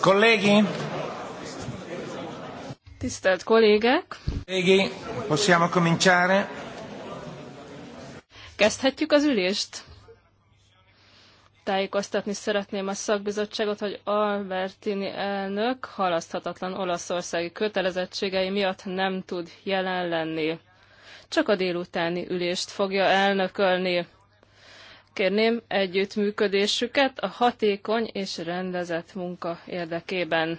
Colleghi? Tisztelt kollégák! Colleghi, possiamo cominciare? Kezdhetjük az ülést? Tájékoztatni szeretném a szakbizottságot, hogy Albertini elnök halaszthatatlan olaszországi kötelezettségei miatt nem tud jelen lenni. Csak a délutáni ülést fogja elnökölni. Kérném együttműködésüket a hatékony és rendezett munka érdekében.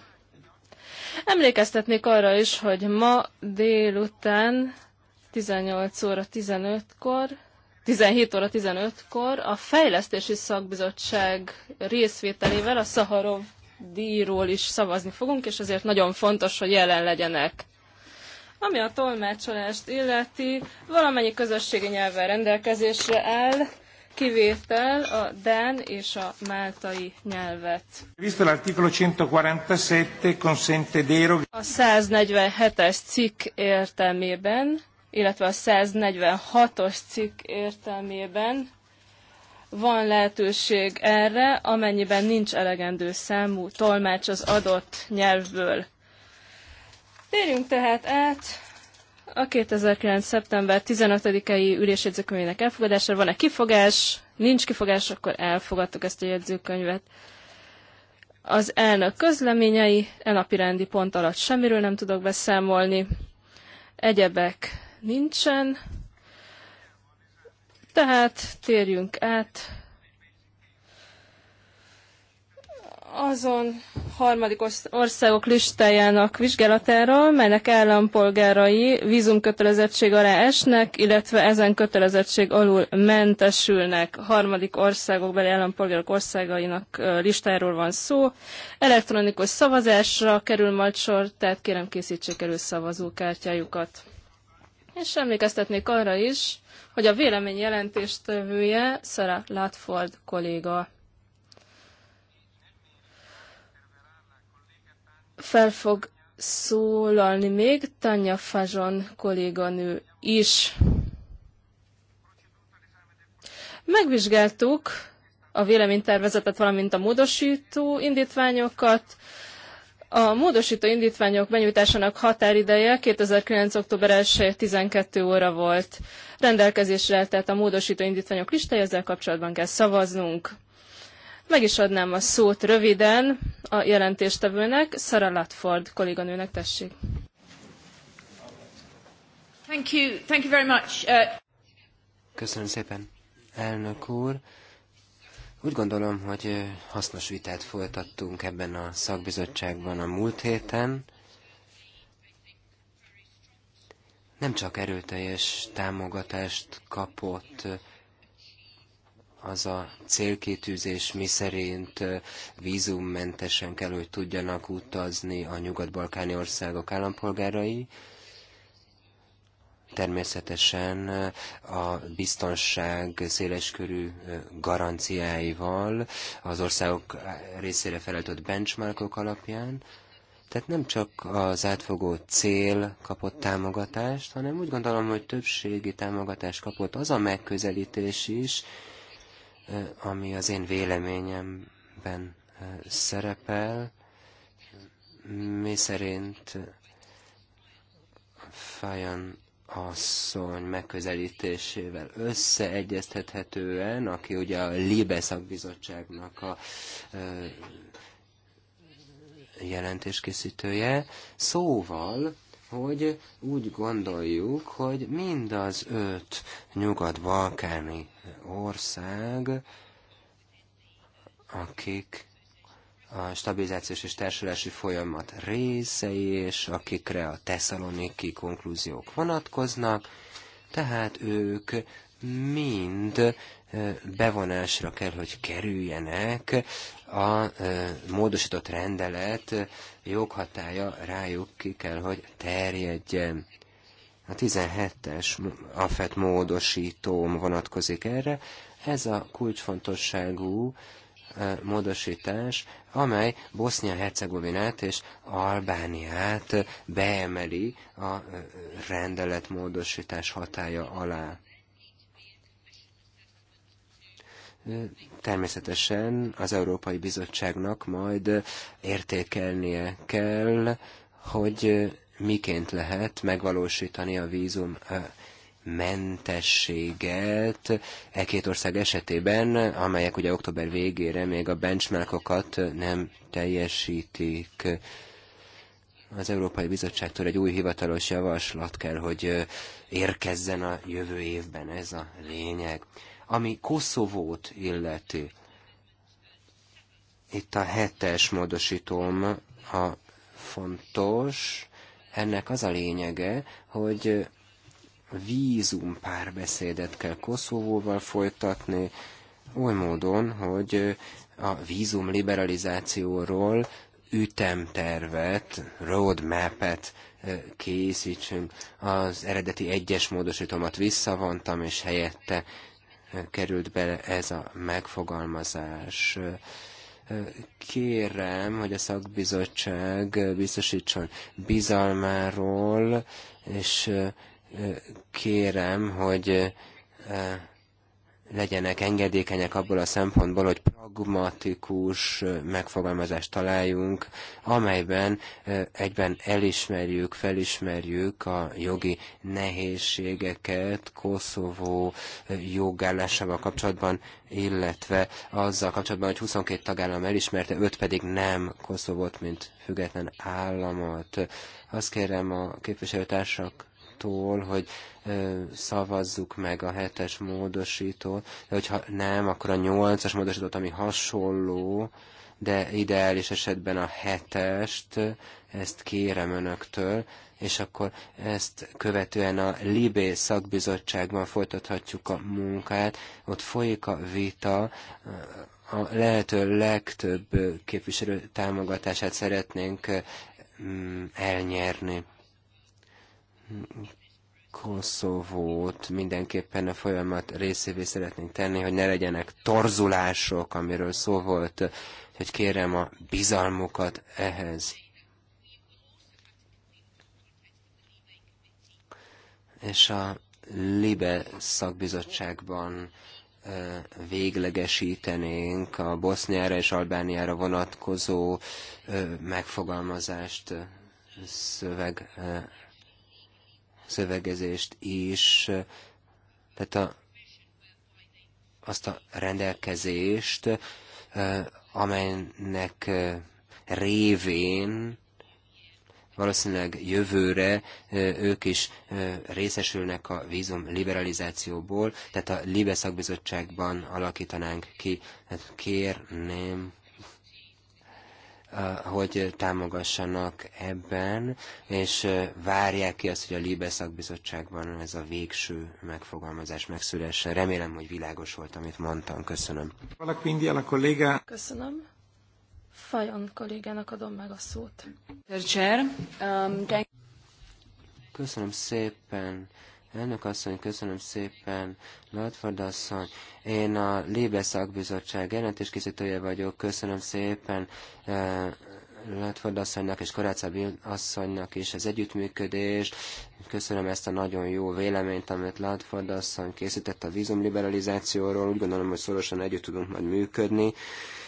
Emlékeztetnék arra is, hogy ma délután 18 óra 15-kor 17 óra 15-kor a Fejlesztési Szakbizottság részvételével a Szaharov díjról is szavazni fogunk, és ezért nagyon fontos, hogy jelen legyenek. Ami a tolmácsolást illeti, valamennyi közösségi nyelven rendelkezésre áll, kivétel a Dán és a Máltai nyelvet. Visto l'articolo 147 consente deroghe. A 147-es cikk értelmében, illetve a 146-os cikk értelmében van lehetőség erre, amennyiben nincs elegendő számú tolmács az adott nyelvből. Térjünk tehát át a 2009. szeptember 15-i ülésjegyzőkönyvének elfogadására van-e kifogás? Nincs kifogás, akkor elfogadtuk ezt a jegyzőkönyvet. Az elnök közleményei, e napi rendi pont alatt semmiről nem tudok beszámolni. Egyebek nincsen. Tehát térjünk át azon harmadik országok listájának vizsgálatáról, melynek állampolgárai vízumkötelezettség alá esnek, illetve ezen kötelezettség alul mentesülnek harmadik beli állampolgárok országainak listáról van szó. Elektronikus szavazásra kerül majd sor, tehát kérem készítsék elő szavazókártyájukat. És emlékeztetnék arra is, hogy a vélemény jelentéstevője Sarah Latford kolléga. fel fog szólalni még Tanya Fazson kolléganő is. Megvizsgáltuk a véleménytervezetet, valamint a módosító indítványokat. A módosító indítványok benyújtásának határideje 2009. október 1 12 óra volt. Rendelkezésre tehát a módosító indítványok listája, ezzel kapcsolatban kell szavaznunk. Meg is adnám a szót röviden a jelentéstevőnek, Sarah Latford kolléganőnek, tessék. Thank you. Thank you very much. Uh... Köszönöm szépen, elnök úr. Úgy gondolom, hogy hasznos vitát folytattunk ebben a szakbizottságban a múlt héten. Nem csak erőteljes támogatást kapott az a célkitűzés, mi szerint vízummentesen kell, hogy tudjanak utazni a nyugat-balkáni országok állampolgárai. Természetesen a biztonság széleskörű garanciáival az országok részére feleltött benchmarkok alapján. Tehát nem csak az átfogó cél kapott támogatást, hanem úgy gondolom, hogy többségi támogatást kapott az a megközelítés is, ami az én véleményemben szerepel, mi szerint Fajan asszony megközelítésével összeegyeztethetően, aki ugye a Libe szakbizottságnak a jelentéskészítője, szóval hogy úgy gondoljuk, hogy mind az öt nyugat-balkáni ország, akik a stabilizációs és társulási folyamat részei, és akikre a teszaloniki konklúziók vonatkoznak, tehát ők mind bevonásra kell, hogy kerüljenek, a módosított rendelet joghatája rájuk ki kell, hogy terjedjen. A 17-es AFET módosító vonatkozik erre. Ez a kulcsfontosságú módosítás, amely Bosznia-Hercegovinát és Albániát beemeli a rendelet módosítás hatája alá. Természetesen az Európai Bizottságnak majd értékelnie kell, hogy miként lehet megvalósítani a vízum mentességet e két ország esetében, amelyek ugye október végére még a benchmarkokat nem teljesítik. Az Európai Bizottságtól egy új hivatalos javaslat kell, hogy érkezzen a jövő évben, ez a lényeg. Ami Koszovót illeti, itt a hetes módosítóm a fontos, ennek az a lényege, hogy vízum párbeszédet kell Koszovóval folytatni, oly módon, hogy a vízum liberalizációról ütemtervet, roadmap-et készítsünk. Az eredeti egyes módosítomat visszavontam, és helyette került bele ez a megfogalmazás. Kérem, hogy a szakbizottság biztosítson bizalmáról, és kérem, hogy legyenek engedékenyek abból a szempontból, hogy pragmatikus megfogalmazást találjunk, amelyben egyben elismerjük, felismerjük a jogi nehézségeket Koszovó jogállásával kapcsolatban, illetve azzal kapcsolatban, hogy 22 tagállam elismerte, 5 pedig nem Koszovót, mint független államot. Azt kérem a képviselőtársak attól, hogy szavazzuk meg a hetes módosítót, de hogyha nem, akkor a nyolcas módosítót, ami hasonló, de ideális esetben a hetest, ezt kérem önöktől, és akkor ezt követően a Libé szakbizottságban folytathatjuk a munkát, ott folyik a vita, a lehető legtöbb képviselő támogatását szeretnénk mm, elnyerni. Koszovót mindenképpen a folyamat részévé szeretnénk tenni, hogy ne legyenek torzulások, amiről szó volt, hogy kérem a bizalmukat ehhez. És a LIBE szakbizottságban véglegesítenénk a Boszniára és Albániára vonatkozó megfogalmazást szöveg szövegezést is, tehát a, azt a rendelkezést, amelynek révén valószínűleg jövőre ők is részesülnek a vízum liberalizációból, tehát a Libe szakbizottságban alakítanánk ki. Hát kérném, hogy támogassanak ebben, és várják ki azt, hogy a Libe szakbizottságban ez a végső megfogalmazás megszülessen. Remélem, hogy világos volt, amit mondtam. Köszönöm. a Köszönöm. Fajon kollégának adom meg a szót. Um, Köszönöm szépen. Elnök asszony, köszönöm szépen. Latford asszony, én a Libe szakbizottság jelentéskészítője vagyok. Köszönöm szépen eh, Latford asszonynak és Karáca asszonynak is az együttműködést. Köszönöm ezt a nagyon jó véleményt, amit Latford asszony készített a vízumliberalizációról. Úgy gondolom, hogy szorosan együtt tudunk majd működni,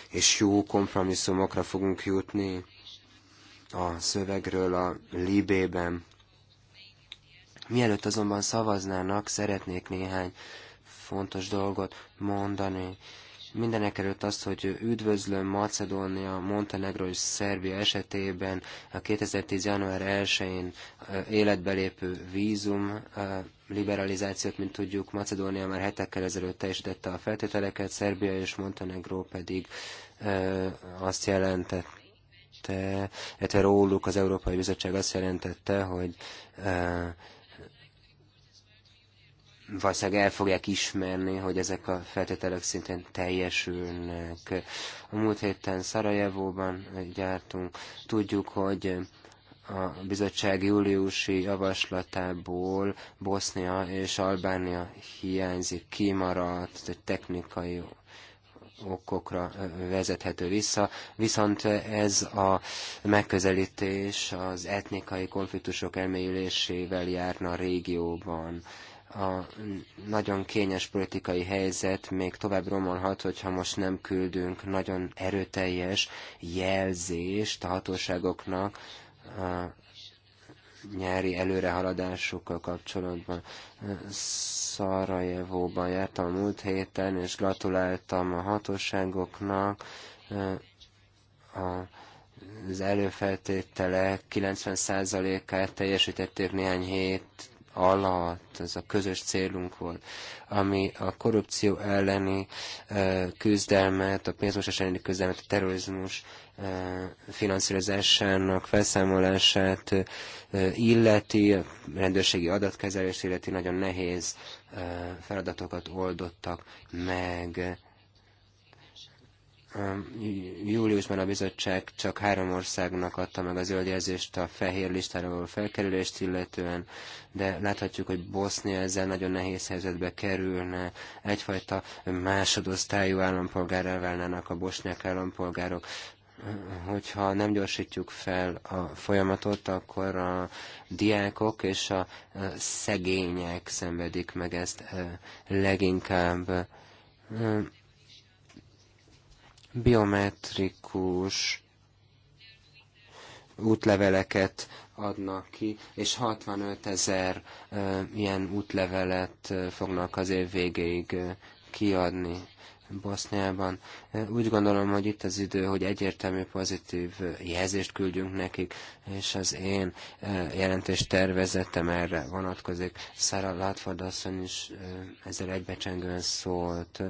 és jó kompromisszumokra fogunk jutni a szövegről a Libében. Mielőtt azonban szavaznának, szeretnék néhány fontos dolgot mondani. Mindenek előtt azt, hogy üdvözlöm Macedónia, Montenegro és Szerbia esetében a 2010. január 1-én életbe lépő vízum liberalizációt, mint tudjuk, Macedónia már hetekkel ezelőtt teljesítette a feltételeket, Szerbia és Montenegro pedig azt jelentette, illetve róluk az Európai Bizottság azt jelentette, hogy valószínűleg el fogják ismerni, hogy ezek a feltételek szintén teljesülnek. A múlt héten Szarajevóban gyártunk. Tudjuk, hogy a bizottság júliusi javaslatából Bosznia és Albánia hiányzik, kimaradt, technikai okokra vezethető vissza, viszont ez a megközelítés az etnikai konfliktusok elmélyülésével járna a régióban a nagyon kényes politikai helyzet még tovább romolhat, hogyha most nem küldünk nagyon erőteljes jelzést a hatóságoknak a nyári előrehaladásukkal kapcsolatban. Szarajevóban jártam a múlt héten, és gratuláltam a hatóságoknak a az előfeltételek 90%-át teljesítették néhány hét alatt, ez a közös célunk volt, ami a korrupció elleni küzdelmet, a pénzmosás elleni küzdelmet, a terrorizmus finanszírozásának felszámolását illeti, a rendőrségi adatkezelést illeti, nagyon nehéz feladatokat oldottak meg Júliusban a bizottság csak három országnak adta meg a zöld jelzést a fehér listára való felkerülést illetően, de láthatjuk, hogy Bosznia ezzel nagyon nehéz helyzetbe kerülne, egyfajta másodosztályú állampolgárral válnának a bosnyák állampolgárok hogyha nem gyorsítjuk fel a folyamatot, akkor a diákok és a szegények szenvedik meg ezt leginkább biometrikus útleveleket adnak ki, és 65 ezer ilyen útlevelet fognak az év végéig kiadni Boszniában. Úgy gondolom, hogy itt az idő, hogy egyértelmű pozitív jelzést küldjünk nekik, és az én jelentés tervezetem erre vonatkozik. Szára Látford asszony is ezzel egybecsengően szólt.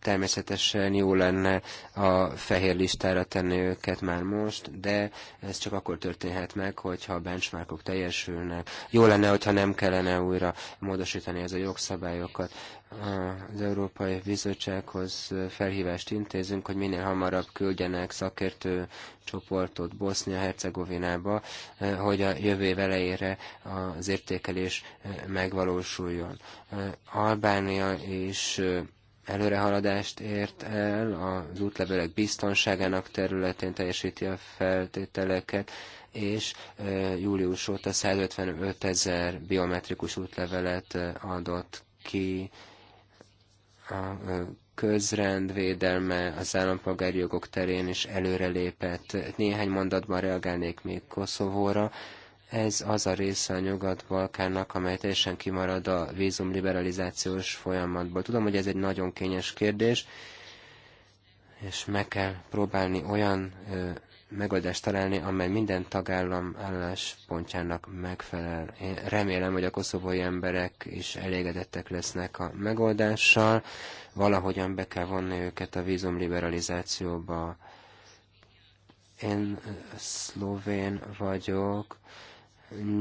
természetesen jó lenne a fehér listára tenni őket már most, de ez csak akkor történhet meg, hogyha a benchmarkok teljesülnek. Jó lenne, hogyha nem kellene újra módosítani ez a jogszabályokat. Az Európai Bizottsághoz felhívást intézünk, hogy minél hamarabb küldjenek szakértő csoportot Bosznia-Hercegovinába, hogy a jövő év elejére az értékelés megvalósuljon. Albánia és előrehaladást ért el, az útlevelek biztonságának területén teljesíti a feltételeket, és július óta 155 ezer biometrikus útlevelet adott ki a közrendvédelme az állampolgári jogok terén is előrelépett. Néhány mondatban reagálnék még Koszovóra. Ez az a része a Nyugat-Balkánnak, amely teljesen kimarad a vízumliberalizációs folyamatból. Tudom, hogy ez egy nagyon kényes kérdés, és meg kell próbálni olyan ö, megoldást találni, amely minden tagállam álláspontjának megfelel. Én remélem, hogy a koszovói emberek is elégedettek lesznek a megoldással, valahogyan be kell vonni őket a vízumliberalizációba. Én szlovén vagyok,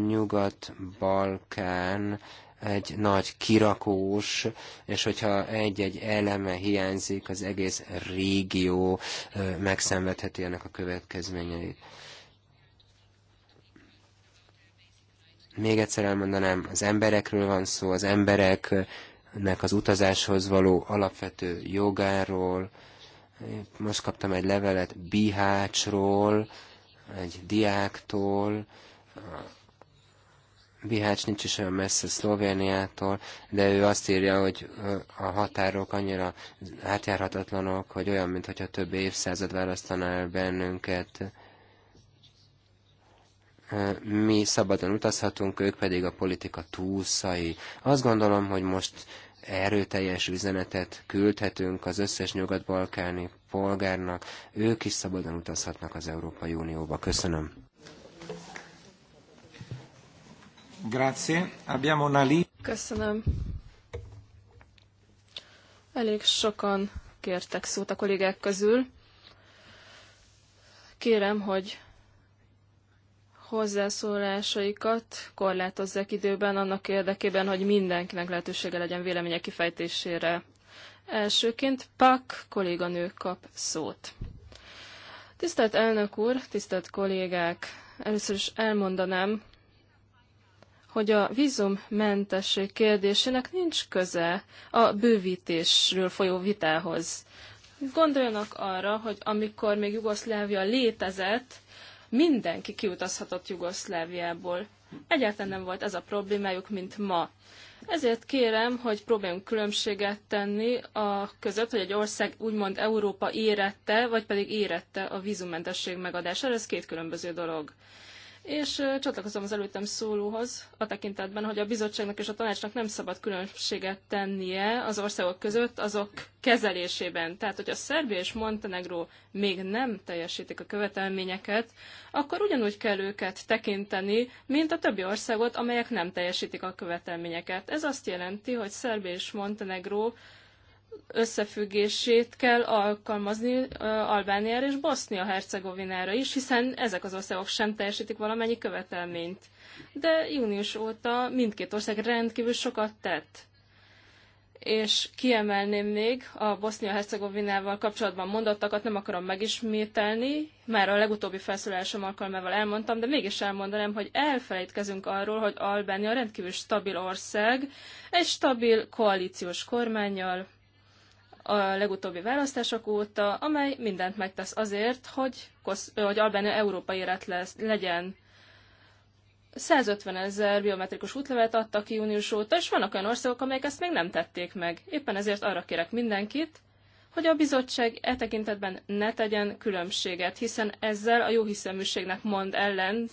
Nyugat-Balkán egy nagy kirakós, és hogyha egy-egy eleme hiányzik, az egész régió megszenvedheti ennek a következményeit. Még egyszer elmondanám, az emberekről van szó, az embereknek az utazáshoz való alapvető jogáról. Most kaptam egy levelet Bihácsról, egy diáktól, Bihács nincs is olyan messze Szlovéniától, de ő azt írja, hogy a határok annyira átjárhatatlanok, hogy olyan, mintha több évszázad választaná el bennünket. Mi szabadon utazhatunk, ők pedig a politika túlszai. Azt gondolom, hogy most erőteljes üzenetet küldhetünk az összes nyugat-balkáni polgárnak. Ők is szabadon utazhatnak az Európai Unióba. Köszönöm. Grazie. Abbiamo una Köszönöm. Elég sokan kértek szót a kollégák közül. Kérem, hogy hozzászólásaikat korlátozzák időben annak érdekében, hogy mindenkinek lehetősége legyen vélemények kifejtésére. Elsőként Pak kolléganő kap szót. Tisztelt elnök úr, tisztelt kollégák! Először is elmondanám, hogy a vízummentesség kérdésének nincs köze a bővítésről folyó vitához. Gondoljanak arra, hogy amikor még Jugoszlávia létezett, mindenki kiutazhatott Jugoszláviából. Egyáltalán nem volt ez a problémájuk, mint ma. Ezért kérem, hogy próbáljunk különbséget tenni a között, hogy egy ország úgymond Európa érette, vagy pedig érette a vízummentesség megadására. Ez két különböző dolog és csatlakozom az előttem szólóhoz a tekintetben, hogy a bizottságnak és a tanácsnak nem szabad különbséget tennie az országok között azok kezelésében. Tehát, hogyha Szerbia és Montenegro még nem teljesítik a követelményeket, akkor ugyanúgy kell őket tekinteni, mint a többi országot, amelyek nem teljesítik a követelményeket. Ez azt jelenti, hogy Szerbia és Montenegro összefüggését kell alkalmazni Albániára és Bosznia-Hercegovinára is, hiszen ezek az országok sem teljesítik valamennyi követelményt. De június óta mindkét ország rendkívül sokat tett. És kiemelném még a Bosznia-Hercegovinával kapcsolatban mondottakat, nem akarom megismételni, már a legutóbbi felszólásom alkalmával elmondtam, de mégis elmondanám, hogy elfelejtkezünk arról, hogy Albánia rendkívül stabil ország, egy stabil koalíciós kormányjal, a legutóbbi választások óta, amely mindent megtesz azért, hogy, hogy Albánia európai élet lesz, legyen. 150 ezer biometrikus útlevet adtak ki június óta, és vannak olyan országok, amelyek ezt még nem tették meg. Éppen ezért arra kérek mindenkit, hogy a bizottság e tekintetben ne tegyen különbséget, hiszen ezzel a jóhiszeműségnek mond ellent,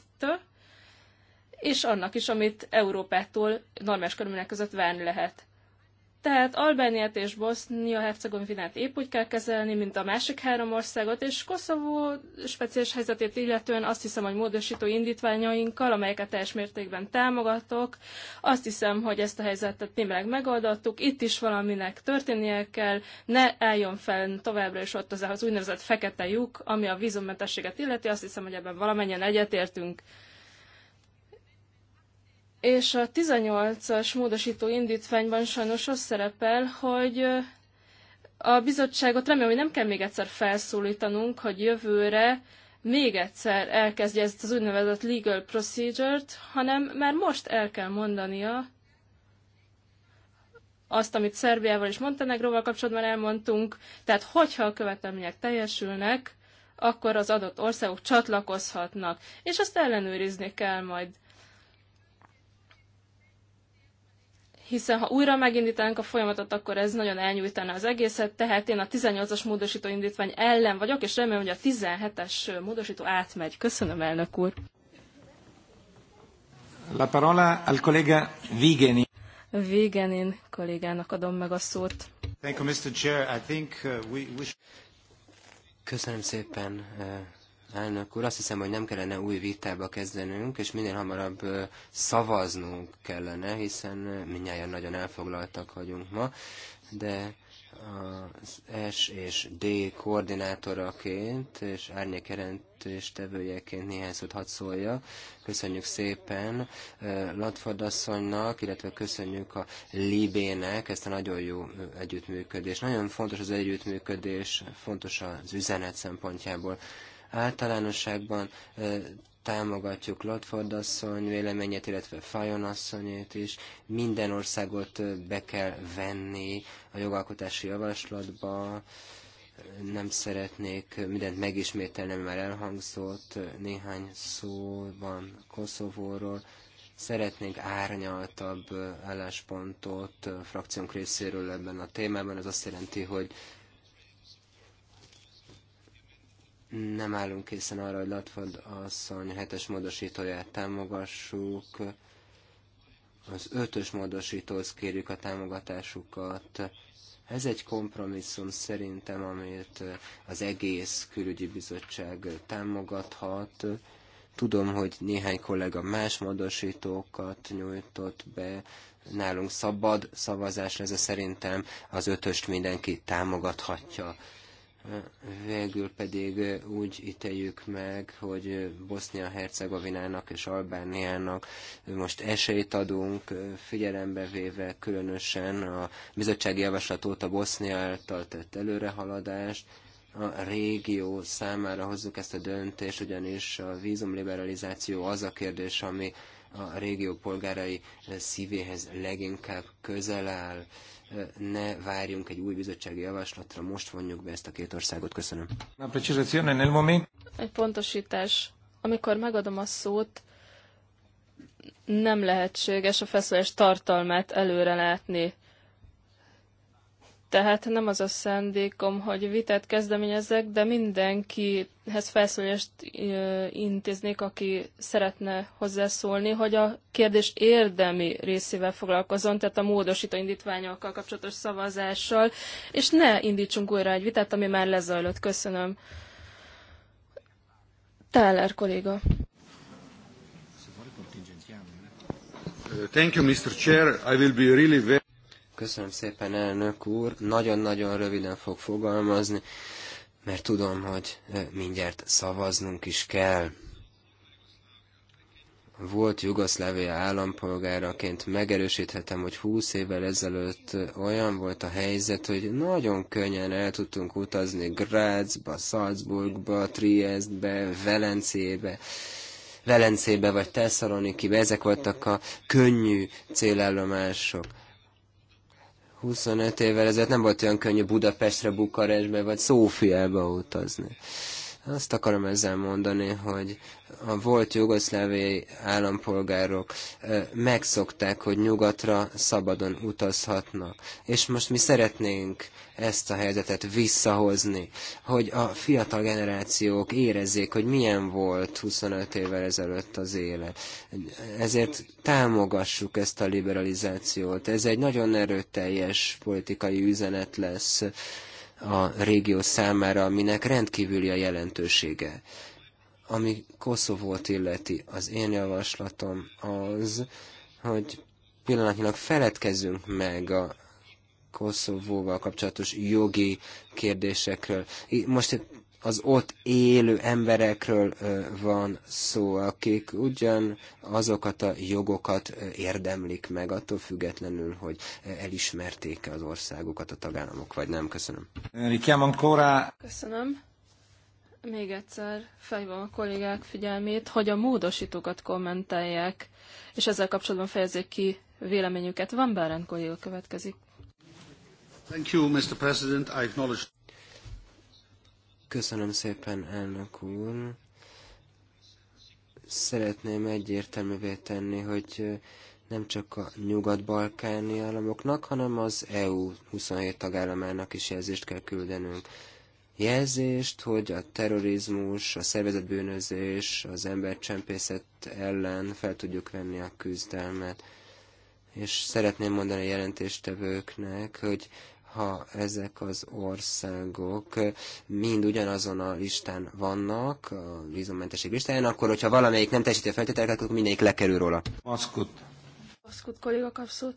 és annak is, amit Európától normális körülmények között várni lehet. Tehát Albániát és Bosznia-Hercegovinát épp úgy kell kezelni, mint a másik három országot, és Koszovó speciális helyzetét illetően azt hiszem, hogy módosító indítványainkkal, amelyeket teljes mértékben támogatok, azt hiszem, hogy ezt a helyzetet némileg megoldottuk, itt is valaminek történnie kell, ne álljon fel továbbra is ott az, az úgynevezett fekete lyuk, ami a vízummentességet illeti, azt hiszem, hogy ebben valamennyien egyetértünk. És a 18-as módosító indítványban sajnos az szerepel, hogy a bizottságot remélem, hogy nem kell még egyszer felszólítanunk, hogy jövőre még egyszer elkezdje ezt az úgynevezett legal procedure-t, hanem már most el kell mondania azt, amit Szerbiával és Montenegróval kapcsolatban elmondtunk, tehát hogyha a követelmények teljesülnek, akkor az adott országok csatlakozhatnak, és azt ellenőrizni kell majd. hiszen ha újra megindítanánk a folyamatot, akkor ez nagyon elnyújtana az egészet, tehát én a 18-as módosító indítvány ellen vagyok, és remélem, hogy a 17-es módosító átmegy. Köszönöm, elnök úr. La parola al collega Vigenin. Vigenin kollégának adom meg a szót. Thank you, Mr. Chair. I think uh, we, we... Köszönöm szépen, uh, Elnök úr, azt hiszem, hogy nem kellene új vitába kezdenünk, és minél hamarabb szavaznunk kellene, hiszen mindjárt nagyon elfoglaltak vagyunk ma, de az S és D koordinátoraként és árnyékjelentés tevőjeként néhány szót hadd szólja. Köszönjük szépen Latfordasszonynak, illetve köszönjük a Libének ezt a nagyon jó együttműködés. Nagyon fontos az együttműködés, fontos az üzenet szempontjából. Általánosságban támogatjuk Lotford asszony véleményét, illetve Fajon asszonyét is. Minden országot be kell venni a jogalkotási javaslatba. Nem szeretnék mindent megismételni, mert elhangzott néhány van Koszovóról. Szeretnénk árnyaltabb álláspontot frakciónk részéről ebben a témában. Ez azt jelenti, hogy nem állunk készen arra, hogy Latford asszony hetes módosítóját támogassuk. Az ötös módosítóhoz kérjük a támogatásukat. Ez egy kompromisszum szerintem, amit az egész külügyi bizottság támogathat. Tudom, hogy néhány kollega más módosítókat nyújtott be, nálunk szabad szavazás, ez szerintem az ötöst mindenki támogathatja. Végül pedig úgy ítéljük meg, hogy Bosznia-Hercegovinának és Albániának most esélyt adunk, figyelembe véve különösen a bizottsági javaslat óta Bosznia által tett előrehaladást, a régió számára hozzuk ezt a döntést, ugyanis a vízumliberalizáció az a kérdés, ami a régió polgárai szívéhez leginkább közel áll. Ne várjunk egy új bizottsági javaslatra, most vonjuk be ezt a két országot. Köszönöm. Egy pontosítás. Amikor megadom a szót, nem lehetséges a feszülés tartalmát előre látni. Tehát nem az a szándékom, hogy vitát kezdeményezek, de mindenkihez felszólást intéznék, aki szeretne hozzászólni, hogy a kérdés érdemi részével foglalkozon, tehát a módosító indítványokkal kapcsolatos szavazással, és ne indítsunk újra egy vitát, ami már lezajlott. Köszönöm. Táler kolléga. Thank you, Mr. Chair. I will be really very... Köszönöm szépen, elnök úr. Nagyon-nagyon röviden fog fogalmazni, mert tudom, hogy eh, mindjárt szavaznunk is kell. Volt Jugoszlávia állampolgáraként megerősíthetem, hogy 20 évvel ezelőtt eh, olyan volt a helyzet, hogy nagyon könnyen el tudtunk utazni Grázba, Salzburgba, Triestbe, Velencébe. Velencébe vagy Tesszalonikibe, ezek voltak a könnyű célállomások. 25 évvel ezelőtt nem volt olyan könnyű Budapestre, Bukarestbe vagy Szófiába utazni. Azt akarom ezzel mondani, hogy a volt jugoszláviai állampolgárok megszokták, hogy nyugatra szabadon utazhatnak. És most mi szeretnénk ezt a helyzetet visszahozni, hogy a fiatal generációk érezzék, hogy milyen volt 25 évvel ezelőtt az élet. Ezért támogassuk ezt a liberalizációt. Ez egy nagyon erőteljes politikai üzenet lesz a régió számára, aminek rendkívüli a jelentősége. Ami Koszovót illeti, az én javaslatom az, hogy pillanatnyilag feledkezzünk meg a Koszovóval kapcsolatos jogi kérdésekről. Most az ott élő emberekről van szó, akik ugyan azokat a jogokat érdemlik meg, attól függetlenül, hogy elismerték az országokat a tagállamok, vagy nem. Köszönöm. Köszönöm. Még egyszer felhívom a kollégák figyelmét, hogy a módosítókat kommentálják, és ezzel kapcsolatban fejezzék ki véleményüket. Van Bárán kolléga következik. Thank you, Mr. President. I acknowledge... Köszönöm szépen, elnök úr. Szeretném egyértelművé tenni, hogy nem csak a nyugat-balkáni államoknak, hanem az EU 27 tagállamának is jelzést kell küldenünk. Jelzést, hogy a terrorizmus, a szervezetbűnözés, az embercsempészet ellen fel tudjuk venni a küzdelmet. És szeretném mondani a jelentéstevőknek, hogy ha ezek az országok mind ugyanazon a listán vannak, a vízummentesség listáján, akkor hogyha valamelyik nem teljesíti a feltételeket, akkor mindegyik lekerül róla. Maszkut. Maszkut kolléga kapszót.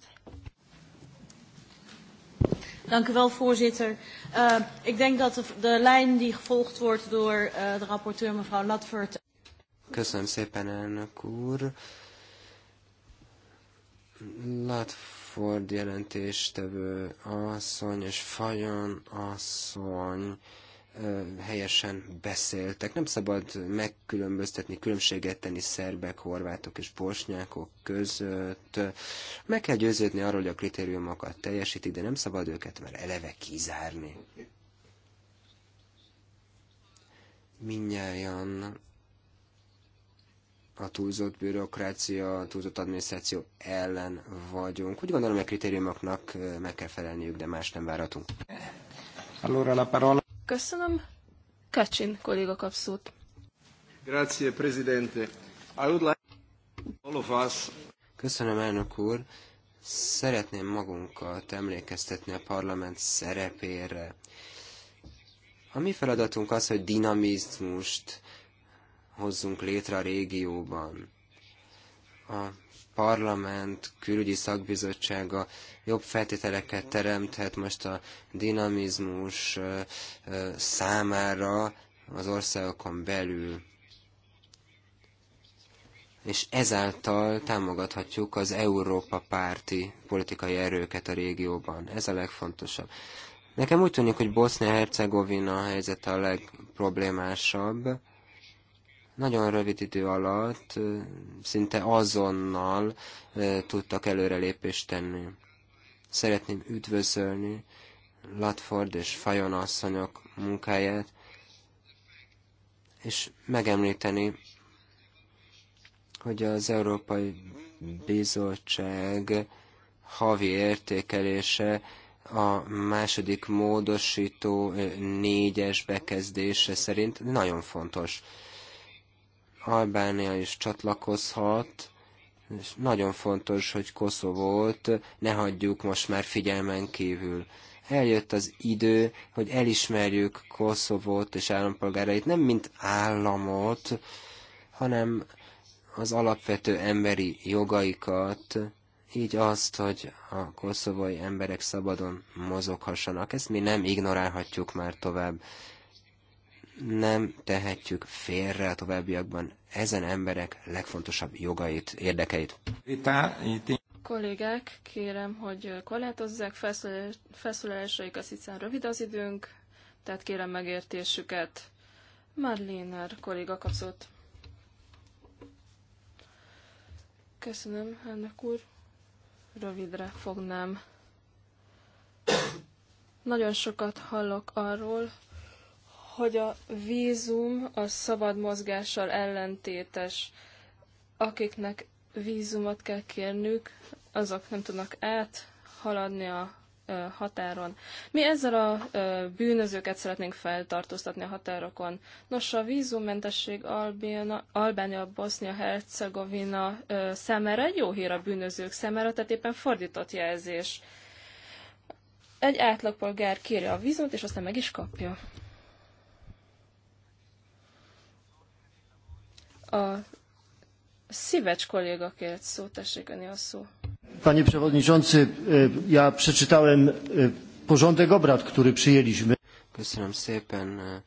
Dank u wel, voorzitter. Uh, ik denk dat de, de lijn die gevolgd wordt door uh, de rapporteur, mevrouw Latvert... Köszönöm szépen, elnök úr. Latvert. Ford jelentéstevő asszony és Fajon asszony helyesen beszéltek. Nem szabad megkülönböztetni, különbséget tenni szerbek, horvátok és bosnyákok között. Meg kell győződni arról, hogy a kritériumokat teljesítik, de nem szabad őket már eleve kizárni. Minnyáján a túlzott bürokrácia, a túlzott adminisztráció ellen vagyunk. Úgy gondolom, hogy a kritériumoknak meg kell felelniük, de más nem váratunk. Allora la parola. Köszönöm. Kacsin kolléga kap szót. Grazie, Presidente. I would like all of us... Köszönöm, elnök úr. Szeretném magunkat emlékeztetni a parlament szerepére. A mi feladatunk az, hogy dinamizmust, hozzunk létre a régióban. A parlament külügyi szakbizottsága jobb feltételeket teremthet most a dinamizmus számára az országokon belül. És ezáltal támogathatjuk az Európa párti politikai erőket a régióban. Ez a legfontosabb. Nekem úgy tűnik, hogy Bosznia-Hercegovina helyzete a legproblémásabb nagyon rövid idő alatt, szinte azonnal tudtak előrelépést tenni. Szeretném üdvözölni Latford és Fajon asszonyok munkáját, és megemlíteni, hogy az Európai Bizottság havi értékelése a második módosító négyes bekezdése szerint nagyon fontos. Albánia is csatlakozhat, és nagyon fontos, hogy Koszovót ne hagyjuk most már figyelmen kívül. Eljött az idő, hogy elismerjük Koszovót és állampolgárait nem mint államot, hanem az alapvető emberi jogaikat, így azt, hogy a koszovói emberek szabadon mozoghassanak. Ezt mi nem ignorálhatjuk már tovább nem tehetjük félre a továbbiakban ezen emberek legfontosabb jogait, érdekeit. Kollégák, kérem, hogy korlátozzák felszólalásaikat, hiszen rövid az időnk, tehát kérem megértésüket. Marlénár kolléga kapszott. Köszönöm, elnök úr. Rövidre fognám. Nagyon sokat hallok arról, hogy a vízum a szabad mozgással ellentétes. Akiknek vízumot kell kérnük, azok nem tudnak áthaladni a határon. Mi ezzel a bűnözőket szeretnénk feltartóztatni a határokon. Nos, a vízummentesség Albánia, Bosznia, Hercegovina Szemere egy jó hír a bűnözők szemere, tehát éppen fordított jelzés. Egy átlagpolgár kéri a vízumot, és aztán meg is kapja. A Szívecs kolléga kért szót, tessék öni a Panie Przewodniczący, e, ja przeczytałem e, porządek obrad, który przyjęliśmy. Köszönöm szépen, e,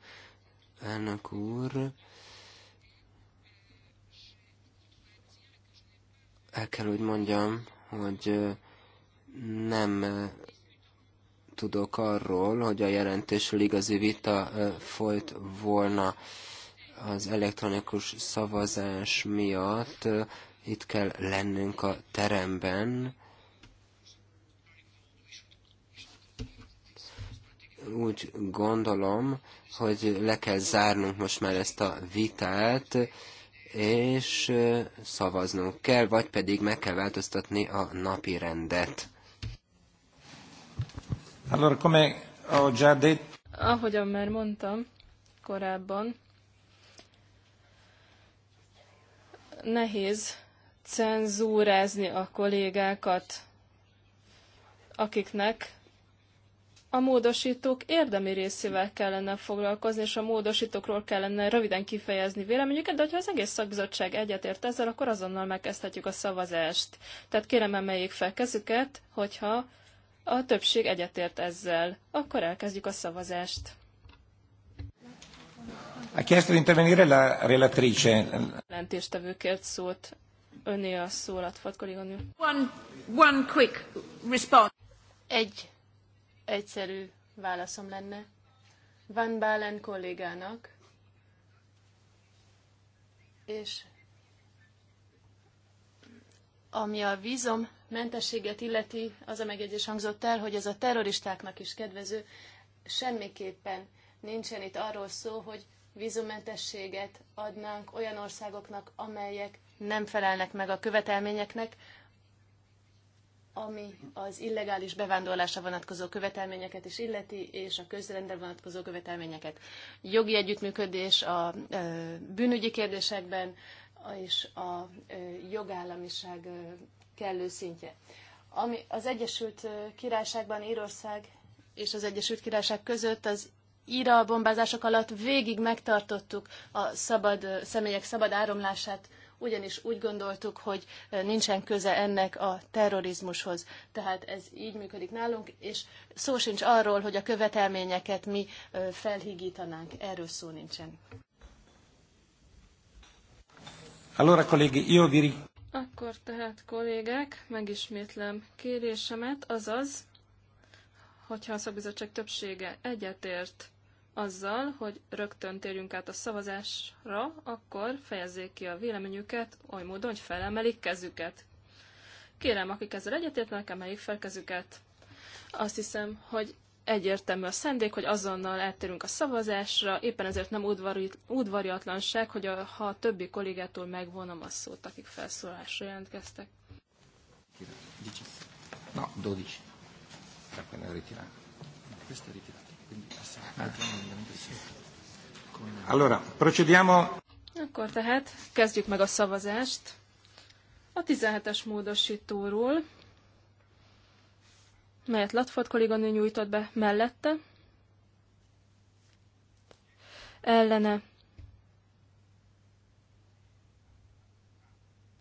elnök úr. El kell, hogy mondjam, hogy nem tudok arról, hogy a jelentésről igazi vita folyt volna az elektronikus szavazás miatt itt kell lennünk a teremben. Úgy gondolom, hogy le kell zárnunk most már ezt a vitát, és szavaznunk kell, vagy pedig meg kell változtatni a napi rendet. Allora, come ho già detto... Ahogyan már mondtam korábban, nehéz cenzúrázni a kollégákat, akiknek a módosítók érdemi részével kellene foglalkozni, és a módosítókról kellene röviden kifejezni véleményüket, de hogyha az egész szakbizottság egyetért ezzel, akkor azonnal megkezdhetjük a szavazást. Tehát kérem emeljék fel kezüket, hogyha a többség egyetért ezzel, akkor elkezdjük a szavazást. Ha chiesto di intervenire la relatrice. kért szót. a szólat, One, one quick response. Egy egyszerű válaszom lenne. Van Balen kollégának, és ami a vízom mentességet illeti, az a megjegyzés hangzott el, hogy ez a terroristáknak is kedvező. Semmiképpen nincsen itt arról szó, hogy vízumentességet adnánk olyan országoknak, amelyek nem felelnek meg a követelményeknek, ami az illegális bevándorlásra vonatkozó követelményeket is illeti, és a közrendre vonatkozó követelményeket. Jogi együttműködés a bűnügyi kérdésekben, és a jogállamiság kellő szintje. Ami az Egyesült Királyságban Írország és az Egyesült Királyság között az Ira bombázások alatt végig megtartottuk a szabad, személyek szabad áramlását, ugyanis úgy gondoltuk, hogy nincsen köze ennek a terrorizmushoz. Tehát ez így működik nálunk, és szó sincs arról, hogy a követelményeket mi felhigítanánk. Erről szó nincsen. Allora, colleghi, io vi... Akkor tehát, kollégák, megismétlem kérésemet, azaz, hogyha a szakbizottság többsége egyetért azzal, hogy rögtön térjünk át a szavazásra, akkor fejezzék ki a véleményüket oly módon, hogy felemelik kezüket. Kérem, akik ezzel egyetértenek, emeljék fel kezüket. Azt hiszem, hogy egyértelmű a szendék, hogy azonnal eltérünk a szavazásra, éppen ezért nem udvariatlanság, hogy a, ha a többi kollégától megvonom a szót, akik felszólásra jelentkeztek. Na, 12. Köszönöm, ne Köszönöm, Questo Allora, procediamo. Akkor tehát kezdjük meg a szavazást a 17-es módosítóról, melyet Latford kolléganő nyújtott be mellette, ellene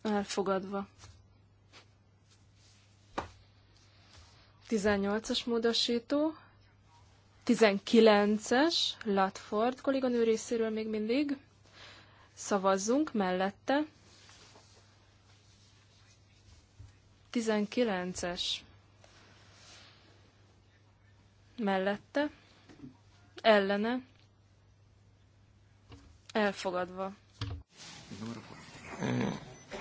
elfogadva. 18-as módosító 19-es Latford kolléganő részéről még mindig. Szavazzunk mellette. 19-es mellette, ellene, elfogadva. Eh,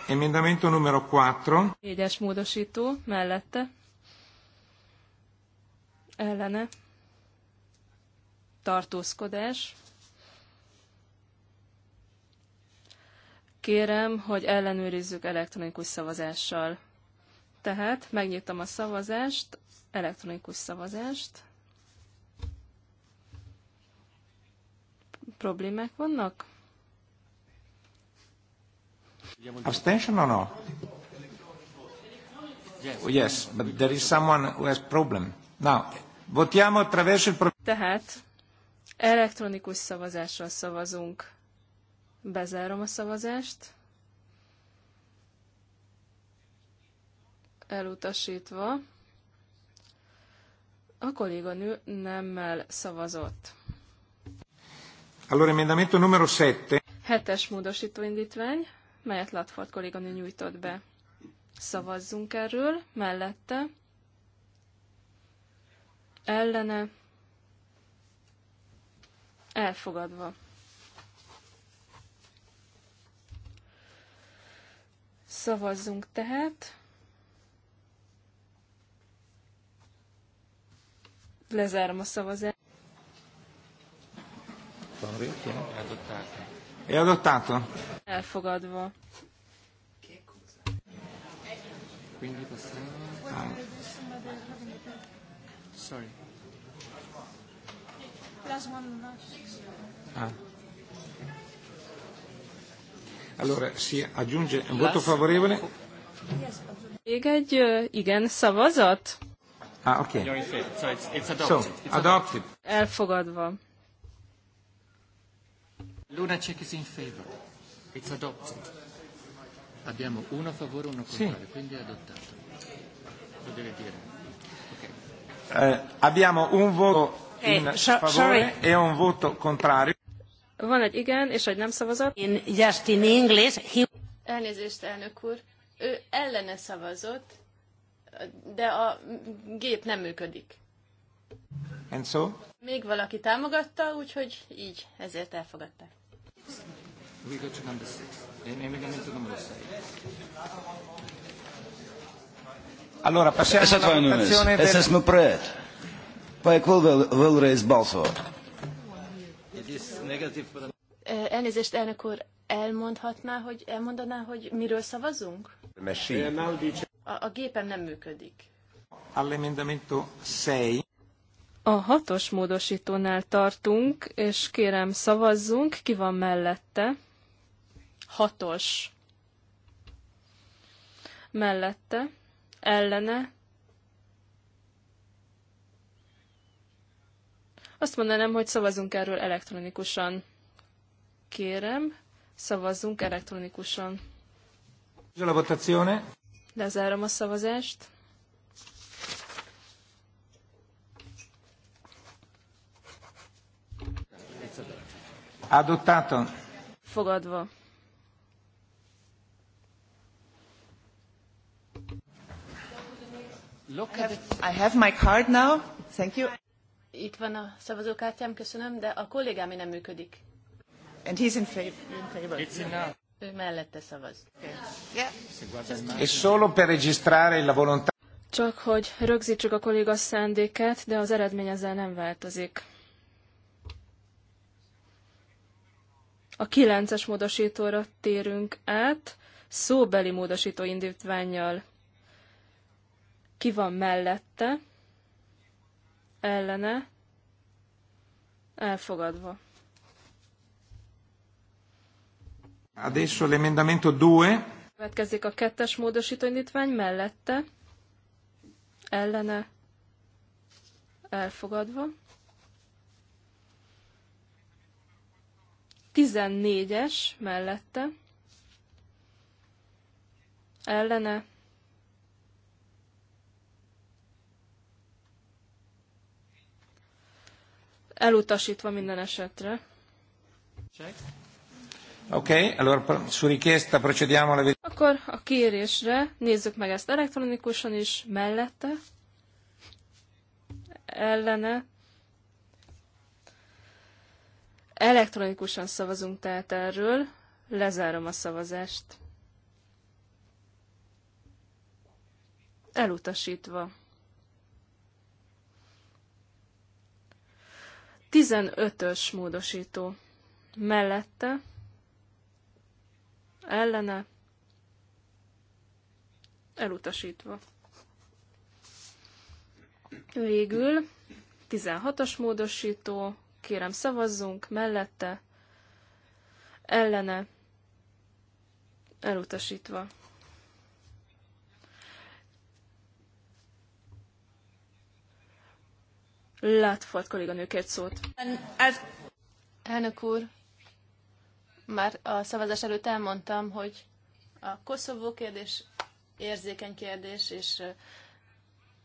emendamento numero 4. Négyes módosító, mellette, ellene, tartózkodás. Kérem, hogy ellenőrizzük elektronikus szavazással. Tehát megnyitom a szavazást, elektronikus szavazást. Problémák vannak? Abstention or no? Oh, yes, but there is someone who has problem. Now, votiamo attraverso il... Tehát Elektronikus szavazással szavazunk. Bezárom a szavazást. Elutasítva. A kolléganő nemmel szavazott. Allora, emendamento numero 7. Hetes módosító indítvány, melyet Latford kolléganő nyújtott be. Szavazzunk erről, mellette, ellene, Elfogadva. Szavazzunk tehát. Lezárom a szavazást. Eladattato. Elfogadva. Quindi passiamo. Sorry ah. Allora si aggiunge un voto favorevole? Még egy igen szavazat? Ah, oké. Okay. So adopted. Elfogadva. Luna check is in favor. It's adopted. Abbiamo uno a favore, uno contrario, sì. quindi è adottato. Lo deve dire. Okay. Eh, abbiamo un voto in favore e un voto contrario. Van egy igen és egy nem szavazat. In just in English. He... Elnézést, elnök úr. Ő ellene szavazott, de a gép nem működik. And so? Még valaki támogatta, úgyhogy így, ezért elfogadták. We go to number six. Eh, eh, allora, passiamo alla votazione del... Pajek will, will raise Elnézést, elnök úr, elmondhatná, hogy elmondaná, hogy miről szavazunk? A, a gépem nem működik. A hatos módosítónál tartunk, és kérem szavazzunk, ki van mellette. Hatos. Mellette. Ellene. Azt mondanám, hogy szavazunk erről elektronikusan. Kérem, szavazzunk elektronikusan. Lezárom a szavazást. Adottato. Fogadva. Look at it. I have my card now. Thank you. Itt van a szavazókártyám, köszönöm, de a kollégám nem működik. And he's in favor. In favor. It's enough. Ő mellette szavaz. És solo per registrare la volontà. Csak hogy rögzítsük a kolléga szándékát, de az eredmény ezzel nem változik. A kilences módosítóra térünk át, szóbeli módosító indítványjal. Ki van mellette? ellene elfogadva. Adesso l'emendamento 2. Következik a kettes módosítóindítvány mellette, ellene elfogadva. 14-es mellette, ellene elutasítva minden esetre. Oké, okay, allora su richiesta procediamo alla Akkor a kérésre nézzük meg ezt elektronikusan is, mellette, ellene. Elektronikusan szavazunk tehát erről, lezárom a szavazást. Elutasítva. 15-ös módosító mellette, ellene, elutasítva. Végül 16-os módosító, kérem szavazzunk, mellette, ellene, elutasítva. Látfolt kolléganőkért szót. Ez... Elnök úr, már a szavazás előtt elmondtam, hogy a Koszovó kérdés érzékeny kérdés, és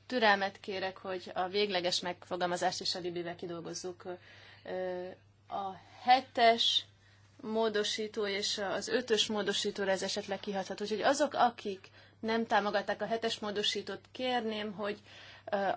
türelmet kérek, hogy a végleges megfogalmazást is a Libivel kidolgozzuk. A hetes módosító és az ötös módosítóra ez esetleg kihathat. Úgyhogy azok, akik nem támogatták a hetes módosítót, kérném, hogy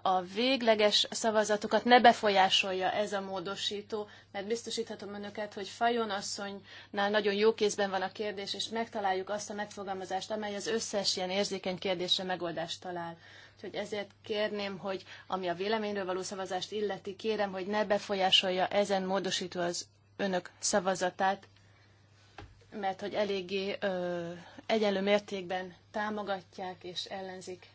a végleges szavazatokat ne befolyásolja ez a módosító, mert biztosíthatom önöket, hogy Fajon asszonynál nagyon jó kézben van a kérdés, és megtaláljuk azt a megfogalmazást, amely az összes ilyen érzékeny kérdésre megoldást talál. Úgyhogy ezért kérném, hogy ami a véleményről való szavazást illeti, kérem, hogy ne befolyásolja ezen módosító az önök szavazatát, mert hogy eléggé ö, egyenlő mértékben támogatják és ellenzik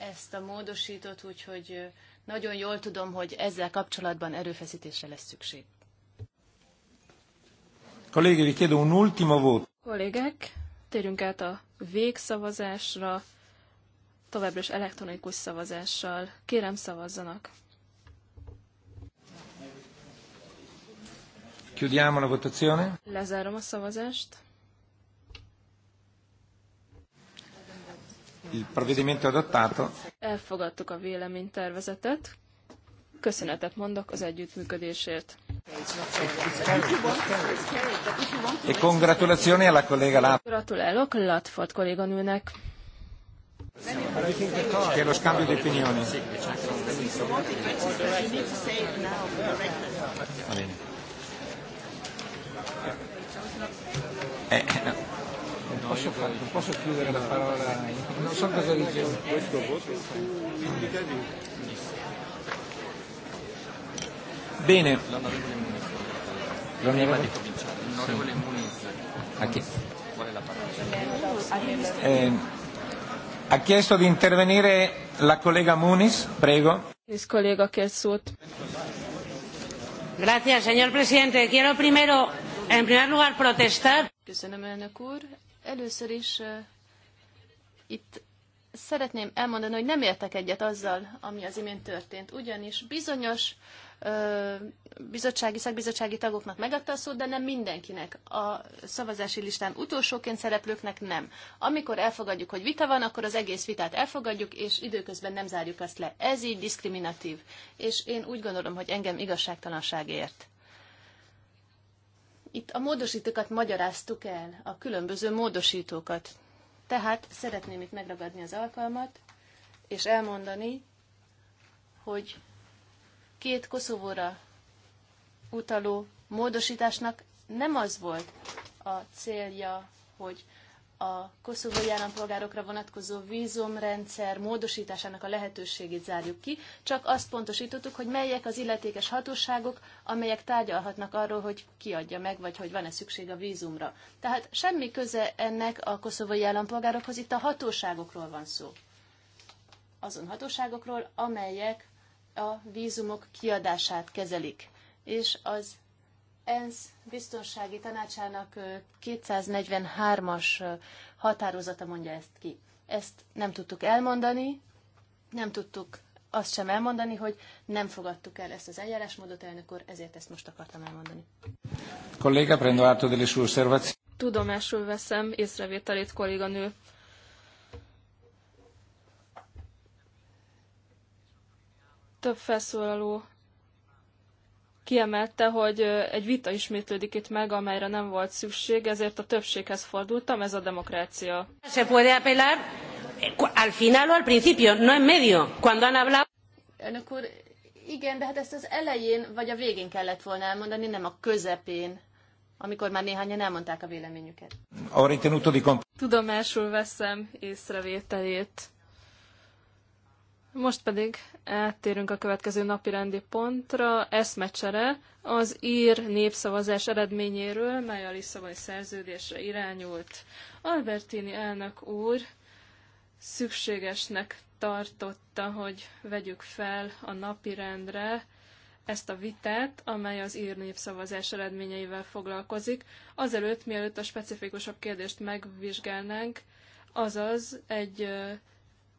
ezt a módosítót, úgyhogy nagyon jól tudom, hogy ezzel kapcsolatban erőfeszítésre lesz szükség. Kollégi, vi un ultimo Kollégák, térjünk át a végszavazásra, továbbra is elektronikus szavazással. Kérem szavazzanak. Chiudiamo la votazione. Lezárom a szavazást. il provvedimento adottato. Elfogadtuk a véleménytervezetet. Köszönetet mondok az együttműködésért. E congratulazioni alla collega Lat. Gratulálok Latford kolléganőnek. Che lo scambio di opinioni. Va bene. Eh, eh no posso, far, non posso chiudere la parola, non so cosa dicevo. Bene. L'onorevole Muniz. L'onorevole Muniz. A chi? Qual è la parola? Ehm, ha chiesto di intervenire la collega Muniz, prego. Muniz collega che è il suo. Gracias, señor presidente. Quiero primero, en primer lugar, protestar. Köszönöm, elnök úr. Először is itt szeretném elmondani, hogy nem értek egyet azzal, ami az imént történt. Ugyanis bizonyos ö, bizottsági, szakbizottsági tagoknak megadta a szót, de nem mindenkinek. A szavazási listán utolsóként szereplőknek nem. Amikor elfogadjuk, hogy vita van, akkor az egész vitát elfogadjuk, és időközben nem zárjuk azt le. Ez így diszkriminatív. És én úgy gondolom, hogy engem igazságtalanság ért. Itt a módosítókat magyaráztuk el, a különböző módosítókat. Tehát szeretném itt megragadni az alkalmat, és elmondani, hogy két Koszovóra utaló módosításnak nem az volt a célja, hogy a koszovói állampolgárokra vonatkozó vízumrendszer módosításának a lehetőségét zárjuk ki, csak azt pontosítottuk, hogy melyek az illetékes hatóságok, amelyek tárgyalhatnak arról, hogy kiadja meg, vagy hogy van-e szükség a vízumra. Tehát semmi köze ennek a koszovói állampolgárokhoz, itt a hatóságokról van szó. Azon hatóságokról, amelyek a vízumok kiadását kezelik, és az ENSZ biztonsági tanácsának 243-as határozata mondja ezt ki. Ezt nem tudtuk elmondani, nem tudtuk azt sem elmondani, hogy nem fogadtuk el ezt az eljárásmódot, elnök úr, ezért ezt most akartam elmondani. Kolléga, prendo atto delle sue osservazioni. Tudomásul veszem észrevételét, kolléganő. Több felszólaló kiemelte, hogy egy vita ismétlődik itt meg, amelyre nem volt szükség, ezért a többséghez fordultam, ez a demokrácia. Se puede apelar al final o al principio, no en medio. Cuando han hablado... Önök úr, igen, de hát ezt az elején vagy a végén kellett volna elmondani, nem a közepén, amikor már néhányan elmondták a véleményüket. Tudomásul veszem észrevételét. Most pedig áttérünk a következő napi rendi pontra, eszmecsere az ír népszavazás eredményéről, mely a Lisszabai szerződésre irányult. Albertini elnök úr szükségesnek tartotta, hogy vegyük fel a napi rendre ezt a vitát, amely az ír népszavazás eredményeivel foglalkozik, azelőtt, mielőtt a specifikusabb kérdést megvizsgálnánk, azaz egy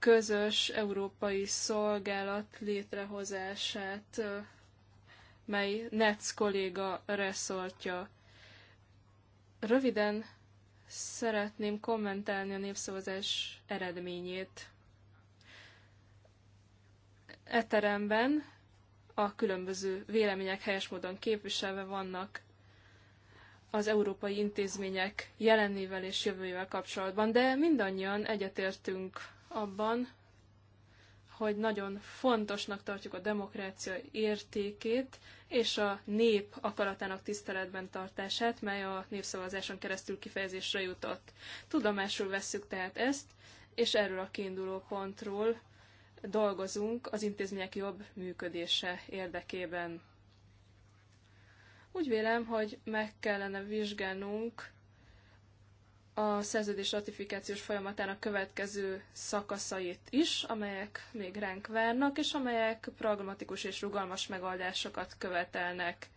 közös európai szolgálat létrehozását, mely Netz kolléga reszortja. Röviden szeretném kommentálni a népszavazás eredményét. E teremben a különböző vélemények helyes módon képviselve vannak az európai intézmények jelenével és jövőjével kapcsolatban, de mindannyian egyetértünk abban, hogy nagyon fontosnak tartjuk a demokrácia értékét és a nép akaratának tiszteletben tartását, mely a népszavazáson keresztül kifejezésre jutott. Tudomásul vesszük tehát ezt, és erről a kiinduló pontról dolgozunk az intézmények jobb működése érdekében. Úgy vélem, hogy meg kellene vizsgálnunk a szerződés ratifikációs folyamatának következő szakaszait is, amelyek még ránk várnak, és amelyek pragmatikus és rugalmas megoldásokat követelnek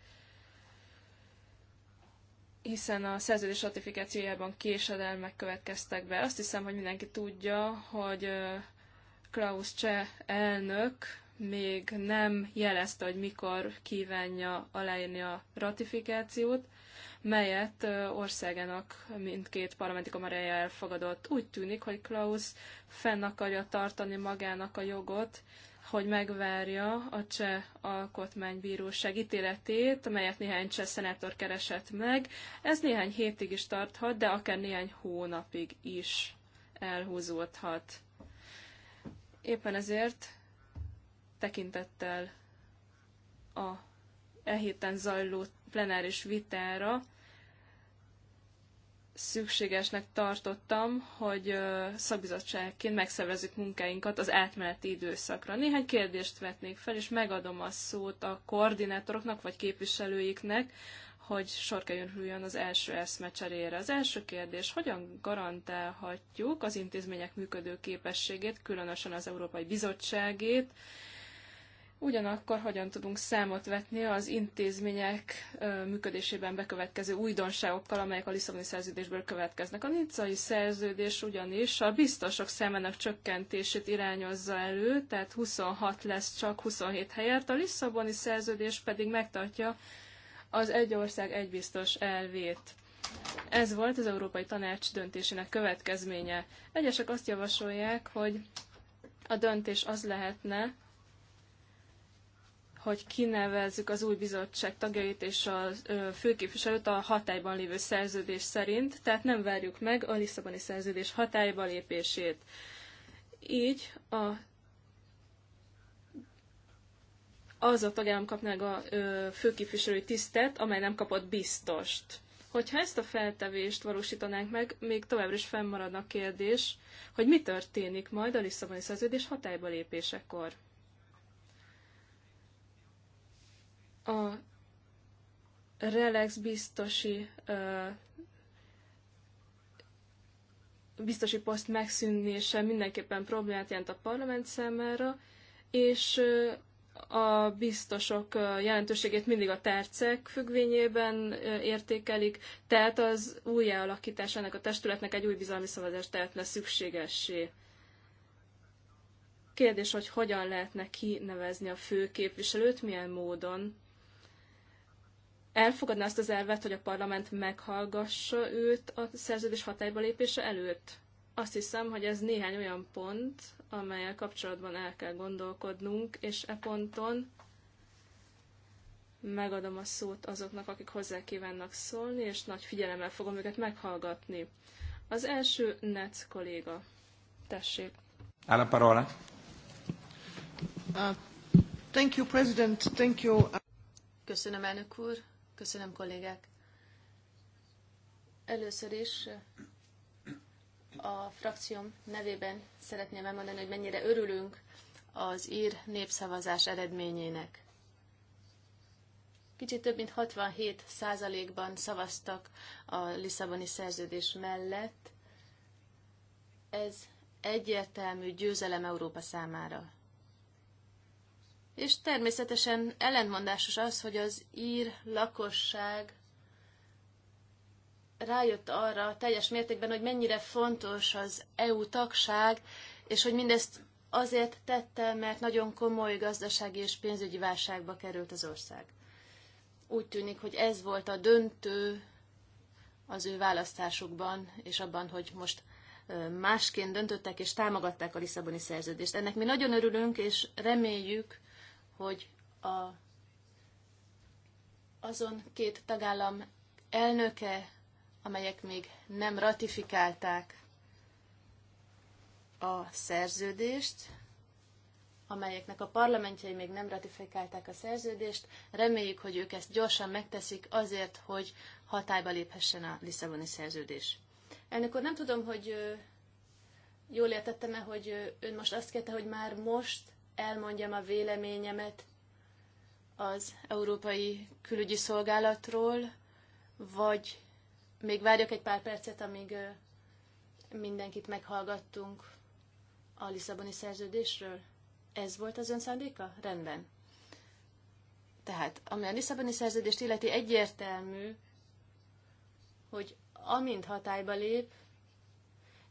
hiszen a szerződés ratifikációjában késedelmek következtek be. Azt hiszem, hogy mindenki tudja, hogy Klaus Cseh elnök még nem jelezte, hogy mikor kívánja aláírni a ratifikációt, melyet országának mindkét parlamenti kamarája elfogadott. Úgy tűnik, hogy Klaus fenn akarja tartani magának a jogot, hogy megvárja a cseh alkotmánybíróság ítéletét, amelyet néhány cseh szenátor keresett meg. Ez néhány hétig is tarthat, de akár néhány hónapig is elhúzódhat. Éppen ezért tekintettel a e héten zajló plenáris vitára szükségesnek tartottam, hogy szakbizottságként megszervezzük munkáinkat az átmeneti időszakra. Néhány kérdést vetnék fel, és megadom a szót a koordinátoroknak vagy képviselőiknek, hogy sor kerüljön az első eszmecserére. Az első kérdés, hogyan garantálhatjuk az intézmények működő képességét, különösen az Európai Bizottságét, Ugyanakkor hogyan tudunk számot vetni az intézmények működésében bekövetkező újdonságokkal, amelyek a Lisszaboni szerződésből következnek. A nizzai szerződés ugyanis a biztosok számának csökkentését irányozza elő, tehát 26 lesz csak 27 helyett, a Lisszaboni szerződés pedig megtartja az egy ország egy biztos elvét. Ez volt az Európai Tanács döntésének következménye. Egyesek azt javasolják, hogy a döntés az lehetne, hogy kinevezzük az új bizottság tagjait és a főképviselőt a hatályban lévő szerződés szerint, tehát nem várjuk meg a Lisszaboni szerződés hatályba lépését. Így a az a tagállam meg a ö, főképviselői tisztet, amely nem kapott biztost. Hogyha ezt a feltevést valósítanánk meg, még továbbra is fennmaradna a kérdés, hogy mi történik majd a Lisszaboni szerződés hatályba lépésekor. A relax biztosi biztosi poszt megszűnése mindenképpen problémát jelent a parlament számára, és a biztosok jelentőségét mindig a tercek függvényében értékelik, tehát az újjáalakítás ennek a testületnek egy új bizalmi szavazást tehetne szükségessé. Kérdés, hogy hogyan lehetne kinevezni a főképviselőt milyen módon elfogadná azt az elvet, hogy a parlament meghallgassa őt a szerződés hatályba lépése előtt? Azt hiszem, hogy ez néhány olyan pont, amelyel kapcsolatban el kell gondolkodnunk, és e ponton megadom a szót azoknak, akik hozzá kívánnak szólni, és nagy figyelemmel fogom őket meghallgatni. Az első Netz kolléga. Tessék. Alla parola. Uh, thank you, President. Thank you. Köszönöm, elnök úr. Köszönöm, kollégák. Először is a frakcióm nevében szeretném elmondani, hogy mennyire örülünk az ír népszavazás eredményének. Kicsit több mint 67 százalékban szavaztak a Lisszaboni szerződés mellett. Ez egyértelmű győzelem Európa számára. És természetesen ellentmondásos az, hogy az ír lakosság rájött arra teljes mértékben, hogy mennyire fontos az EU tagság, és hogy mindezt azért tette, mert nagyon komoly gazdasági és pénzügyi válságba került az ország. Úgy tűnik, hogy ez volt a döntő az ő választásukban, és abban, hogy most másként döntöttek és támogatták a Lisszaboni szerződést. Ennek mi nagyon örülünk, és reméljük, hogy a, azon két tagállam elnöke, amelyek még nem ratifikálták a szerződést, amelyeknek a parlamentjei még nem ratifikálták a szerződést. Reméljük, hogy ők ezt gyorsan megteszik azért, hogy hatályba léphessen a Lisszaboni szerződés. Elnök úr, nem tudom, hogy jól értettem-e, hogy ön most azt kérte, hogy már most elmondjam a véleményemet az Európai Külügyi Szolgálatról, vagy még várjak egy pár percet, amíg mindenkit meghallgattunk a Lisszaboni szerződésről? Ez volt az ön szándéka? Rendben. Tehát, ami a Lisszaboni szerződést illeti egyértelmű, hogy amint hatályba lép,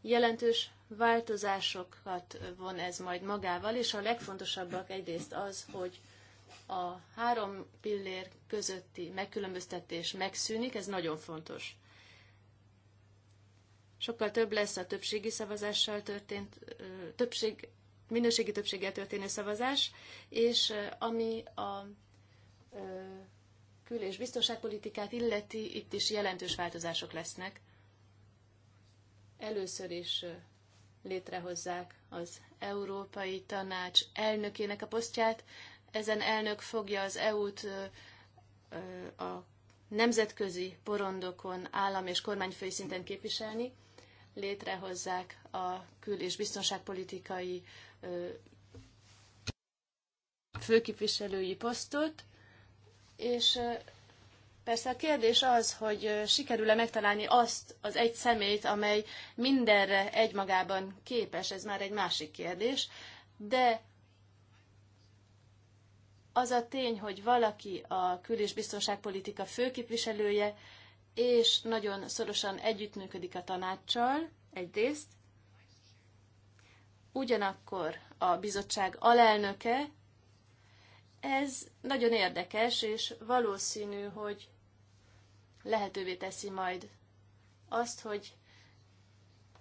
jelentős változásokat von ez majd magával, és a legfontosabbak egyrészt az, hogy a három pillér közötti megkülönböztetés megszűnik, ez nagyon fontos. Sokkal több lesz a többségi szavazással történt, többség, minőségi többséggel történő szavazás, és ami a kül- és biztonságpolitikát illeti, itt is jelentős változások lesznek. Először is létrehozzák az Európai Tanács elnökének a posztját. Ezen elnök fogja az EU-t a nemzetközi porondokon állam és kormányfői szinten képviselni, létrehozzák a kül- és biztonságpolitikai főképviselői posztot, és Persze a kérdés az, hogy sikerül-e megtalálni azt az egy szemét, amely mindenre egymagában képes, ez már egy másik kérdés, de az a tény, hogy valaki a kül- és biztonságpolitika főképviselője, és nagyon szorosan együttműködik a tanácssal, egyrészt, ugyanakkor a bizottság alelnöke, ez nagyon érdekes, és valószínű, hogy lehetővé teszi majd azt, hogy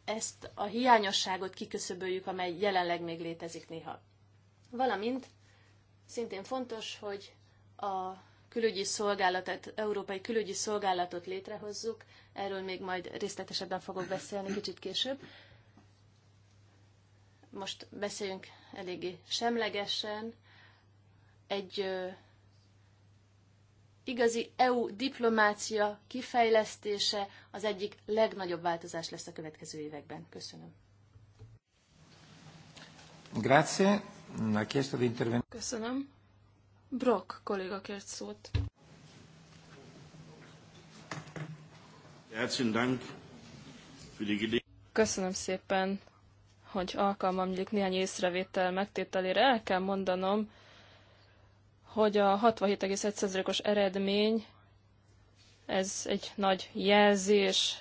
ezt a hiányosságot kiköszöböljük, amely jelenleg még létezik néha. Valamint szintén fontos, hogy a külügyi szolgálatot, európai külügyi szolgálatot létrehozzuk, erről még majd részletesebben fogok beszélni kicsit később. Most beszéljünk eléggé semlegesen, egy igazi EU diplomácia kifejlesztése az egyik legnagyobb változás lesz a következő években. Köszönöm. Grazie. Ha chiesto di intervenire. Köszönöm. Brock kolléga kért szót. Köszönöm szépen, hogy alkalmam nyílik néhány észrevétel megtételére. El kell mondanom, hogy a 67,1%-os eredmény, ez egy nagy jelzés,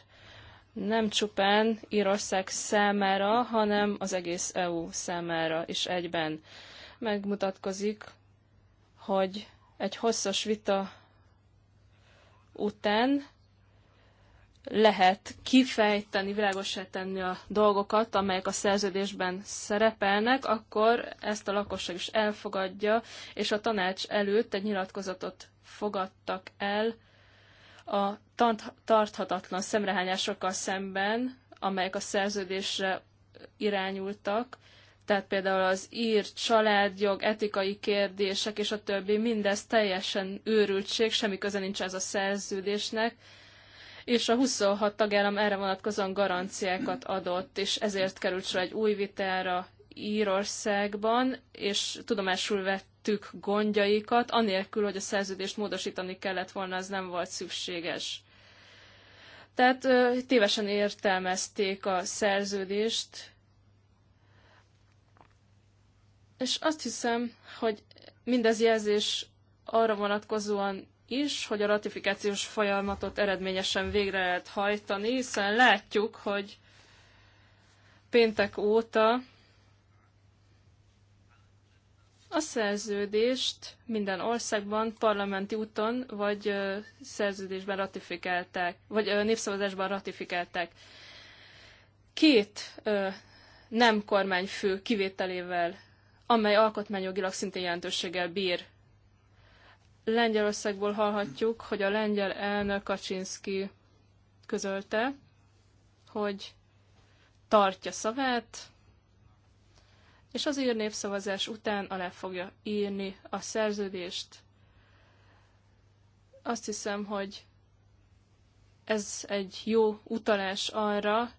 nem csupán Írország számára, hanem az egész EU számára is egyben. Megmutatkozik, hogy egy hosszas vita után lehet kifejteni, világosá tenni a dolgokat, amelyek a szerződésben szerepelnek, akkor ezt a lakosság is elfogadja, és a tanács előtt egy nyilatkozatot fogadtak el a tarthatatlan szemrehányásokkal szemben, amelyek a szerződésre irányultak, tehát például az ír, családjog, etikai kérdések és a többi, mindez teljesen őrültség, semmi köze nincs ez a szerződésnek, és a 26 tagállam erre vonatkozóan garanciákat adott, és ezért került sor egy új vitára Írországban, és tudomásul vettük gondjaikat, anélkül, hogy a szerződést módosítani kellett volna, az nem volt szükséges. Tehát tévesen értelmezték a szerződést, és azt hiszem, hogy mindez jelzés arra vonatkozóan is, hogy a ratifikációs folyamatot eredményesen végre lehet hajtani, hiszen látjuk, hogy péntek óta a szerződést minden országban parlamenti úton vagy szerződésben ratifikálták, vagy népszavazásban ratifikálták. Két nem kormányfő kivételével, amely alkotmányjogilag szintén jelentőséggel bír Lengyelországból hallhatjuk, hogy a lengyel elnök Kaczynski közölte, hogy tartja szavát, és az ír népszavazás után alá fogja írni a szerződést. Azt hiszem, hogy ez egy jó utalás arra,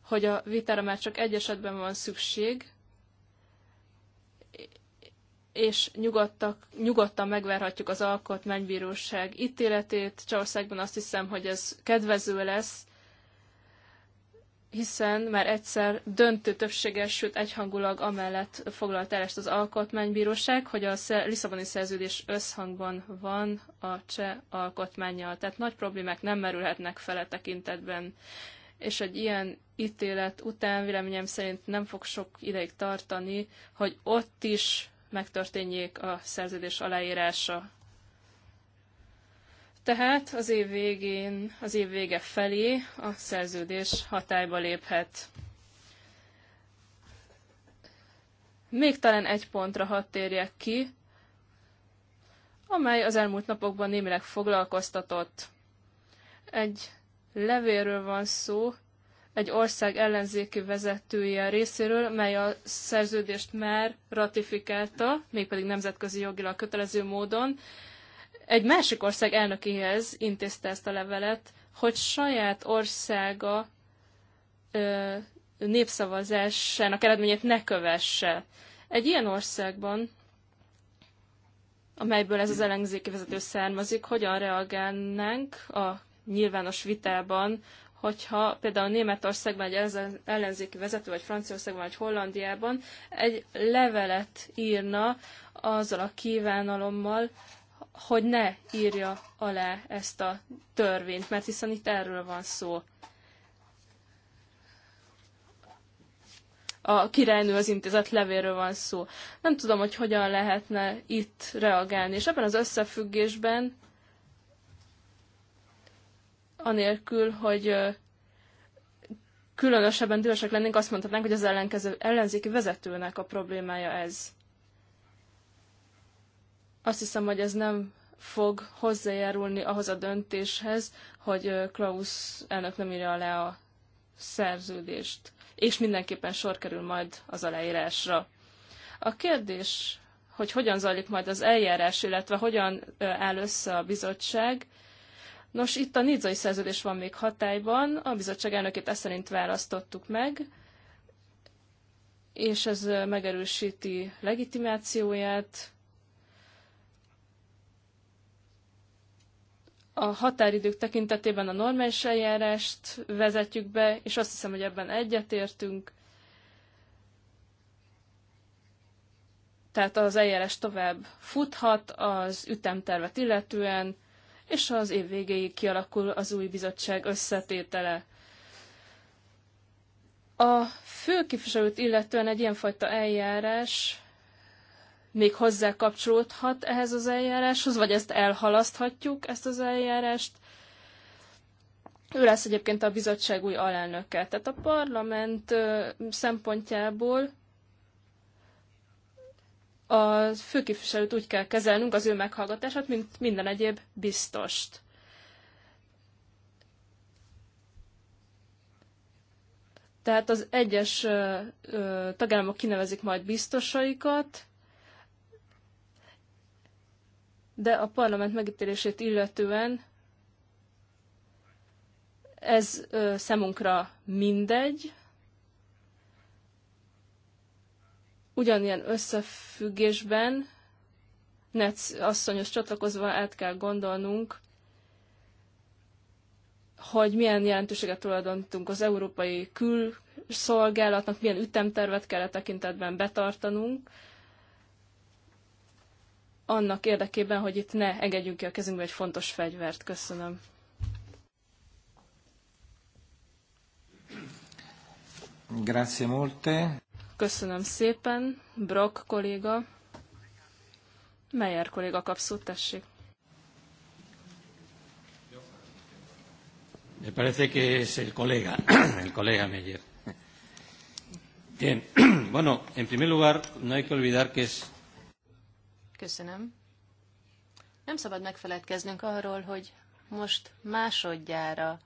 hogy a vitára már csak egy esetben van szükség, és nyugodtak, nyugodtan megverhatjuk az alkotmánybíróság ítéletét. Csavországban azt hiszem, hogy ez kedvező lesz, hiszen már egyszer döntő többséges, sőt egyhangulag amellett foglalt el ezt az alkotmánybíróság, hogy a Lisszaboni szerződés összhangban van a cseh alkotmányjal. Tehát nagy problémák nem merülhetnek fele tekintetben. És egy ilyen ítélet után véleményem szerint nem fog sok ideig tartani, hogy ott is megtörténjék a szerződés aláírása. Tehát az év végén, az év vége felé a szerződés hatályba léphet. Még talán egy pontra hadd térjek ki, amely az elmúlt napokban némileg foglalkoztatott. Egy levélről van szó, egy ország ellenzéki vezetője részéről, mely a szerződést már ratifikálta, mégpedig nemzetközi jogilag kötelező módon, egy másik ország elnökéhez intézte ezt a levelet, hogy saját országa ö, népszavazásának eredményét ne kövesse. Egy ilyen országban, amelyből ez az ellenzéki vezető származik, hogyan reagálnánk a nyilvános vitában hogyha például Németországban egy ellenzéki vezető, vagy Franciaországban, vagy Hollandiában egy levelet írna azzal a kívánalommal, hogy ne írja alá ezt a törvényt, mert hiszen itt erről van szó. a királynő az intézet levéről van szó. Nem tudom, hogy hogyan lehetne itt reagálni. És ebben az összefüggésben anélkül, hogy különösebben dühösek lennénk, azt mondhatnánk, hogy az ellenkező, ellenzéki vezetőnek a problémája ez. Azt hiszem, hogy ez nem fog hozzájárulni ahhoz a döntéshez, hogy Klaus elnök nem írja alá a szerződést, és mindenképpen sor kerül majd az aláírásra. A kérdés, hogy hogyan zajlik majd az eljárás, illetve hogyan áll össze a bizottság, Nos, itt a nidzai szerződés van még hatályban, a bizottság elnökét ezt szerint választottuk meg, és ez megerősíti legitimációját. A határidők tekintetében a normális eljárást vezetjük be, és azt hiszem, hogy ebben egyetértünk. Tehát az eljárás tovább futhat az ütemtervet illetően, és az év végéig kialakul az új bizottság összetétele. A főképviselőt illetően egy ilyenfajta eljárás még hozzá kapcsolódhat ehhez az eljáráshoz, vagy ezt elhalaszthatjuk, ezt az eljárást. Ő lesz egyébként a bizottság új alelnöke. Tehát a parlament szempontjából a főképviselőt úgy kell kezelnünk, az ő meghallgatását, mint minden egyéb biztost. Tehát az egyes tagállamok kinevezik majd biztosaikat, de a parlament megítélését illetően ez ö, számunkra mindegy, Ugyanilyen összefüggésben, Netz asszonyos csatlakozva át kell gondolnunk, hogy milyen jelentőséget tulajdonítunk az európai külszolgálatnak, milyen ütemtervet kell a e tekintetben betartanunk, annak érdekében, hogy itt ne engedjünk ki a kezünkbe egy fontos fegyvert. Köszönöm. Grazie molte. Köszönöm szépen, Brock kolléga. Meyer kolléga kap szót, tessék. Me parece que es el colega, el colega Meyer. Bien, bueno, en primer lugar, no hay que olvidar que es... Köszönöm. Nem szabad megfeledkeznünk arról, hogy most másodjára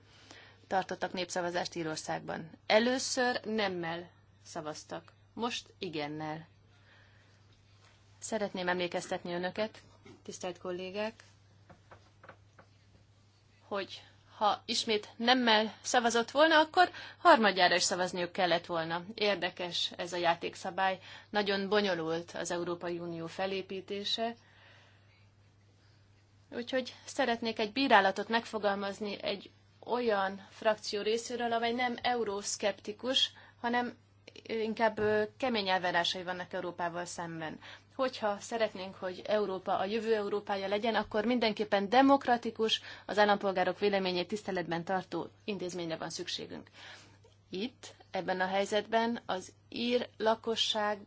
tartottak népszavazást Írországban. Először nemmel szavaztak. Most igennel. Szeretném emlékeztetni önöket, tisztelt kollégák, hogy ha ismét nemmel szavazott volna, akkor harmadjára is szavazniuk kellett volna. Érdekes ez a játékszabály. Nagyon bonyolult az Európai Unió felépítése. Úgyhogy szeretnék egy bírálatot megfogalmazni egy olyan frakció részéről, amely nem euroszkeptikus, hanem inkább kemény elvárásai vannak Európával szemben. Hogyha szeretnénk, hogy Európa a jövő Európája legyen, akkor mindenképpen demokratikus, az állampolgárok véleményét tiszteletben tartó intézményre van szükségünk. Itt, ebben a helyzetben az ír lakosság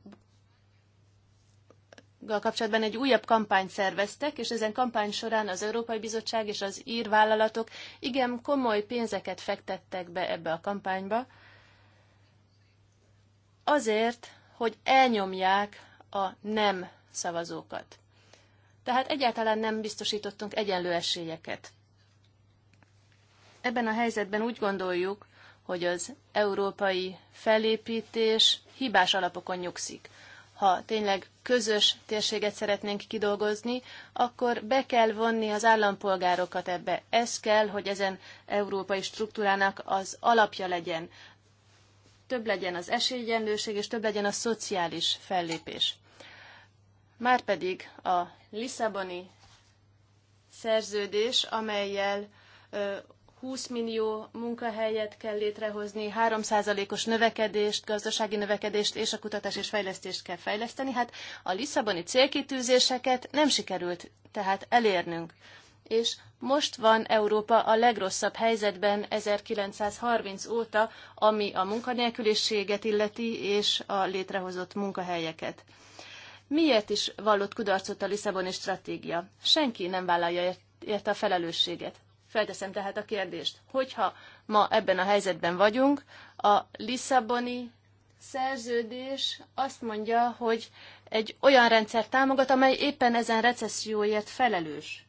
kapcsolatban egy újabb kampányt szerveztek, és ezen kampány során az Európai Bizottság és az ír vállalatok igen komoly pénzeket fektettek be ebbe a kampányba, azért, hogy elnyomják a nem szavazókat. Tehát egyáltalán nem biztosítottunk egyenlő esélyeket. Ebben a helyzetben úgy gondoljuk, hogy az európai felépítés hibás alapokon nyugszik. Ha tényleg közös térséget szeretnénk kidolgozni, akkor be kell vonni az állampolgárokat ebbe. Ez kell, hogy ezen európai struktúrának az alapja legyen több legyen az esélyegyenlőség, és több legyen a szociális fellépés. Márpedig a Lisszaboni szerződés, amelyel 20 millió munkahelyet kell létrehozni, 3%-os növekedést, gazdasági növekedést és a kutatás és fejlesztést kell fejleszteni. Hát a Lisszaboni célkitűzéseket nem sikerült tehát elérnünk és most van Európa a legrosszabb helyzetben 1930 óta, ami a munkanélküliséget illeti és a létrehozott munkahelyeket. Miért is vallott kudarcot a Lisszaboni stratégia? Senki nem vállalja érte a felelősséget. Felteszem tehát a kérdést, hogyha ma ebben a helyzetben vagyunk, a Lisszaboni szerződés azt mondja, hogy egy olyan rendszer támogat, amely éppen ezen recesszióért felelős.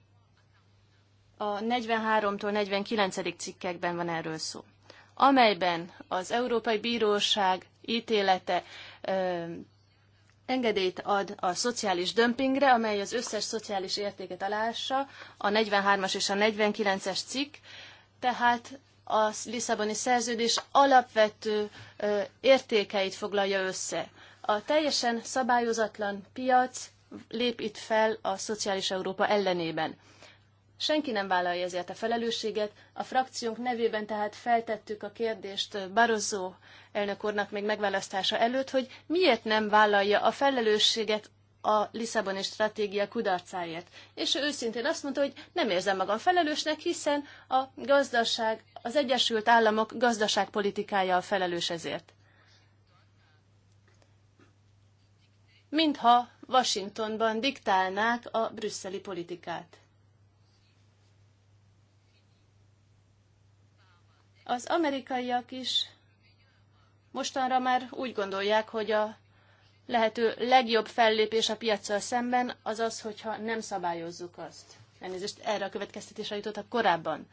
A 43-tól 49. cikkekben van erről szó, amelyben az Európai Bíróság ítélete ö, engedélyt ad a szociális dömpingre, amely az összes szociális értéket alássa, a 43-as és a 49-es cikk, tehát a Lisszaboni szerződés alapvető ö, értékeit foglalja össze. A teljesen szabályozatlan piac lép itt fel a szociális Európa ellenében. Senki nem vállalja ezért a felelősséget, a frakciónk nevében tehát feltettük a kérdést Barozó elnök úrnak még megválasztása előtt, hogy miért nem vállalja a felelősséget a Lisszaboni stratégia kudarcáért. És ő őszintén azt mondta, hogy nem érzem magam felelősnek, hiszen a gazdaság, az Egyesült Államok gazdaságpolitikája a felelős ezért. Mintha Washingtonban diktálnák a brüsszeli politikát. Az amerikaiak is mostanra már úgy gondolják, hogy a lehető legjobb fellépés a piacsal szemben az az, hogyha nem szabályozzuk azt. Elnézést, erre a következtetésre jutottak korábban.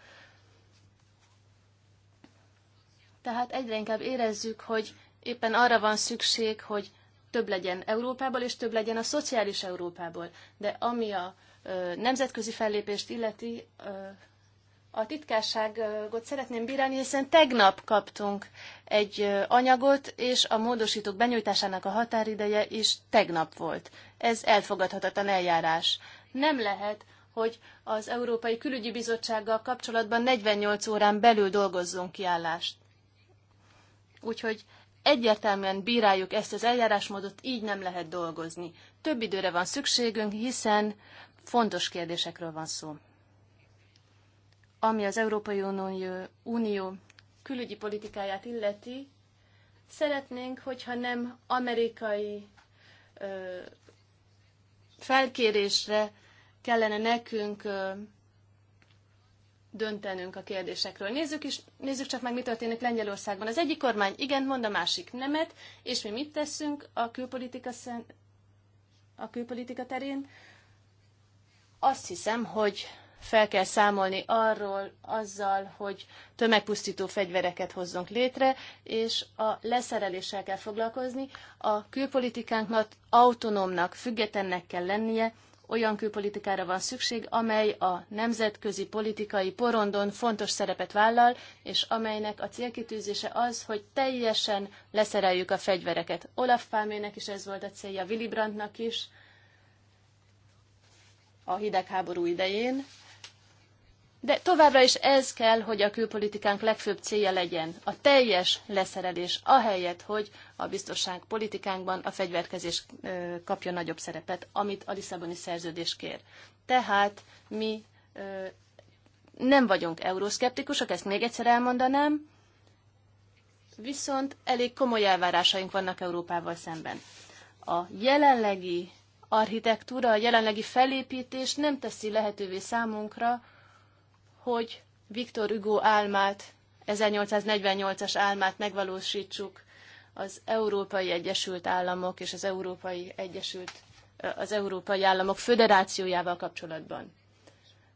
Tehát egyre inkább érezzük, hogy éppen arra van szükség, hogy több legyen Európából, és több legyen a szociális Európából. De ami a ö, nemzetközi fellépést illeti, ö, a titkárságot szeretném bírálni, hiszen tegnap kaptunk egy anyagot, és a módosítók benyújtásának a határideje is tegnap volt. Ez elfogadhatatlan eljárás. Nem lehet, hogy az Európai Külügyi Bizottsággal kapcsolatban 48 órán belül dolgozzunk kiállást. Úgyhogy egyértelműen bíráljuk ezt az eljárásmódot, így nem lehet dolgozni. Több időre van szükségünk, hiszen fontos kérdésekről van szó ami az Európai Unió külügyi politikáját illeti, szeretnénk, hogyha nem amerikai ö, felkérésre kellene nekünk ö, döntenünk a kérdésekről. Nézzük, is, nézzük csak meg, mi történik Lengyelországban. Az egyik kormány igen mond, a másik nemet, és mi mit teszünk a külpolitika, szen, a külpolitika terén? Azt hiszem, hogy fel kell számolni arról, azzal, hogy tömegpusztító fegyvereket hozzunk létre, és a leszereléssel kell foglalkozni. A külpolitikánknak autonómnak, függetlennek kell lennie, olyan külpolitikára van szükség, amely a nemzetközi politikai porondon fontos szerepet vállal, és amelynek a célkitűzése az, hogy teljesen leszereljük a fegyvereket. Olaf Pálmének is ez volt a célja, Willy Brandtnak is a hidegháború idején, de továbbra is ez kell, hogy a külpolitikánk legfőbb célja legyen, a teljes leszerelés, ahelyett, hogy a biztonságpolitikánkban a fegyverkezés kapja nagyobb szerepet, amit a Lisszaboni szerződés kér. Tehát mi nem vagyunk euroszkeptikusok, ezt még egyszer elmondanám, viszont elég komoly elvárásaink vannak Európával szemben. A jelenlegi architektúra, a jelenlegi felépítés nem teszi lehetővé számunkra, hogy Viktor Hugo álmát, 1848-as álmát megvalósítsuk az Európai Egyesült Államok és az Európai Egyesült az Európai Államok Föderációjával kapcsolatban.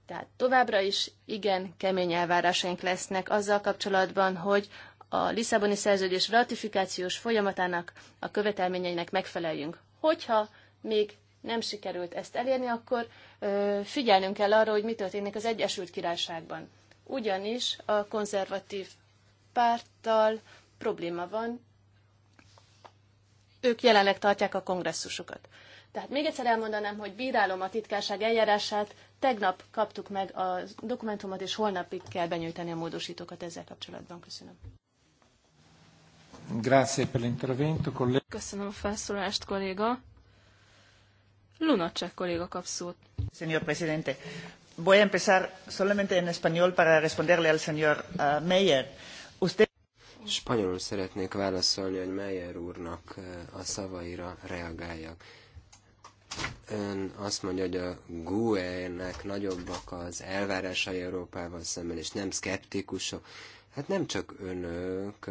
Tehát továbbra is igen kemény elvárásaink lesznek azzal kapcsolatban, hogy a Lisszaboni szerződés ratifikációs folyamatának a követelményeinek megfeleljünk. Hogyha még nem sikerült ezt elérni, akkor figyelnünk kell arra, hogy mi történik az Egyesült Királyságban. Ugyanis a konzervatív párttal probléma van, ők jelenleg tartják a kongresszusukat. Tehát még egyszer elmondanám, hogy bírálom a titkárság eljárását, tegnap kaptuk meg a dokumentumot, és holnapig kell benyújtani a módosítókat ezzel kapcsolatban. Köszönöm. Grazie per l'intervento, Köszönöm a felszólást, kolléga. Lunacek kolléga kap szót. Señor presidente, voy a empezar solamente en español para responderle al señor uh, Meyer. Usted... Spanyolul szeretnék válaszolni, hogy Meyer úrnak eh, a szavaira reagáljak. Ön azt mondja, hogy a GUE-nek nagyobbak az elvárásai Európával szemben, és nem szkeptikusok. Hát nem csak önök,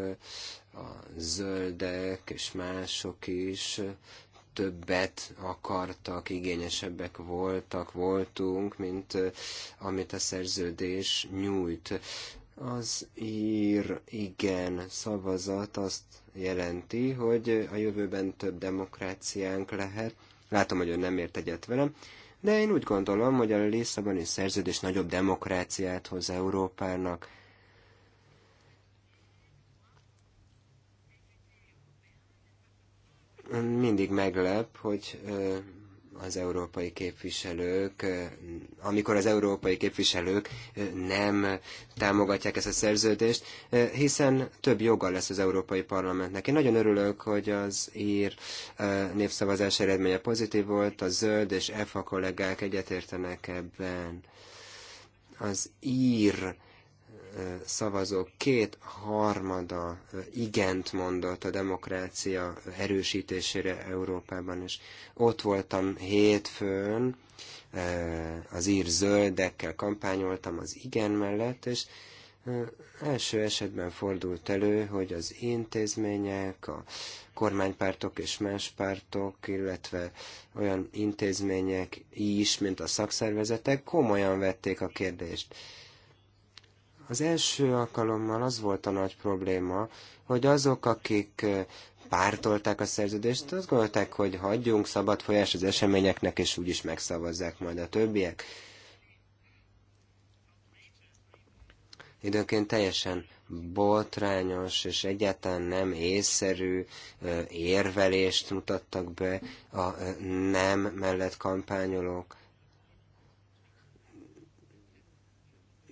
a zöldek és mások is többet akartak, igényesebbek voltak, voltunk, mint amit a szerződés nyújt. Az ír igen szavazat azt jelenti, hogy a jövőben több demokráciánk lehet. Látom, hogy ön nem ért egyet velem, de én úgy gondolom, hogy a Lisszaboni szerződés nagyobb demokráciát hoz Európának. mindig meglep, hogy az európai képviselők, amikor az európai képviselők nem támogatják ezt a szerződést, hiszen több joga lesz az Európai Parlamentnek. Én nagyon örülök, hogy az ír népszavazás eredménye pozitív volt, a zöld és EFA kollégák egyetértenek ebben. Az ír szavazók két harmada igent mondott a demokrácia erősítésére Európában, és ott voltam hétfőn, az ír zöldekkel kampányoltam az igen mellett, és első esetben fordult elő, hogy az intézmények, a kormánypártok és más pártok, illetve olyan intézmények is, mint a szakszervezetek komolyan vették a kérdést az első alkalommal az volt a nagy probléma, hogy azok, akik pártolták a szerződést, azt gondolták, hogy hagyjunk szabad folyás az eseményeknek, és úgyis megszavazzák majd a többiek. Időnként teljesen botrányos és egyáltalán nem észszerű érvelést mutattak be a nem mellett kampányolók.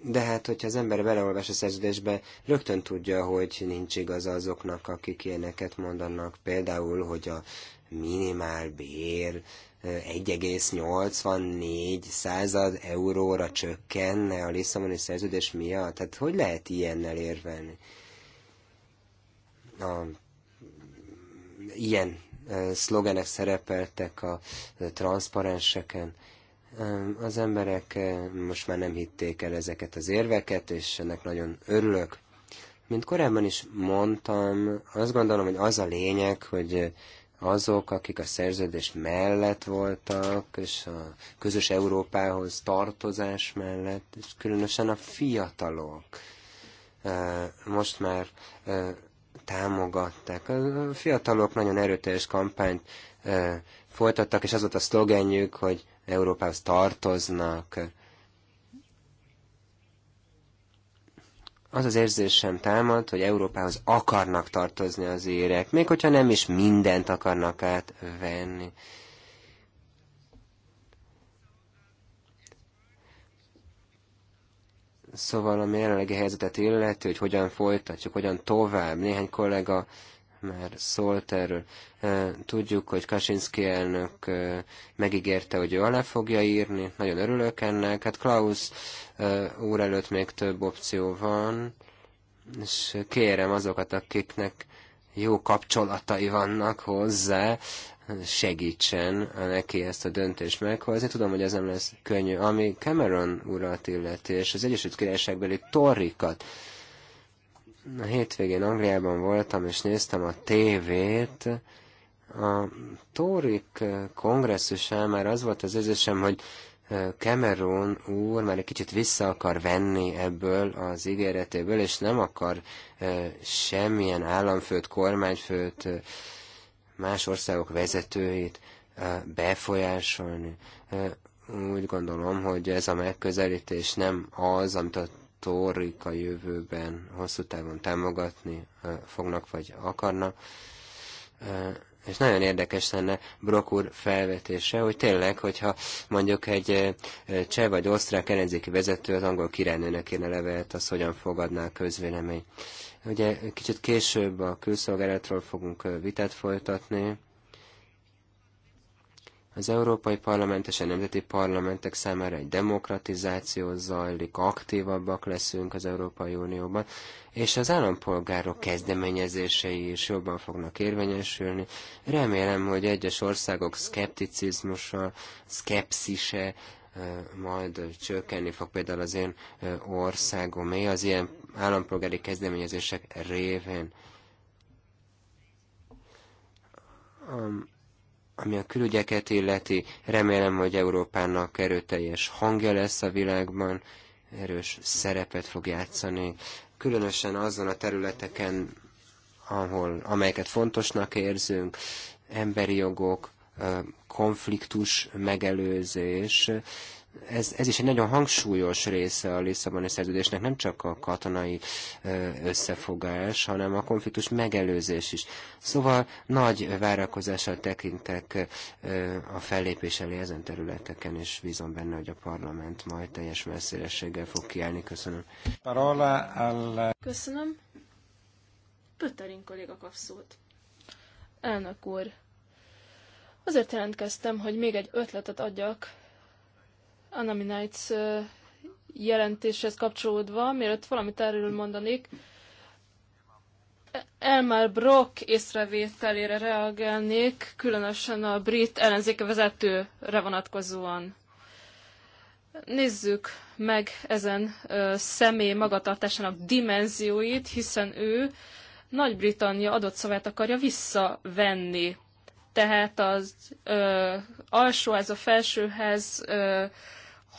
De hát, hogyha az ember beleolvas a szerződésbe, rögtön tudja, hogy nincs igaza azoknak, akik ilyeneket mondanak. Például, hogy a minimál bér 1,84 század euróra csökkenne a Lisszaboni szerződés miatt. Tehát hogy lehet ilyennel érvelni? A, ilyen szlogenek szerepeltek a transzparenseken. Az emberek most már nem hitték el ezeket az érveket, és ennek nagyon örülök. Mint korábban is mondtam, azt gondolom, hogy az a lényeg, hogy azok, akik a szerződés mellett voltak, és a közös Európához tartozás mellett, és különösen a fiatalok most már támogatták. A fiatalok nagyon erőteljes kampányt folytattak, és az volt a szlogenjük, hogy Európához tartoznak. Az az érzésem támad, hogy Európához akarnak tartozni az érek, még hogyha nem is mindent akarnak átvenni. Szóval a jelenlegi helyzetet illeti, hogy hogyan folytatjuk, hogyan tovább. Néhány kollega már szólt erről. Tudjuk, hogy Kaczynszki elnök megígérte, hogy ő alá fogja írni, nagyon örülök ennek. Hát Klaus úr előtt még több opció van, és kérem azokat, akiknek jó kapcsolatai vannak hozzá, segítsen neki ezt a döntést meghozni. Tudom, hogy ez nem lesz könnyű. Ami Cameron urat illeti, és az Egyesült Királyságbeli torrikat, a hétvégén Angliában voltam, és néztem a tévét. A Tórik eh, kongresszusán már az volt az érzésem, hogy eh, Cameron úr már egy kicsit vissza akar venni ebből az ígéretéből, és nem akar eh, semmilyen államfőt, kormányfőt, más országok vezetőit befolyásolni. Úgy gondolom, hogy ez a megközelítés nem az, amit a motorik a jövőben hosszú távon támogatni fognak, vagy akarnak. És nagyon érdekes lenne Brok úr felvetése, hogy tényleg, hogyha mondjuk egy cseh vagy osztrák ellenzéki vezető az angol királynőnek írna levelet, az hogyan fogadná a közvélemény. Ugye kicsit később a külszolgálatról fogunk vitát folytatni, az Európai Parlament és a nemzeti parlamentek számára egy demokratizáció zajlik, aktívabbak leszünk az Európai Unióban, és az állampolgárok kezdeményezései is jobban fognak érvényesülni. Remélem, hogy egyes országok szkepticizmusa, szkepszise majd csökkenni fog például az én országom, mely az ilyen állampolgári kezdeményezések révén. Um, ami a külügyeket illeti, remélem, hogy Európának erőteljes hangja lesz a világban, erős szerepet fog játszani, különösen azon a területeken, ahol, amelyeket fontosnak érzünk, emberi jogok, konfliktus megelőzés, ez, ez is egy nagyon hangsúlyos része a Lisszaboni szerződésnek, nem csak a katonai összefogás, hanem a konfliktus megelőzés is. Szóval nagy várakozással tekintek a fellépés elé ezen területeken, és bízom benne, hogy a parlament majd teljes messzélességgel fog kiállni. Köszönöm. Köszönöm. Pötterin kolléga kap szót. Elnök úr, azért jelentkeztem, hogy még egy ötletet adjak Anna Nights jelentéshez kapcsolódva, mielőtt valamit erről mondanék, Elmar Brock észrevételére reagálnék, különösen a brit ellenzéke vezetőre vonatkozóan. Nézzük meg ezen ö, személy magatartásának dimenzióit, hiszen ő Nagy-Britannia adott szavát akarja visszavenni. Tehát az ö, ez a felsőhez ö,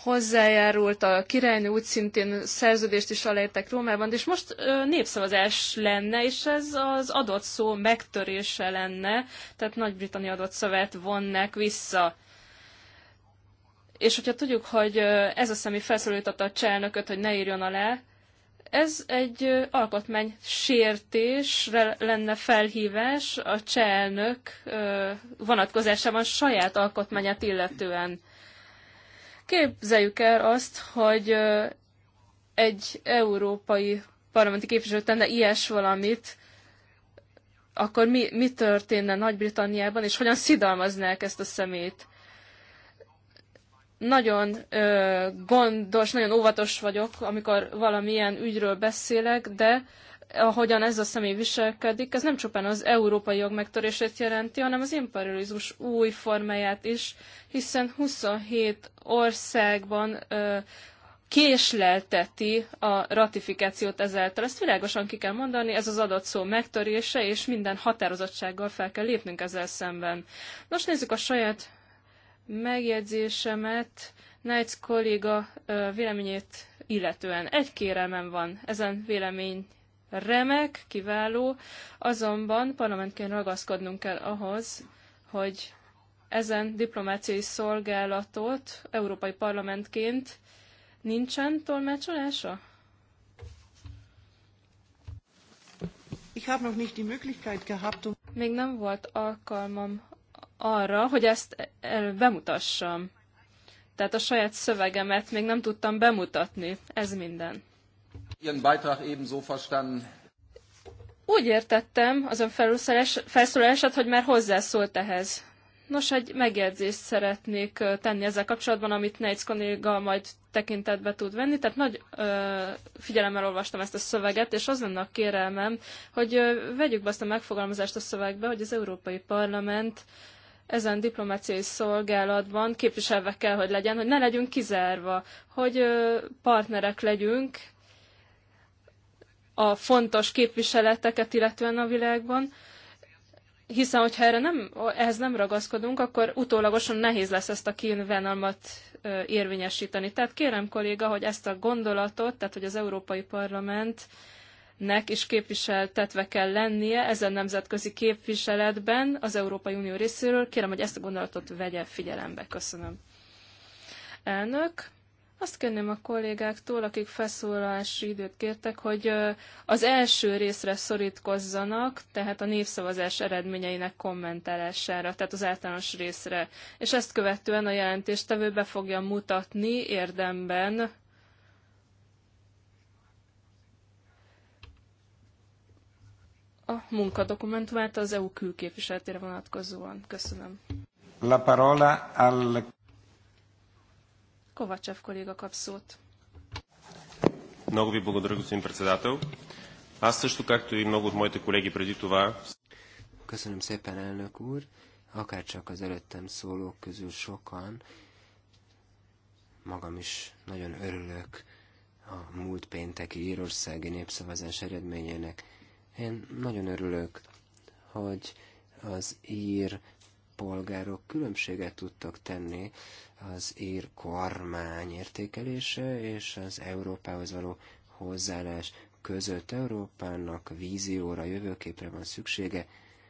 hozzájárult, a királynő úgy szintén szerződést is aláírtak Rómában, és most népszavazás lenne, és ez az adott szó megtörése lenne, tehát Nagy-Britannia adott szavát vonnak vissza. És hogyha tudjuk, hogy ez a személy felszólította a cselnököt, hogy ne írjon alá, ez egy alkotmány sértésre lenne felhívás a cselnök vonatkozásában saját alkotmányát illetően. Képzeljük el azt, hogy egy európai parlamenti képviselő tenne ilyes valamit, akkor mi, mi történne Nagy-Britanniában, és hogyan szidalmaznák ezt a szemét? Nagyon ö, gondos, nagyon óvatos vagyok, amikor valamilyen ügyről beszélek, de ahogyan ez a személy viselkedik, ez nem csupán az európai jog megtörését jelenti, hanem az imperializmus új formáját is, hiszen 27 országban ö, késlelteti a ratifikációt ezáltal. Ezt világosan ki kell mondani, ez az adott szó megtörése, és minden határozottsággal fel kell lépnünk ezzel szemben. Nos, nézzük a saját megjegyzésemet, Nájc kolléga véleményét illetően. Egy kérelmem van ezen vélemény remek, kiváló, azonban parlamentként ragaszkodnunk kell ahhoz, hogy ezen diplomáciai szolgálatot Európai Parlamentként nincsen tolmácsolása? Um még nem volt alkalmam arra, hogy ezt bemutassam. Tehát a saját szövegemet még nem tudtam bemutatni. Ez minden. Ihren Beitrag ebenso verstanden. Úgy értettem az ön felszólalását, hogy már hozzászólt ehhez. Nos, egy megjegyzést szeretnék tenni ezzel kapcsolatban, amit Neitz kolléga majd tekintetbe tud venni. Tehát nagy ö, figyelemmel olvastam ezt a szöveget, és az lenne a kérelmem, hogy ö, vegyük be azt a megfogalmazást a szövegbe, hogy az Európai Parlament ezen diplomáciai szolgálatban képviselve kell, hogy legyen, hogy ne legyünk kizárva, hogy ö, partnerek legyünk, a fontos képviseleteket, illetően a világban, hiszen hogyha erre nem, ehhez nem ragaszkodunk, akkor utólagosan nehéz lesz ezt a kínvenalmat érvényesíteni. Tehát kérem kolléga, hogy ezt a gondolatot, tehát hogy az Európai Parlament nek is képviseltetve kell lennie ezen nemzetközi képviseletben az Európai Unió részéről. Kérem, hogy ezt a gondolatot vegye figyelembe. Köszönöm. Elnök, azt kérném a kollégáktól, akik felszólalási időt kértek, hogy az első részre szorítkozzanak, tehát a népszavazás eredményeinek kommentálására, tehát az általános részre. És ezt követően a jelentéstevő be fogja mutatni érdemben a munkadokumentumát az EU külképviseletére vonatkozóan. Köszönöm. La parola al Ковачев колега кап szót. Много ви благодаря, господин председател. Аз също, както и много от моите колеги преди това... Köszönöm szépen, elnök úr. Akárcsak az előttem szólók közül sokan, magam is nagyon örülök a múlt pénteki írországi népszavazás eredményének. Én nagyon örülök, hogy az ír polgárok különbséget tudtak tenni az ír kormány értékelése és az Európához való hozzáállás között. Európának vízióra, jövőképre van szüksége,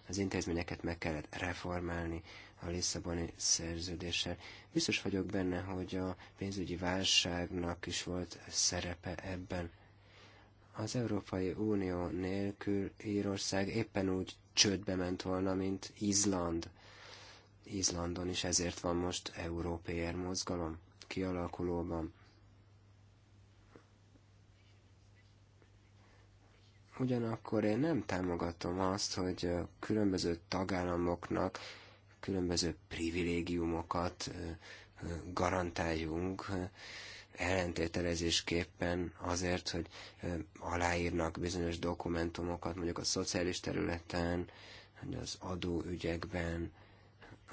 az intézményeket meg kellett reformálni a Lisszaboni szerződéssel. Biztos vagyok benne, hogy a pénzügyi válságnak is volt szerepe ebben. Az Európai Unió nélkül Írország éppen úgy csődbe ment volna, mint Izland. Izlandon is ezért van most európér mozgalom kialakulóban. Ugyanakkor én nem támogatom azt, hogy a különböző tagállamoknak különböző privilégiumokat garantáljunk ellentételezésképpen azért, hogy aláírnak bizonyos dokumentumokat, mondjuk a szociális területen, az adóügyekben,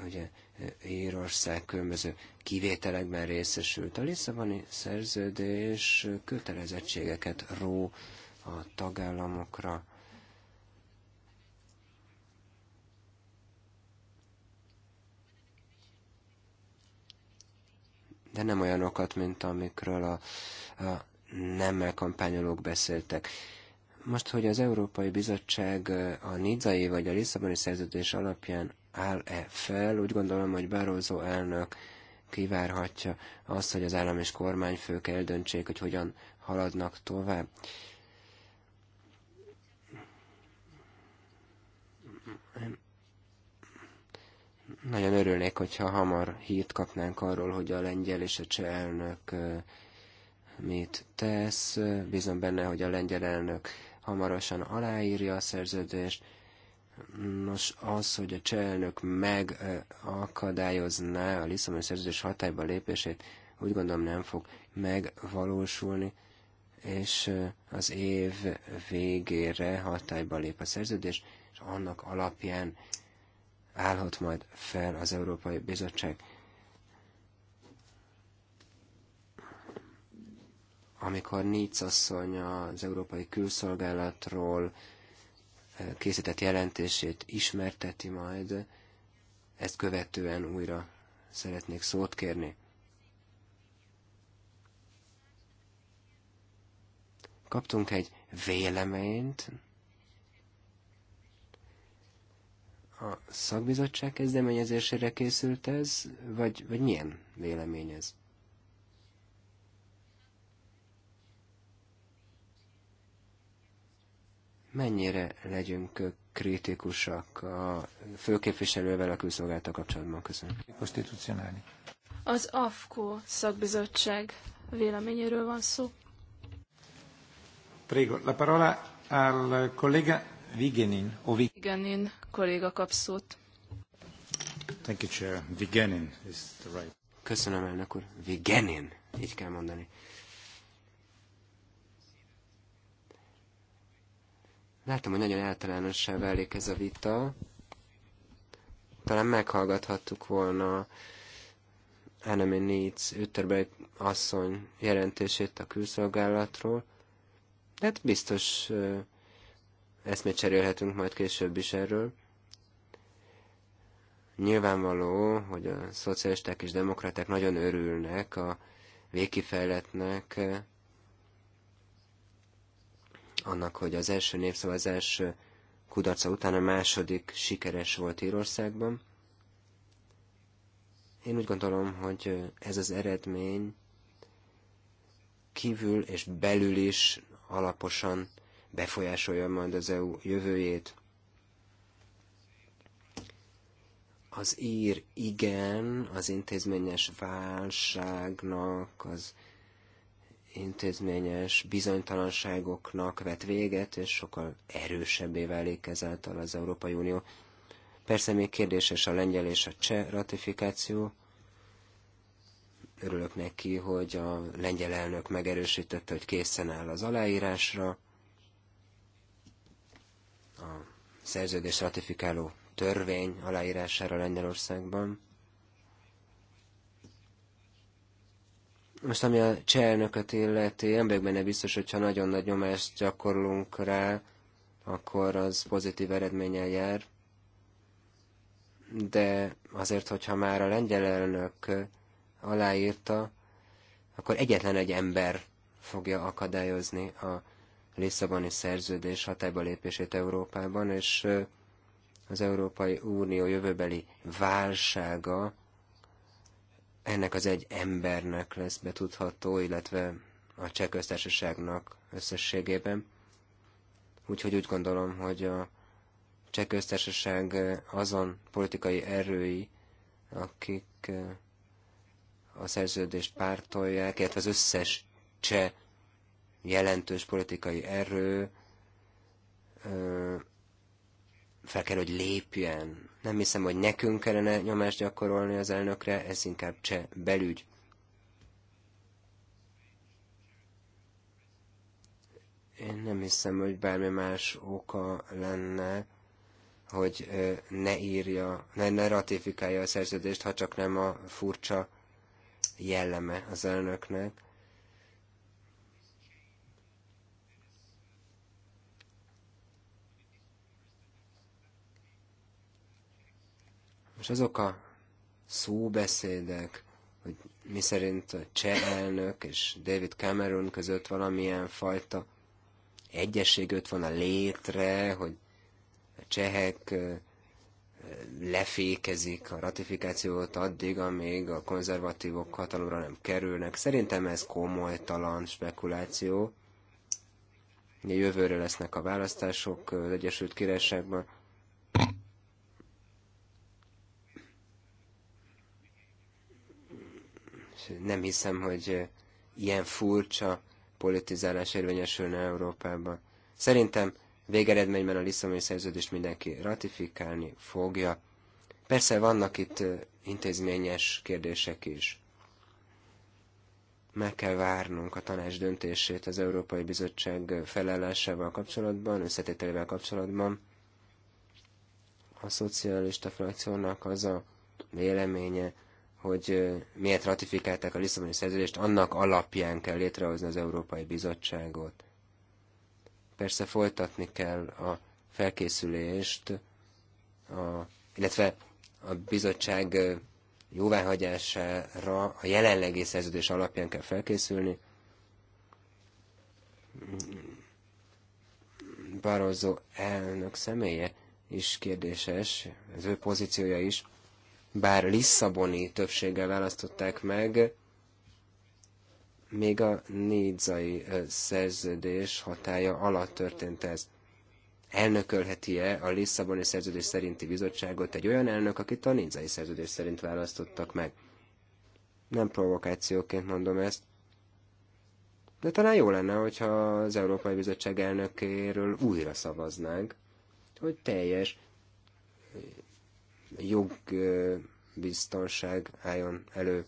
ugye eh, Írország különböző kivételekben részesült. A Lisszaboni szerződés kötelezettségeket ró a tagállamokra. De nem olyanokat, mint amikről a, a nemmel kampányolók beszéltek. Most, hogy az Európai Bizottság eh, a Nidzai vagy a Lisszaboni szerződés alapján áll-e fel. Úgy gondolom, hogy Barroso elnök kivárhatja azt, hogy az állam és kormányfők eldöntsék, hogy hogyan haladnak tovább. Nagyon örülnék, hogyha hamar hírt kapnánk arról, hogy a lengyel és a cseh elnök mit tesz. Bízom benne, hogy a lengyel elnök hamarosan aláírja a szerződést, Nos, az, hogy a cselnök megakadályozná a Lisszaboni szerződés hatályba lépését, úgy gondolom nem fog megvalósulni, és az év végére hatályba lép a szerződés, és annak alapján állhat majd fel az Európai Bizottság. Amikor Níz asszony az Európai Külszolgálatról készített jelentését ismerteti majd, ezt követően újra szeretnék szót kérni. Kaptunk egy véleményt a szakbizottság kezdeményezésére készült ez, vagy, vagy milyen vélemény ez? mennyire legyünk kritikusak a főképviselővel a külszolgáltal kapcsolatban. Köszönöm. Az AFKO szakbizottság véleményéről van szó. Prego, la parola al collega Vigenin. O Vig Vigenin kolléga kap szót. Thank you, Chair. Vigenin is the right. Köszönöm, elnök úr. Vigenin, így kell mondani. Látom, hogy nagyon általánossá válik ez a vita. Talán meghallgathattuk volna Anime Needs Ütterberg asszony jelentését a külszolgálatról. De hát biztos eszmét cserélhetünk majd később is erről. Nyilvánvaló, hogy a szocialisták és demokraták nagyon örülnek a végkifejletnek, annak, hogy az első népszavazás kudarca után a második sikeres volt Írországban. Én úgy gondolom, hogy ez az eredmény kívül és belül is alaposan befolyásolja majd az EU jövőjét. Az ír igen az intézményes válságnak, az intézményes bizonytalanságoknak vet véget, és sokkal erősebbé válik ezáltal az Európai Unió. Persze még kérdéses a lengyel és a cseh ratifikáció. Örülök neki, hogy a lengyel elnök megerősítette, hogy készen áll az aláírásra. A szerződés ratifikáló törvény aláírására Lengyelországban. Most ami a cselnököt illeti, nem vagyok benne biztos, hogyha nagyon nagy nyomást gyakorlunk rá, akkor az pozitív eredménnyel jár. De azért, hogyha már a lengyel elnök aláírta, akkor egyetlen egy ember fogja akadályozni a Lisszaboni szerződés hatályba lépését Európában, és az Európai Unió jövőbeli válsága ennek az egy embernek lesz betudható, illetve a cseh köztársaságnak összességében. Úgyhogy úgy gondolom, hogy a cseh köztársaság azon politikai erői, akik a szerződést pártolják, illetve az összes cseh jelentős politikai erő fel kell, hogy lépjen nem hiszem, hogy nekünk kellene nyomást gyakorolni az elnökre, ez inkább cseh belügy. Én nem hiszem, hogy bármi más oka lenne, hogy ne írja, ne, ne ratifikálja a szerződést, ha csak nem a furcsa jelleme az elnöknek. és azok a szóbeszédek, hogy mi szerint a cseh elnök és David Cameron között valamilyen fajta egyesség van a létre, hogy a csehek lefékezik a ratifikációt addig, amíg a konzervatívok hatalomra nem kerülnek. Szerintem ez komolytalan spekuláció. jövőre lesznek a választások az Egyesült Királyságban. nem hiszem, hogy ilyen furcsa politizálás érvényesülne Európában. Szerintem végeredményben a Lisszaboni szerződést mindenki ratifikálni fogja. Persze vannak itt intézményes kérdések is. Meg kell várnunk a tanács döntését az Európai Bizottság felállásával kapcsolatban, összetételével kapcsolatban. A szocialista frakciónak az a véleménye, hogy miért ratifikálták a Lisszaboni szerződést, annak alapján kell létrehozni az Európai Bizottságot. Persze folytatni kell a felkészülést, a, illetve a bizottság jóváhagyására a jelenlegi szerződés alapján kell felkészülni. Barozó elnök személye is kérdéses, az ő pozíciója is bár Lisszaboni többséggel választották meg, még a nézai szerződés hatája alatt történt ez. Elnökölheti-e a Lisszaboni szerződés szerinti bizottságot egy olyan elnök, akit a nézai szerződés szerint választottak meg? Nem provokációként mondom ezt, de talán jó lenne, hogyha az Európai Bizottság elnökéről újra szavaznánk, hogy teljes jogbiztonság álljon elő.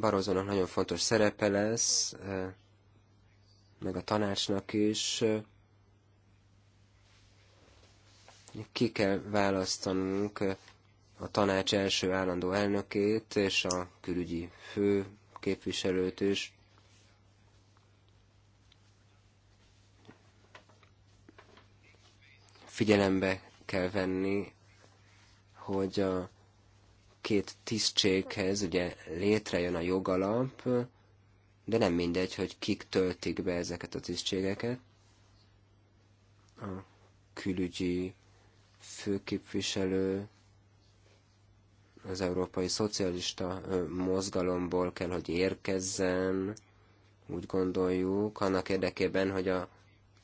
Barozónak nagyon fontos szerepe lesz, meg a tanácsnak is. Ki kell választanunk a tanács első állandó elnökét és a külügyi fő képviselőt is. Figyelembe kell venni, hogy a két tisztséghez ugye létrejön a jogalap, de nem mindegy, hogy kik töltik be ezeket a tisztségeket. A külügyi főképviselő az európai szocialista mozgalomból kell, hogy érkezzen, úgy gondoljuk, annak érdekében, hogy a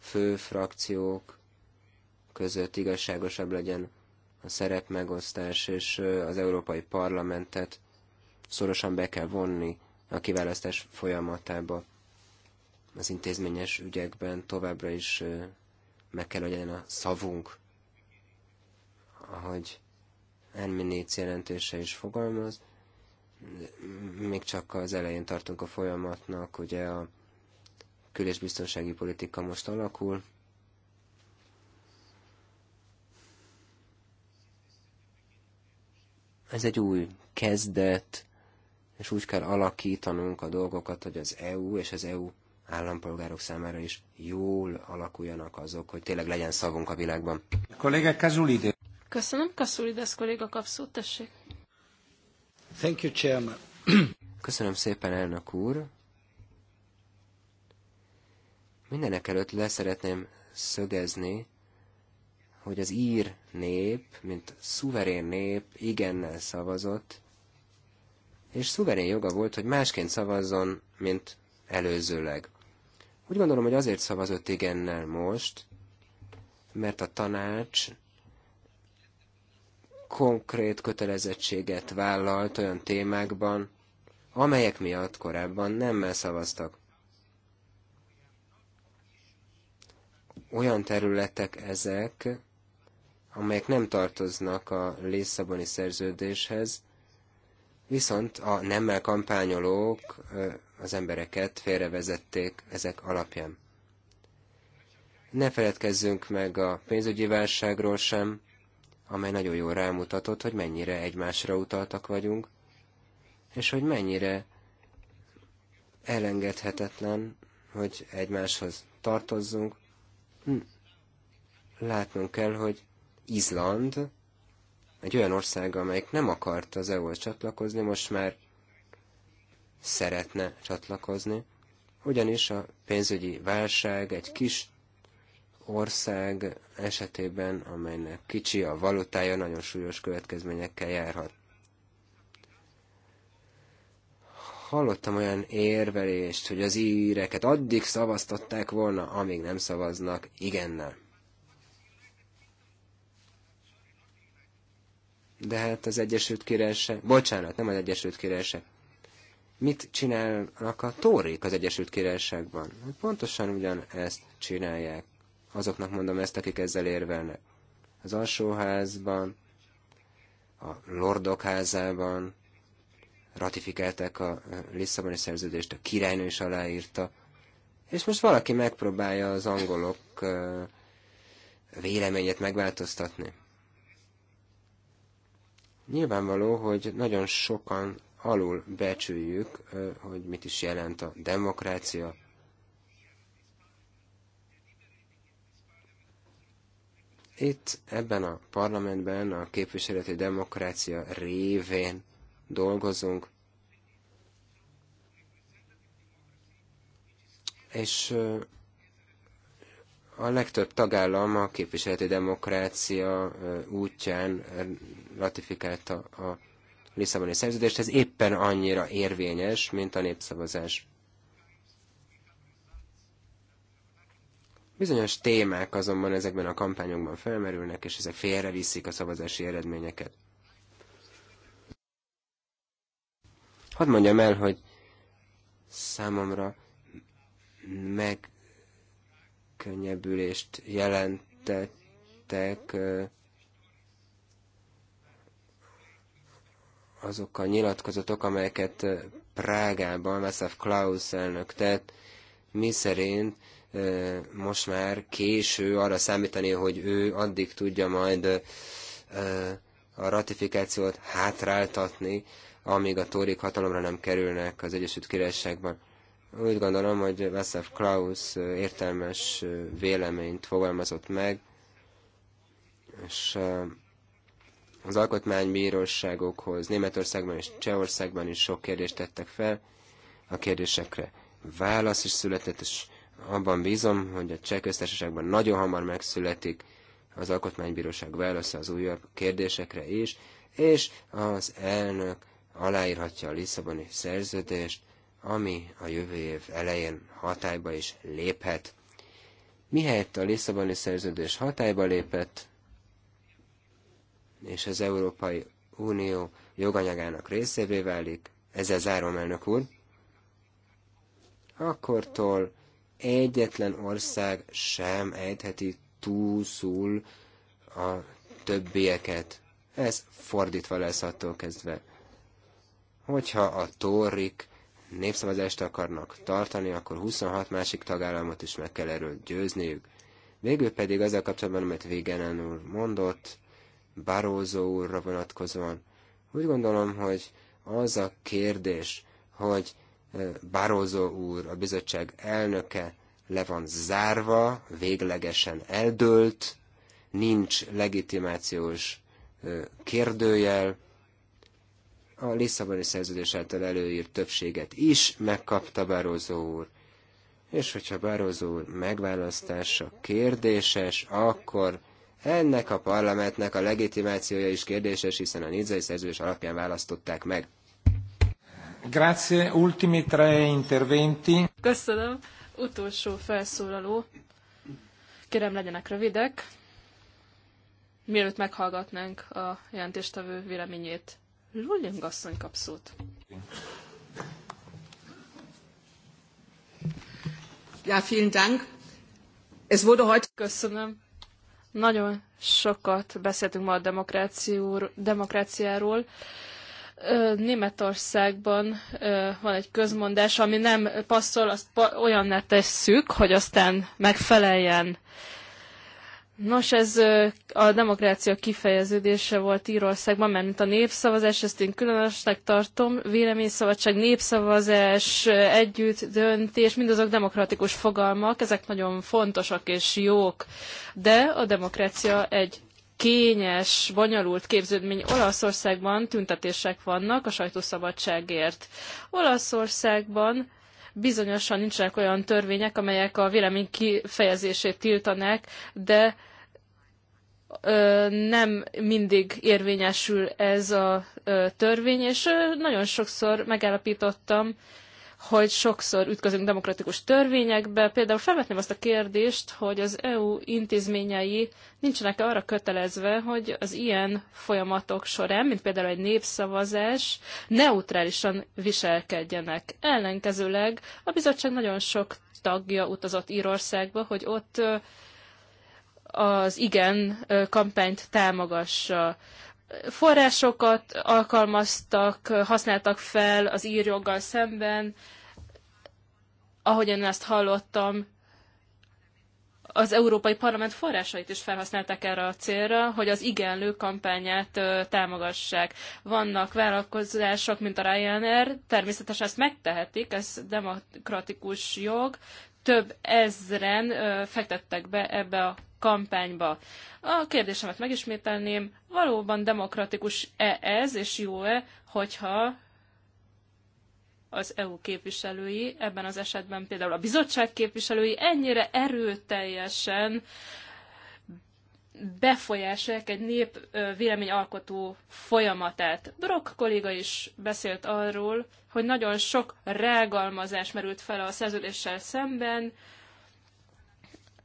fő frakciók között igazságosabb legyen a szerepmegosztás, és az Európai Parlamentet szorosan be kell vonni a kiválasztás folyamatába. Az intézményes ügyekben továbbra is meg kell, hogy legyen a szavunk, ahogy Erminéc jelentése is fogalmaz. Még csak az elején tartunk a folyamatnak, ugye a külésbiztonsági biztonsági politika most alakul, Ez egy új kezdet, és úgy kell alakítanunk a dolgokat, hogy az EU és az EU állampolgárok számára is jól alakuljanak azok, hogy tényleg legyen szavunk a világban. Kolléga Kazulide. Köszönöm, Kazulides kolléga kapszót, tessék. Thank you, Chairman. Köszönöm szépen, elnök úr. Mindenek előtt leszeretném szögezni, hogy az ír nép, mint szuverén nép igennel szavazott, és szuverén joga volt, hogy másként szavazzon, mint előzőleg. Úgy gondolom, hogy azért szavazott igennel most, mert a tanács konkrét kötelezettséget vállalt olyan témákban, amelyek miatt korábban nemmel szavaztak. Olyan területek ezek, amelyek nem tartoznak a Lisszaboni szerződéshez, viszont a nemmel kampányolók az embereket félrevezették ezek alapján. Ne feledkezzünk meg a pénzügyi válságról sem, amely nagyon jól rámutatott, hogy mennyire egymásra utaltak vagyunk, és hogy mennyire elengedhetetlen, hogy egymáshoz tartozzunk. Hm. Látnunk kell, hogy Izland egy olyan ország, amelyik nem akart az EU-hoz csatlakozni, most már szeretne csatlakozni, ugyanis a pénzügyi válság egy kis ország esetében, amelynek kicsi a valutája, nagyon súlyos következményekkel járhat. Hallottam olyan érvelést, hogy az íreket addig szavaztatták volna, amíg nem szavaznak igennel. De hát az Egyesült Királyság, bocsánat, nem az Egyesült Királyság. Mit csinálnak a tórik az Egyesült Királyságban? Hát pontosan ugyan ezt csinálják. Azoknak mondom ezt, akik ezzel érvelnek. Az alsóházban, a lordok házában ratifikálták a eh, Lisszaboni szerződést, a királynő is aláírta, és most valaki megpróbálja az angolok eh, véleményét megváltoztatni. Nyilvánvaló, hogy nagyon sokan alul becsüljük, hogy mit is jelent a demokrácia. Itt, ebben a parlamentben a képviseleti demokrácia révén dolgozunk, és a legtöbb tagállam a képviseleti demokrácia útján ratifikálta a Lisszaboni szerződést, ez éppen annyira érvényes, mint a népszavazás. Bizonyos témák azonban ezekben a kampányokban felmerülnek, és ezek félreviszik a szavazási eredményeket. Hadd mondjam el, hogy számomra meg megkönnyebbülést jelentettek azok a nyilatkozatok, amelyeket Prágában Veszef Klaus elnök tett, mi szerint most már késő arra számítani, hogy ő addig tudja majd a ratifikációt hátráltatni, amíg a tórik hatalomra nem kerülnek az Egyesült Királyságban. Úgy gondolom, hogy Václav Klaus értelmes véleményt fogalmazott meg, és az alkotmánybíróságokhoz Németországban és Csehországban is sok kérdést tettek fel. A kérdésekre válasz is született, és abban bízom, hogy a cseh köztársaságban nagyon hamar megszületik az alkotmánybíróság válasza az újabb kérdésekre is, és az elnök aláírhatja a Lisszaboni szerződést, ami a jövő év elején hatályba is léphet. Mihelyett a Lisszaboni szerződés hatályba lépett, és az Európai Unió joganyagának részévé válik, ezzel zárom elnök úr, akkortól egyetlen ország sem ejtheti túlszul a többieket. Ez fordítva lesz attól kezdve. Hogyha a torrik népszavazást akarnak tartani, akkor 26 másik tagállamot is meg kell erről győzniük. Végül pedig azzal kapcsolatban, amit Végenen úr mondott, Barózó úrra vonatkozóan, úgy gondolom, hogy az a kérdés, hogy Barózó úr, a bizottság elnöke le van zárva, véglegesen eldőlt, nincs legitimációs kérdőjel, a Lisszaboni szerződés által előírt többséget is megkapta Barroso úr. És hogyha Barroso úr megválasztása kérdéses, akkor ennek a parlamentnek a legitimációja is kérdéses, hiszen a nizzai szerződés alapján választották meg. Grazie, ultimi tre interventi. Köszönöm. Utolsó felszólaló. Kérem, legyenek rövidek. Mielőtt meghallgatnánk a jelentéstevő véleményét. Lulling asszony kap szót. Ja, vielen Dank. Es wurde heute... Köszönöm. Nagyon sokat beszéltünk ma a demokráciáról. Németországban van egy közmondás, ami nem passzol, azt olyanná tesszük, hogy aztán megfeleljen. Nos, ez a demokrácia kifejeződése volt Írországban, mert mint a népszavazás, ezt én különösnek tartom, véleményszabadság, népszavazás, együtt döntés, mindazok demokratikus fogalmak, ezek nagyon fontosak és jók, de a demokrácia egy kényes, bonyolult képződmény. Olaszországban tüntetések vannak a sajtószabadságért. Olaszországban Bizonyosan nincsenek olyan törvények, amelyek a vélemény kifejezését tiltanák, de nem mindig érvényesül ez a törvény, és nagyon sokszor megállapítottam, hogy sokszor ütközünk demokratikus törvényekbe. Például felvetném azt a kérdést, hogy az EU intézményei nincsenek -e arra kötelezve, hogy az ilyen folyamatok során, mint például egy népszavazás, neutrálisan viselkedjenek. Ellenkezőleg a bizottság nagyon sok tagja utazott Írországba, hogy ott az igen kampányt támogassa forrásokat alkalmaztak, használtak fel az írjoggal szemben, ahogyan ezt hallottam, az Európai Parlament forrásait is felhasználták erre a célra, hogy az igenlő kampányát támogassák. Vannak vállalkozások, mint a Ryanair, természetesen ezt megtehetik, ez demokratikus jog, több ezren ö, fektettek be ebbe a kampányba. A kérdésemet megismételném, valóban demokratikus-e ez, és jó-e, hogyha az EU képviselői, ebben az esetben például a bizottság képviselői ennyire erőteljesen befolyásolják egy nép véleményalkotó folyamatát. Brock kolléga is beszélt arról, hogy nagyon sok rágalmazás merült fel a szerződéssel szemben.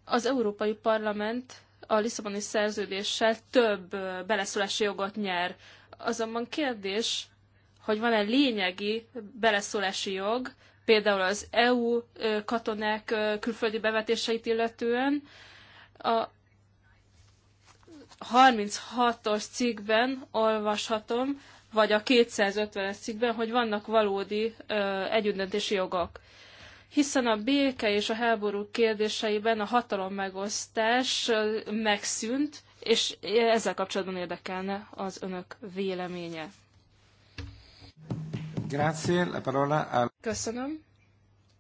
Az Európai Parlament a Lisszaboni szerződéssel több beleszólási jogot nyer. Azonban kérdés, hogy van-e lényegi beleszólási jog, például az EU katonák külföldi bevetéseit illetően, a 36-os cikkben olvashatom, vagy a 250-es cikkben, hogy vannak valódi ö, együttdöntési jogok. Hiszen a béke és a háború kérdéseiben a hatalom megosztás megszűnt, és ezzel kapcsolatban érdekelne az önök véleménye. Grazie, parola a... Köszönöm.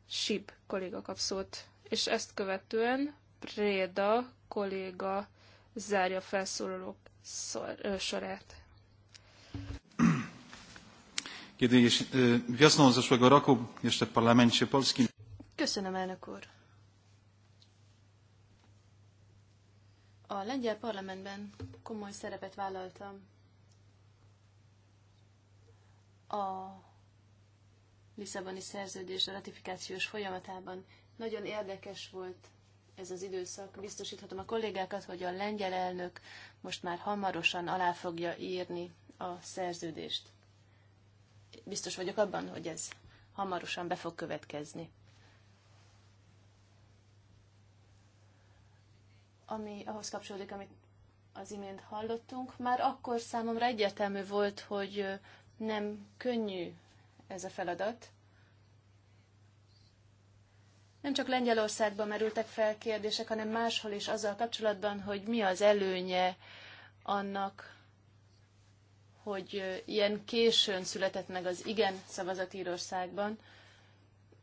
Sib kolléga kap szót, és ezt követően Préda kolléga zárja a felszólalók szor, sorát. Köszönöm, elnök úr. A lengyel parlamentben komoly szerepet vállaltam a Lisszaboni szerződés ratifikációs folyamatában. Nagyon érdekes volt ez az időszak. Biztosíthatom a kollégákat, hogy a lengyel elnök most már hamarosan alá fogja írni a szerződést. Biztos vagyok abban, hogy ez hamarosan be fog következni. Ami ahhoz kapcsolódik, amit az imént hallottunk, már akkor számomra egyértelmű volt, hogy nem könnyű ez a feladat, nem csak Lengyelországban merültek fel kérdések, hanem máshol is azzal kapcsolatban, hogy mi az előnye annak, hogy ilyen későn született meg az igen szavazat Írországban,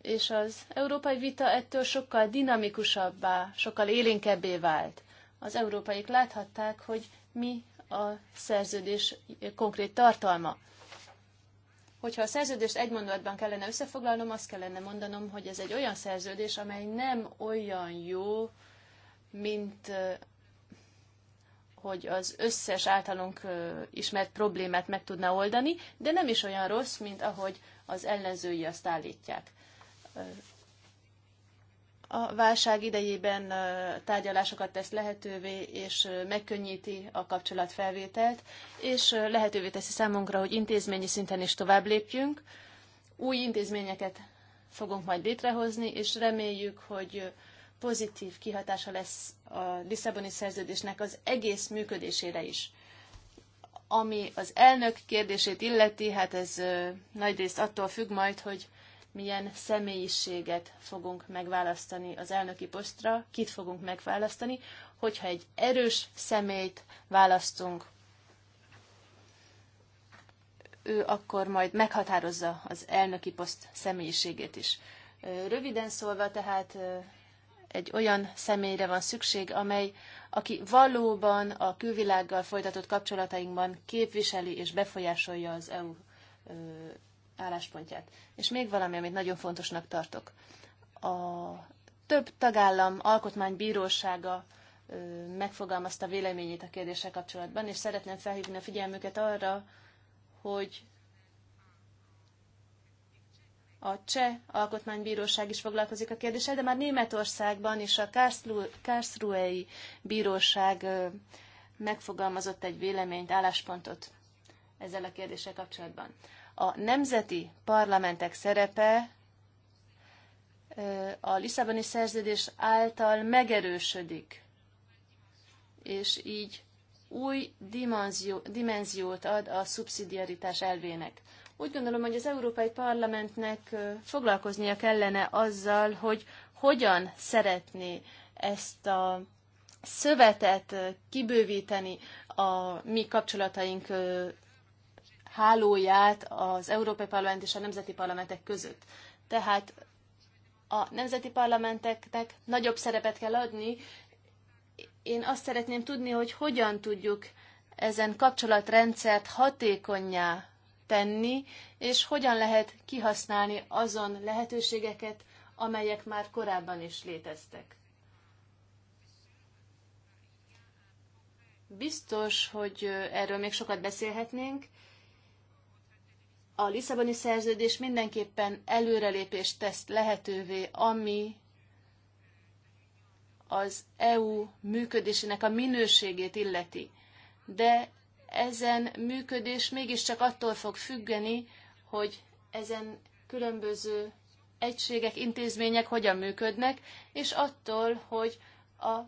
és az európai vita ettől sokkal dinamikusabbá, sokkal élénkebbé vált. Az európaiak láthatták, hogy mi a szerződés konkrét tartalma. Hogyha a szerződést egy mondatban kellene összefoglalnom, azt kellene mondanom, hogy ez egy olyan szerződés, amely nem olyan jó, mint hogy az összes általunk ismert problémát meg tudna oldani, de nem is olyan rossz, mint ahogy az ellenzői azt állítják a válság idejében tárgyalásokat tesz lehetővé, és megkönnyíti a kapcsolatfelvételt, és lehetővé teszi számunkra, hogy intézményi szinten is tovább lépjünk. Új intézményeket fogunk majd létrehozni, és reméljük, hogy pozitív kihatása lesz a Lisszaboni szerződésnek az egész működésére is. Ami az elnök kérdését illeti, hát ez nagyrészt attól függ majd, hogy milyen személyiséget fogunk megválasztani az elnöki posztra, kit fogunk megválasztani, hogyha egy erős személyt választunk, ő akkor majd meghatározza az elnöki poszt személyiségét is. Röviden szólva tehát egy olyan személyre van szükség, amely, aki valóban a külvilággal folytatott kapcsolatainkban képviseli és befolyásolja az EU álláspontját. És még valami, amit nagyon fontosnak tartok. A több tagállam alkotmánybírósága megfogalmazta véleményét a kérdéssel kapcsolatban, és szeretném felhívni a figyelmüket arra, hogy a cseh alkotmánybíróság is foglalkozik a kérdéssel, de már Németországban is a Karlsruhei bíróság megfogalmazott egy véleményt, álláspontot ezzel a kérdéssel kapcsolatban. A nemzeti parlamentek szerepe a Lisszaboni szerződés által megerősödik, és így új dimenzió, dimenziót ad a szubszidiaritás elvének. Úgy gondolom, hogy az Európai Parlamentnek foglalkoznia kellene azzal, hogy hogyan szeretné ezt a szövetet kibővíteni a mi kapcsolataink hálóját az Európai Parlament és a Nemzeti Parlamentek között. Tehát a nemzeti parlamenteknek nagyobb szerepet kell adni. Én azt szeretném tudni, hogy hogyan tudjuk ezen kapcsolatrendszert hatékonyá tenni, és hogyan lehet kihasználni azon lehetőségeket, amelyek már korábban is léteztek. Biztos, hogy erről még sokat beszélhetnénk, a Lisszaboni szerződés mindenképpen előrelépést tesz lehetővé, ami az EU működésének a minőségét illeti. De ezen működés mégiscsak attól fog függeni, hogy ezen különböző egységek, intézmények hogyan működnek, és attól, hogy a, az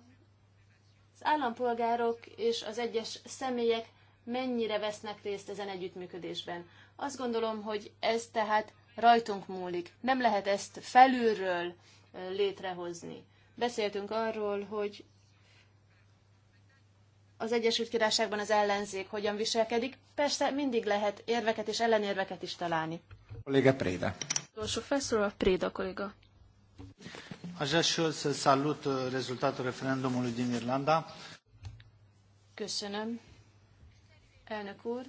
állampolgárok és az egyes személyek mennyire vesznek részt ezen együttműködésben. Azt gondolom, hogy ez tehát rajtunk múlik. Nem lehet ezt felülről létrehozni. Beszéltünk arról, hogy az Egyesült Királyságban az ellenzék hogyan viselkedik. Persze mindig lehet érveket és ellenérveket is találni. Kolléga Préda. Utolsó felszólal Préda kolléga. Aș vrea și eu să salut uh, rezultatul referendumului din Irlanda. Köszönöm, elnök úr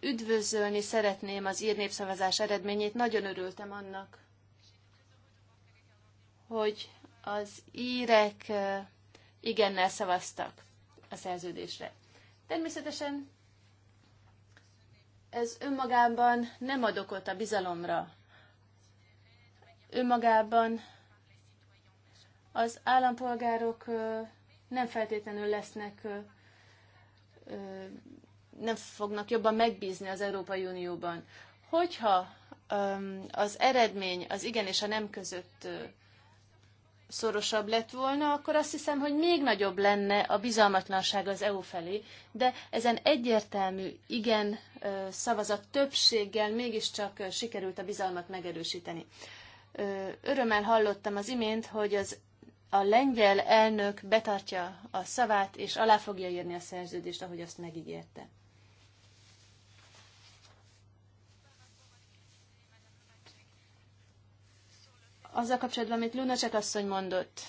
üdvözölni szeretném az ír népszavazás eredményét. Nagyon örültem annak, hogy az írek igennel szavaztak a szerződésre. Természetesen ez önmagában nem ad okot a bizalomra. Önmagában az állampolgárok nem feltétlenül lesznek nem fognak jobban megbízni az Európai Unióban. Hogyha az eredmény az igen és a nem között szorosabb lett volna, akkor azt hiszem, hogy még nagyobb lenne a bizalmatlanság az EU felé, de ezen egyértelmű igen szavazat többséggel mégiscsak sikerült a bizalmat megerősíteni. Örömmel hallottam az imént, hogy az a lengyel elnök betartja a szavát, és alá fogja írni a szerződést, ahogy azt megígérte. azzal kapcsolatban, amit Lunacek asszony mondott,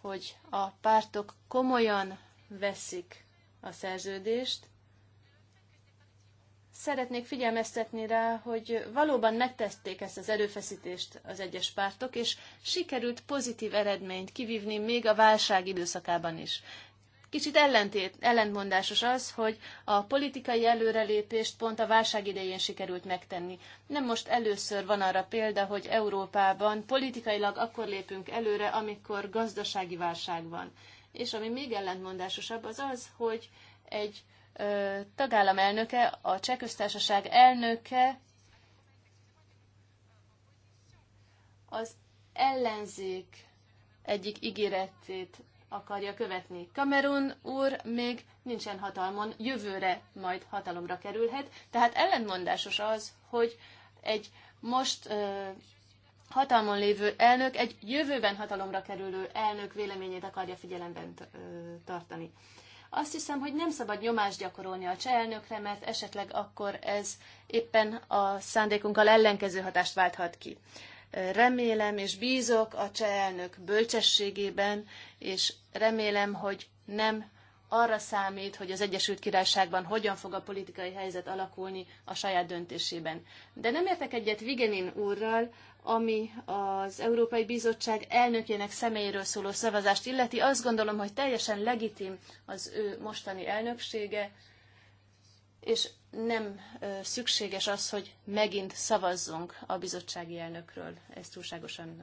hogy a pártok komolyan veszik a szerződést, szeretnék figyelmeztetni rá, hogy valóban megtették ezt az erőfeszítést az egyes pártok, és sikerült pozitív eredményt kivívni még a válság időszakában is. Kicsit ellentét, ellentmondásos az, hogy a politikai előrelépést pont a válság idején sikerült megtenni. Nem most először van arra példa, hogy Európában politikailag akkor lépünk előre, amikor gazdasági válság van. És ami még ellentmondásosabb az az, hogy egy ö, tagállam elnöke, a cseh köztársaság elnöke az ellenzék egyik ígéretét akarja követni. Kamerun úr még nincsen hatalmon, jövőre majd hatalomra kerülhet, tehát ellentmondásos az, hogy egy most ö, hatalmon lévő elnök egy jövőben hatalomra kerülő elnök véleményét akarja figyelemben ö, tartani. Azt hiszem, hogy nem szabad nyomást gyakorolni a cseh elnökre, mert esetleg akkor ez éppen a szándékunkkal ellenkező hatást válthat ki. Remélem és bízok a cseh elnök bölcsességében, és remélem, hogy nem arra számít, hogy az Egyesült Királyságban hogyan fog a politikai helyzet alakulni a saját döntésében. De nem értek egyet Vigenin úrral, ami az Európai Bizottság elnökének személyéről szóló szavazást illeti. Azt gondolom, hogy teljesen legitim az ő mostani elnöksége, és nem szükséges az, hogy megint szavazzunk a bizottsági elnökről. Ez túlságosan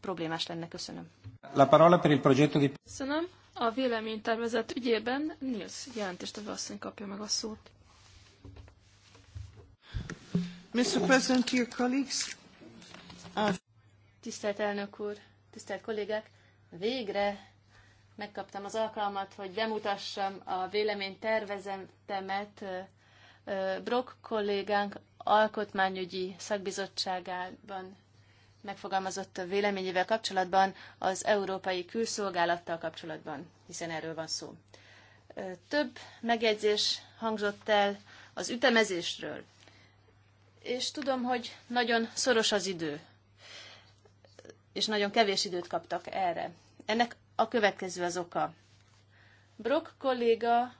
problémás lenne. Köszönöm. La parola per il progetto di... Köszönöm. A véleménytervezet ügyében Nils jelentéstevő asszony kapja meg a szót. Mr. President, dear colleagues. Uh, tisztelt elnök úr, tisztelt kollégák, végre megkaptam az alkalmat, hogy bemutassam a vélemény tervezetemet Brock kollégánk alkotmányügyi szakbizottságában megfogalmazott véleményével kapcsolatban az Európai Külszolgálattal kapcsolatban, hiszen erről van szó. Több megjegyzés hangzott el az ütemezésről, és tudom, hogy nagyon szoros az idő, és nagyon kevés időt kaptak erre. Ennek a következő az oka. Brock kolléga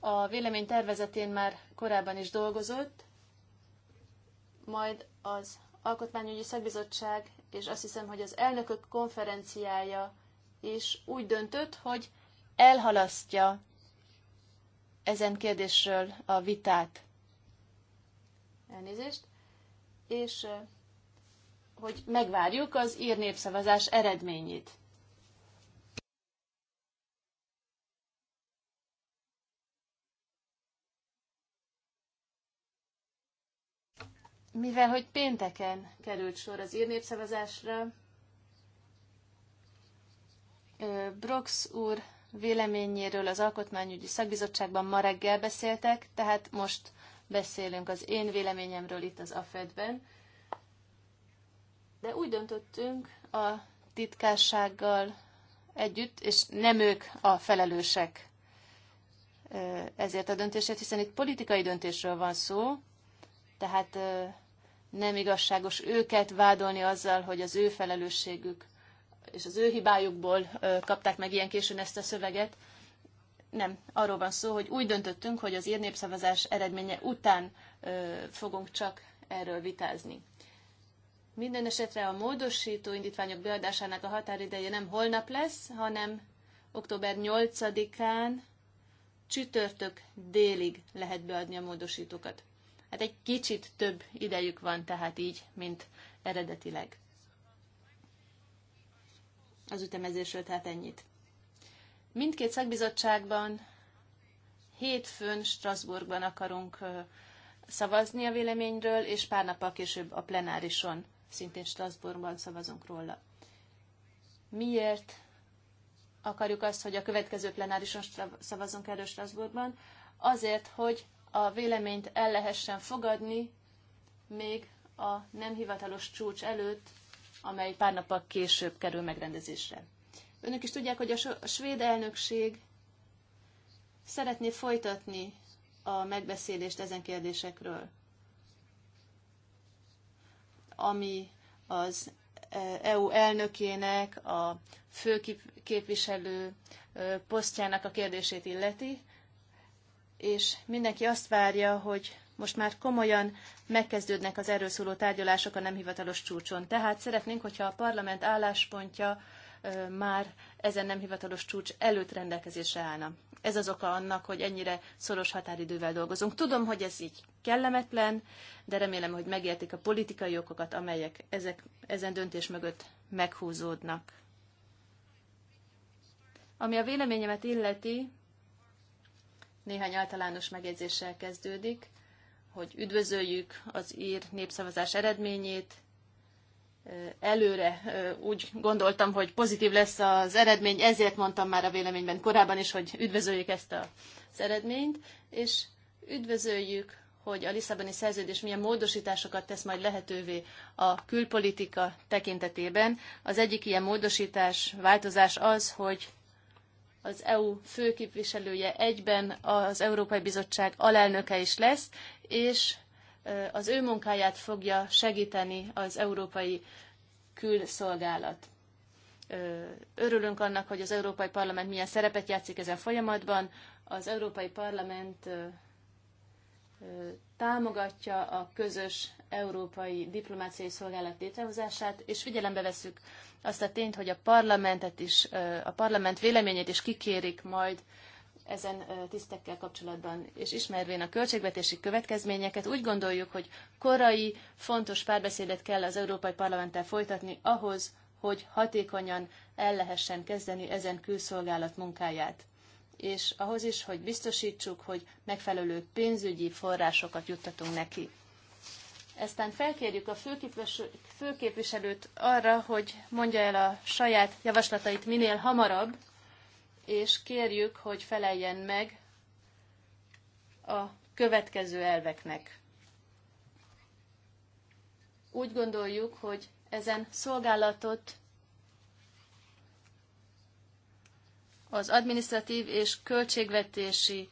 a vélemény tervezetén már korábban is dolgozott, majd az Alkotmányügyi Szakbizottság, és azt hiszem, hogy az elnökök konferenciája is úgy döntött, hogy elhalasztja ezen kérdésről a vitát. Elnézést. És eh, hogy megvárjuk az ír népszavazás eredményét. Mivel, hogy pénteken került sor az írnépszavazásra, Brox úr véleményéről az Alkotmányügyi Szakbizottságban ma reggel beszéltek, tehát most beszélünk az én véleményemről itt az AFED-ben. De úgy döntöttünk a titkársággal együtt, és nem ők a felelősek ezért a döntésért, hiszen itt politikai döntésről van szó, tehát nem igazságos őket vádolni azzal, hogy az ő felelősségük és az ő hibájukból kapták meg ilyen későn ezt a szöveget. Nem, arról van szó, hogy úgy döntöttünk, hogy az írnépszavazás eredménye után fogunk csak erről vitázni. Minden esetre a módosító indítványok beadásának a határideje nem holnap lesz, hanem október 8-án csütörtök délig lehet beadni a módosítókat. Hát egy kicsit több idejük van tehát így, mint eredetileg. Az ütemezésről tehát ennyit. Mindkét szakbizottságban hétfőn Strasbourgban akarunk szavazni a véleményről, és pár nappal később a plenárison, szintén Strasbourgban szavazunk róla. Miért akarjuk azt, hogy a következő plenárison szavazunk erről Strasbourgban? Azért, hogy a véleményt el lehessen fogadni még a nem hivatalos csúcs előtt, amely pár nappal később kerül megrendezésre. Önök is tudják, hogy a svéd elnökség szeretné folytatni a megbeszélést ezen kérdésekről, ami az EU e elnökének, a főképviselő posztjának a kérdését illeti és mindenki azt várja, hogy most már komolyan megkezdődnek az erről szóló tárgyalások a nem hivatalos csúcson. Tehát szeretnénk, hogyha a parlament álláspontja már ezen nem hivatalos csúcs előtt rendelkezésre állna. Ez az oka annak, hogy ennyire szoros határidővel dolgozunk. Tudom, hogy ez így kellemetlen, de remélem, hogy megértik a politikai okokat, amelyek ezek, ezen döntés mögött meghúzódnak. Ami a véleményemet illeti, néhány általános megjegyzéssel kezdődik, hogy üdvözöljük az ír népszavazás eredményét. Előre úgy gondoltam, hogy pozitív lesz az eredmény, ezért mondtam már a véleményben korábban is, hogy üdvözöljük ezt az eredményt, és üdvözöljük hogy a Lisszaboni szerződés milyen módosításokat tesz majd lehetővé a külpolitika tekintetében. Az egyik ilyen módosítás, változás az, hogy az EU főképviselője egyben az Európai Bizottság alelnöke is lesz, és az ő munkáját fogja segíteni az Európai Külszolgálat. Örülünk annak, hogy az Európai Parlament milyen szerepet játszik ezen folyamatban. Az Európai Parlament támogatja a közös európai diplomáciai szolgálat létrehozását, és figyelembe veszük azt a tényt, hogy a parlamentet is, a parlament véleményét is kikérik majd ezen tisztekkel kapcsolatban, és ismervén a költségvetési következményeket, úgy gondoljuk, hogy korai, fontos párbeszédet kell az Európai Parlamenttel folytatni ahhoz, hogy hatékonyan el lehessen kezdeni ezen külszolgálat munkáját és ahhoz is, hogy biztosítsuk, hogy megfelelő pénzügyi forrásokat juttatunk neki. Eztán felkérjük a főképviselőt arra, hogy mondja el a saját javaslatait minél hamarabb, és kérjük, hogy feleljen meg a következő elveknek. Úgy gondoljuk, hogy ezen szolgálatot az administratív és költségvetési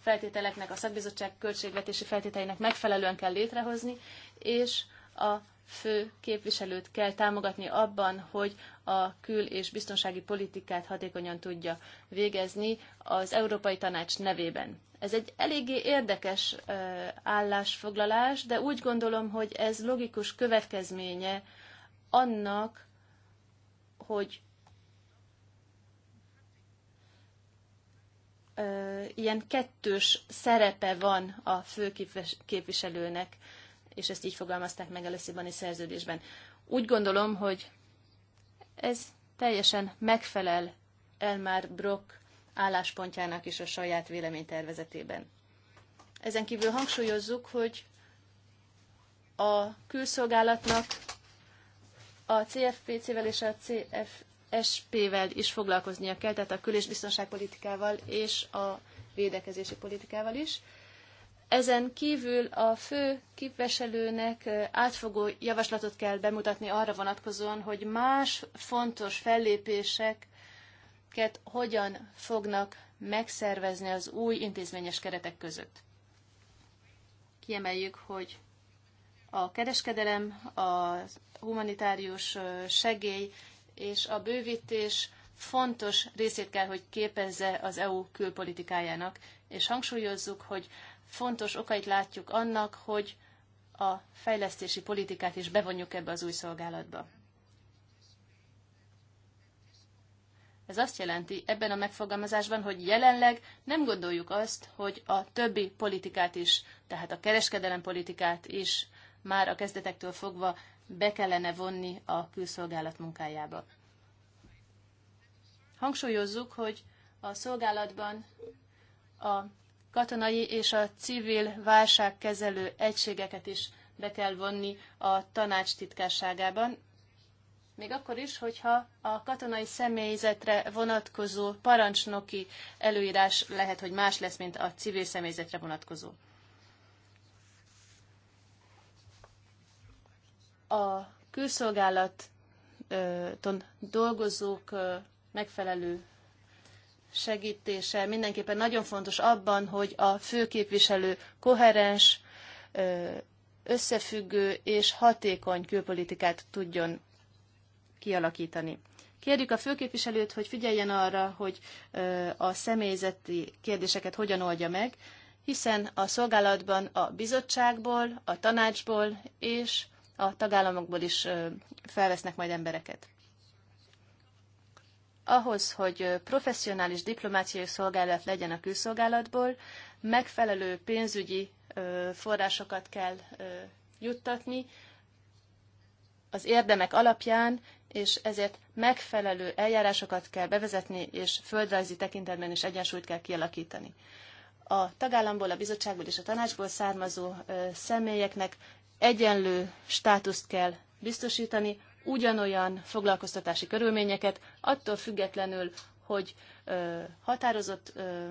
feltételeknek, a szakbizottság költségvetési feltételeinek megfelelően kell létrehozni, és a fő képviselőt kell támogatni abban, hogy a kül- és biztonsági politikát hatékonyan tudja végezni az Európai Tanács nevében. Ez egy eléggé érdekes állásfoglalás, de úgy gondolom, hogy ez logikus következménye annak, hogy ilyen kettős szerepe van a főképviselőnek, és ezt így fogalmazták meg a Lisszaboni szerződésben. Úgy gondolom, hogy ez teljesen megfelel Elmar Brock álláspontjának is a saját véleménytervezetében. Ezen kívül hangsúlyozzuk, hogy a külszolgálatnak a CFPC-vel és a CF SP-vel is foglalkoznia kell, tehát a kül- és biztonságpolitikával és a védekezési politikával is. Ezen kívül a fő képviselőnek átfogó javaslatot kell bemutatni arra vonatkozóan, hogy más fontos fellépéseket hogyan fognak megszervezni az új intézményes keretek között. Kiemeljük, hogy a kereskedelem, a humanitárius segély és a bővítés fontos részét kell, hogy képezze az EU külpolitikájának, és hangsúlyozzuk, hogy fontos okait látjuk annak, hogy a fejlesztési politikát is bevonjuk ebbe az új szolgálatba. Ez azt jelenti ebben a megfogalmazásban, hogy jelenleg nem gondoljuk azt, hogy a többi politikát is, tehát a kereskedelem politikát is már a kezdetektől fogva be kellene vonni a külszolgálat munkájába. Hangsúlyozzuk, hogy a szolgálatban a katonai és a civil válságkezelő egységeket is be kell vonni a tanács titkárságában, még akkor is, hogyha a katonai személyzetre vonatkozó parancsnoki előírás lehet, hogy más lesz, mint a civil személyzetre vonatkozó. a külszolgálaton dolgozók megfelelő segítése mindenképpen nagyon fontos abban, hogy a főképviselő koherens, összefüggő és hatékony külpolitikát tudjon kialakítani. Kérjük a főképviselőt, hogy figyeljen arra, hogy a személyzeti kérdéseket hogyan oldja meg, hiszen a szolgálatban a bizottságból, a tanácsból és a tagállamokból is felvesznek majd embereket. Ahhoz, hogy professzionális diplomáciai szolgálat legyen a külszolgálatból, megfelelő pénzügyi forrásokat kell juttatni az érdemek alapján, és ezért megfelelő eljárásokat kell bevezetni, és földrajzi tekintetben is egyensúlyt kell kialakítani. A tagállamból, a bizottságból és a tanácsból származó személyeknek egyenlő státuszt kell biztosítani, ugyanolyan foglalkoztatási körülményeket, attól függetlenül, hogy ö, határozott ö,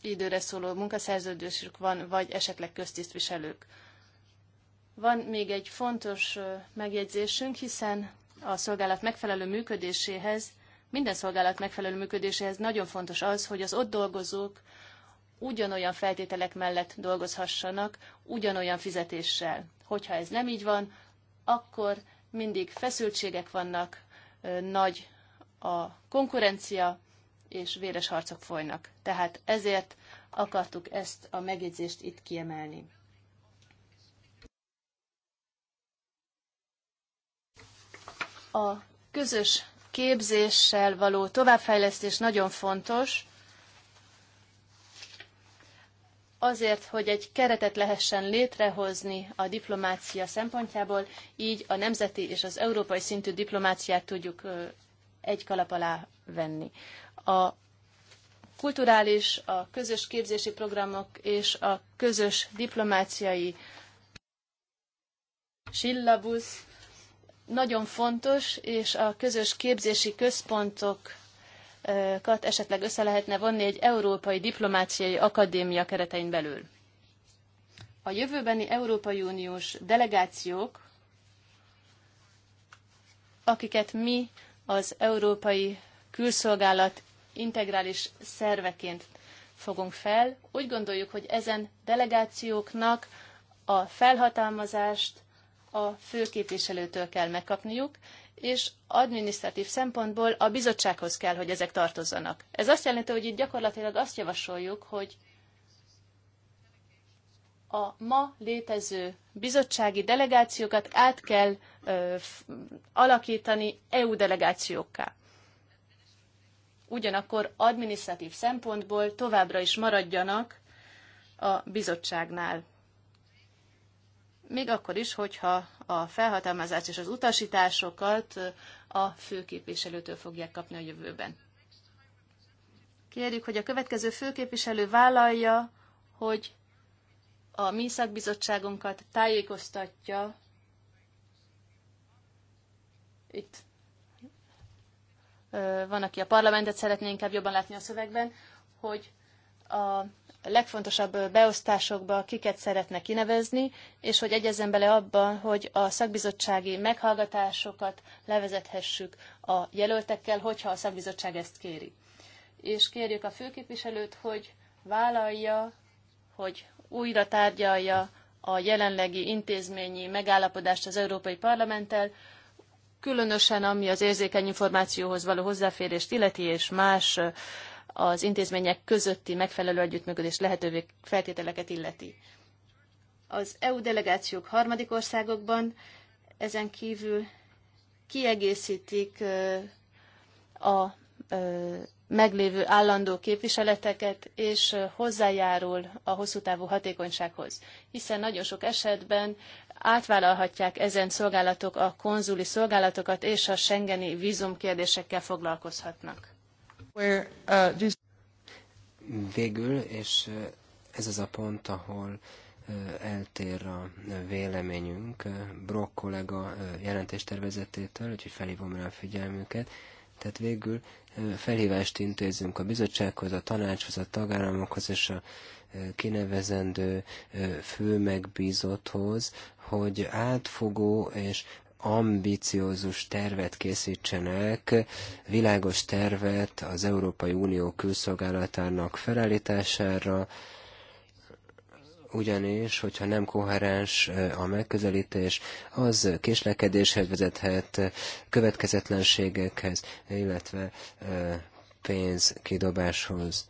időre szóló munkaszerződésük van, vagy esetleg köztisztviselők. Van még egy fontos megjegyzésünk, hiszen a szolgálat megfelelő működéséhez, minden szolgálat megfelelő működéséhez nagyon fontos az, hogy az ott dolgozók ugyanolyan feltételek mellett dolgozhassanak, ugyanolyan fizetéssel. Hogyha ez nem így van, akkor mindig feszültségek vannak, nagy a konkurencia, és véres harcok folynak. Tehát ezért akartuk ezt a megjegyzést itt kiemelni. A közös képzéssel való továbbfejlesztés nagyon fontos, azért, hogy egy keretet lehessen létrehozni a diplomácia szempontjából, így a nemzeti és az európai szintű diplomáciát tudjuk egy kalap alá venni. A kulturális, a közös képzési programok és a közös diplomáciai sillabusz nagyon fontos, és a közös képzési központok kat esetleg össze lehetne vonni egy európai diplomáciai akadémia keretein belül. A jövőbeni Európai Uniós delegációk, akiket mi az Európai Külszolgálat integrális szerveként fogunk fel, úgy gondoljuk, hogy ezen delegációknak a felhatalmazást a főképviselőtől kell megkapniuk, és adminisztratív szempontból a bizottsághoz kell, hogy ezek tartozzanak. Ez azt jelenti, hogy itt gyakorlatilag azt javasoljuk, hogy a ma létező bizottsági delegációkat át kell ö, f, alakítani EU delegációkká. Ugyanakkor adminisztratív szempontból továbbra is maradjanak a bizottságnál még akkor is, hogyha a felhatalmazást és az utasításokat a főképviselőtől fogják kapni a jövőben. Kérjük, hogy a következő főképviselő vállalja, hogy a mi szakbizottságunkat tájékoztatja itt van, aki a parlamentet szeretné inkább jobban látni a szövegben, hogy a legfontosabb beosztásokba kiket szeretne kinevezni, és hogy egyezzen bele abban, hogy a szakbizottsági meghallgatásokat levezethessük a jelöltekkel, hogyha a szakbizottság ezt kéri. És kérjük a főképviselőt, hogy vállalja, hogy újra tárgyalja a jelenlegi intézményi megállapodást az Európai Parlamenttel, különösen ami az érzékeny információhoz való hozzáférést illeti, és más az intézmények közötti megfelelő együttműködés lehetővé feltételeket illeti. Az EU delegációk harmadik országokban ezen kívül kiegészítik a meglévő állandó képviseleteket, és hozzájárul a hosszú távú hatékonysághoz, hiszen nagyon sok esetben átvállalhatják ezen szolgálatok a konzuli szolgálatokat, és a Schengeni vízumkérdésekkel foglalkozhatnak. Uh, végül, és uh, ez az a pont, ahol uh, eltér a véleményünk Brock kollega jelentéstervezetétől, úgyhogy felhívom rá a figyelmüket. Tehát végül felhívást intézünk a bizottsághoz, a tanácshoz, a tagállamokhoz és a kinevezendő fő megbízotthoz, hogy átfogó és ambiciózus tervet készítsenek, világos tervet az Európai Unió külszolgálatának felállítására, ugyanis, hogyha nem koherens a megközelítés, az késlekedéshez vezethet, következetlenségekhez, illetve pénzkidobáshoz.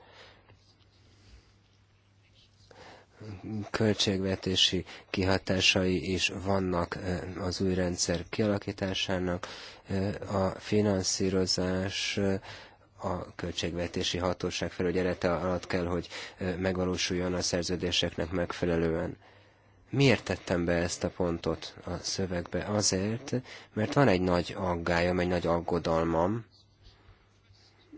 költségvetési kihatásai is vannak eh, az új rendszer kialakításának. Eh, a finanszírozás eh, a költségvetési hatóság felügyelete alatt kell, hogy megvalósuljon a szerződéseknek megfelelően. Miért tettem be ezt a pontot a szövegbe? Azért, mert van egy nagy aggályom, egy nagy aggodalmam,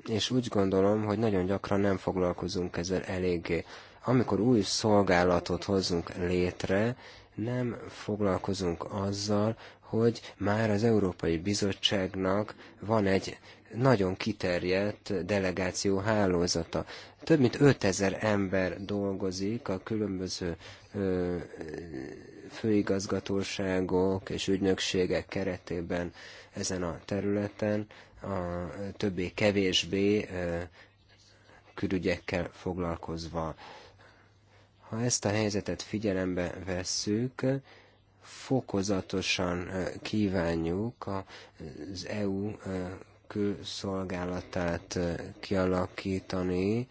és úgy gondolom, hogy nagyon gyakran nem foglalkozunk ezzel eléggé amikor új szolgálatot hozunk létre, nem foglalkozunk azzal, hogy már az Európai Bizottságnak van egy nagyon kiterjedt delegáció hálózata. Több mint 5000 ember dolgozik a különböző ö, főigazgatóságok és ügynökségek keretében ezen a területen, a többé-kevésbé külügyekkel foglalkozva. Ha ezt a helyzetet figyelembe vesszük, fokozatosan kívánjuk az EU külszolgálatát kialakítani,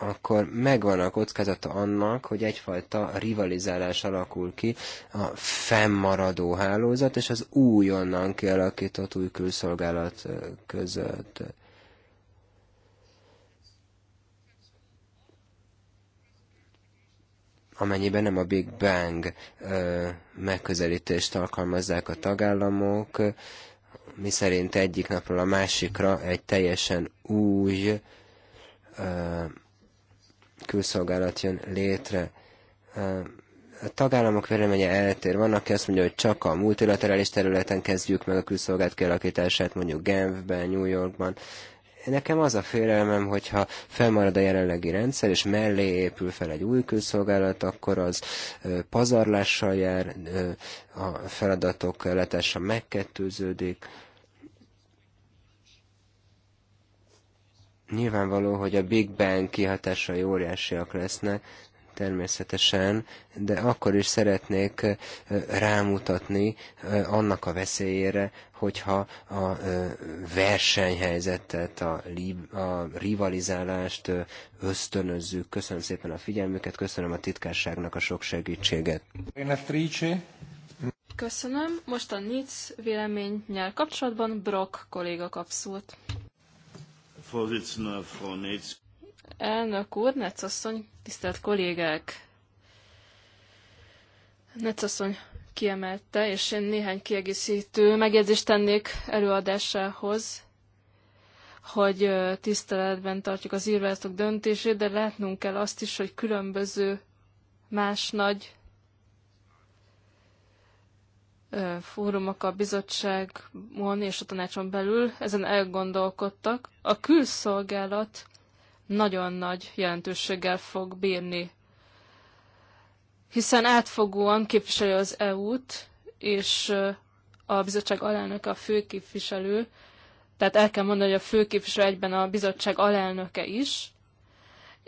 akkor megvan a kockázata annak, hogy egyfajta rivalizálás alakul ki a fennmaradó hálózat és az újonnan kialakított új külszolgálat között. amennyiben nem a Big Bang megközelítést alkalmazzák a tagállamok, miszerint egyik napról a másikra egy teljesen új külszolgálat jön létre. A tagállamok véleménye eltér. Van, aki azt mondja, hogy csak a multilaterális területen kezdjük meg a külszolgált kialakítását, mondjuk Genfben, New Yorkban. Nekem az a félelmem, hogyha felmarad a jelenlegi rendszer, és mellé épül fel egy új külszolgálat, akkor az pazarlással jár, a feladatok letesse megkettőződik. Nyilvánvaló, hogy a Big Bang kihatásai óriásiak lesznek, természetesen, de akkor is szeretnék rámutatni annak a veszélyére, hogyha a versenyhelyzetet, a, a rivalizálást ösztönözzük. Köszönöm szépen a figyelmüket, köszönöm a titkárságnak a sok segítséget. Köszönöm. Most a NIC véleménynyel kapcsolatban Brock kolléga kapszult. Vorsitzender, Frau Nitz. Elnök úr, Netszasszony, tisztelt kollégák! Netszasszony kiemelte, és én néhány kiegészítő megjegyzést tennék előadásához, hogy tiszteletben tartjuk az írváztok döntését, de látnunk kell azt is, hogy különböző más nagy fórumok a bizottságon és a tanácson belül ezen elgondolkodtak. A külszolgálat nagyon nagy jelentőséggel fog bírni, hiszen átfogóan képviseli az EU-t, és a bizottság alelnöke a főképviselő, tehát el kell mondani, hogy a főképviselő egyben a bizottság alelnöke is,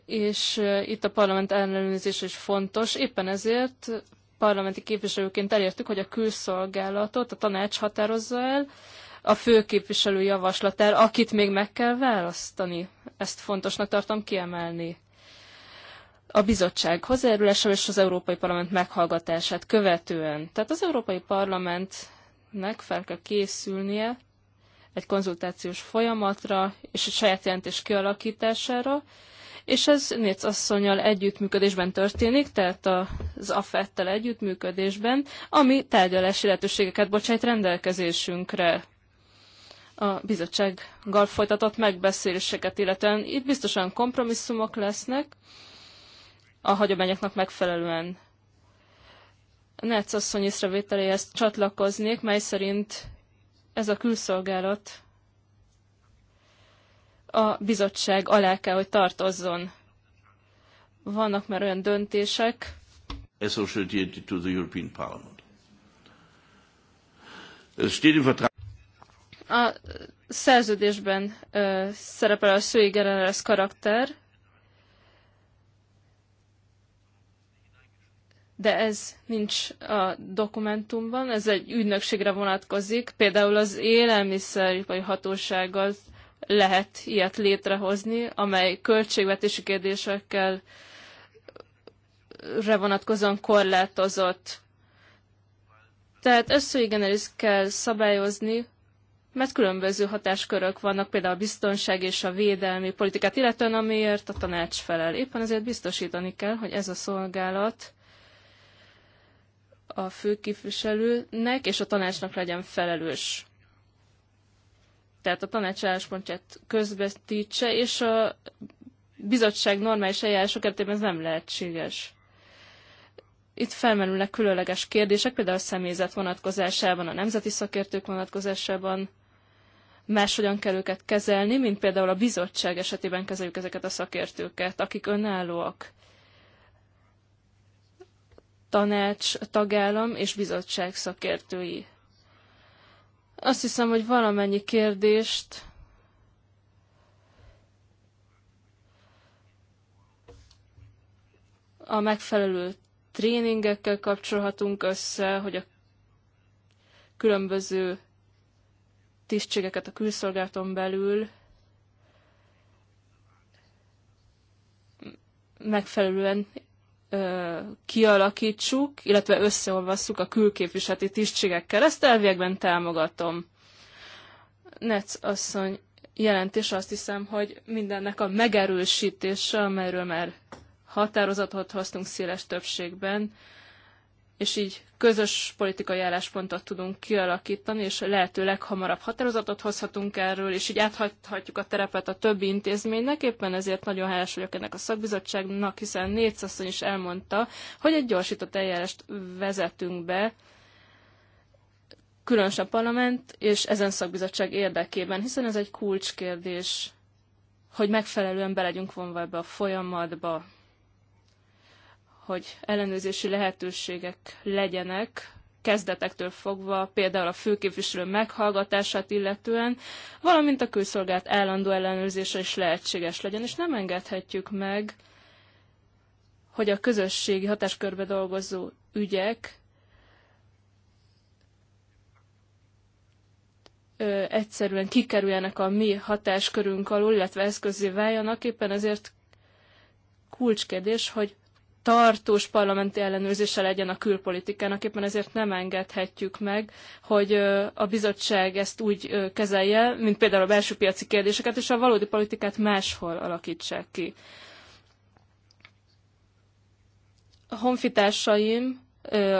és itt a parlament ellenőrzés is fontos. Éppen ezért parlamenti képviselőként elértük, hogy a külszolgálatot a tanács határozza el, a főképviselő javaslatára, akit még meg kell választani. Ezt fontosnak tartom kiemelni. A bizottság hozzájárulása és az Európai Parlament meghallgatását követően. Tehát az Európai Parlamentnek fel kell készülnie egy konzultációs folyamatra és egy saját jelentés kialakítására, és ez Nécz asszonyjal együttműködésben történik, tehát az AFET-tel együttműködésben, ami tárgyalási lehetőségeket bocsájt rendelkezésünkre a bizottsággal folytatott megbeszéléseket illetően. Itt biztosan kompromisszumok lesznek a hagyományoknak megfelelően. Netsz asszony észrevételéhez csatlakoznék, mely szerint ez a külszolgálat a bizottság alá kell, hogy tartozzon. Vannak már olyan döntések, associated to the European Parliament. Es steht im Vertrag a szerződésben ö, szerepel a sui generis karakter, de ez nincs a dokumentumban, ez egy ügynökségre vonatkozik, például az élelmiszeripari hatósággal lehet ilyet létrehozni, amely költségvetési kérdésekkel vonatkozóan korlátozott. Tehát összeigeneris kell szabályozni, mert különböző hatáskörök vannak, például a biztonság és a védelmi politikát, illetően amiért a tanács felel. Éppen ezért biztosítani kell, hogy ez a szolgálat a főképviselőnek és a tanácsnak legyen felelős. Tehát a tanács álláspontját közvetítse, és a bizottság normális eljárások esetében ez nem lehetséges. Itt felmerülnek különleges kérdések, például a személyzet vonatkozásában, a nemzeti szakértők vonatkozásában, máshogyan kell őket kezelni, mint például a bizottság esetében kezeljük ezeket a szakértőket, akik önállóak. Tanács, tagállam és bizottság szakértői. Azt hiszem, hogy valamennyi kérdést a megfelelő tréningekkel kapcsolhatunk össze, hogy a különböző tisztségeket a külszolgálaton belül megfelelően ö, kialakítsuk, illetve összeolvasszuk a külképviseleti tisztségekkel. Ezt elviekben támogatom. Netz asszony jelentés azt hiszem, hogy mindennek a megerősítése, amelyről már határozatot hoztunk széles többségben, és így közös politikai álláspontot tudunk kialakítani, és lehetőleg hamarabb határozatot hozhatunk erről, és így áthagyhatjuk a terepet a többi intézménynek. Éppen ezért nagyon hálás vagyok ennek a szakbizottságnak, hiszen Nécz asszony is elmondta, hogy egy gyorsított eljárást vezetünk be, különösen a parlament és ezen szakbizottság érdekében, hiszen ez egy kulcskérdés, hogy megfelelően be legyünk vonva ebbe a folyamatba hogy ellenőrzési lehetőségek legyenek kezdetektől fogva, például a főképviselő meghallgatását illetően, valamint a külszolgált állandó ellenőrzése is lehetséges legyen, és nem engedhetjük meg, hogy a közösségi hatáskörbe dolgozó ügyek ö, egyszerűen kikerüljenek a mi hatáskörünk alól, illetve eszközé váljanak, éppen ezért kulcskedés, hogy tartós parlamenti ellenőrzése legyen a külpolitikának, éppen ezért nem engedhetjük meg, hogy a bizottság ezt úgy kezelje, mint például a belső piaci kérdéseket, és a valódi politikát máshol alakítsák ki. A honfitársaim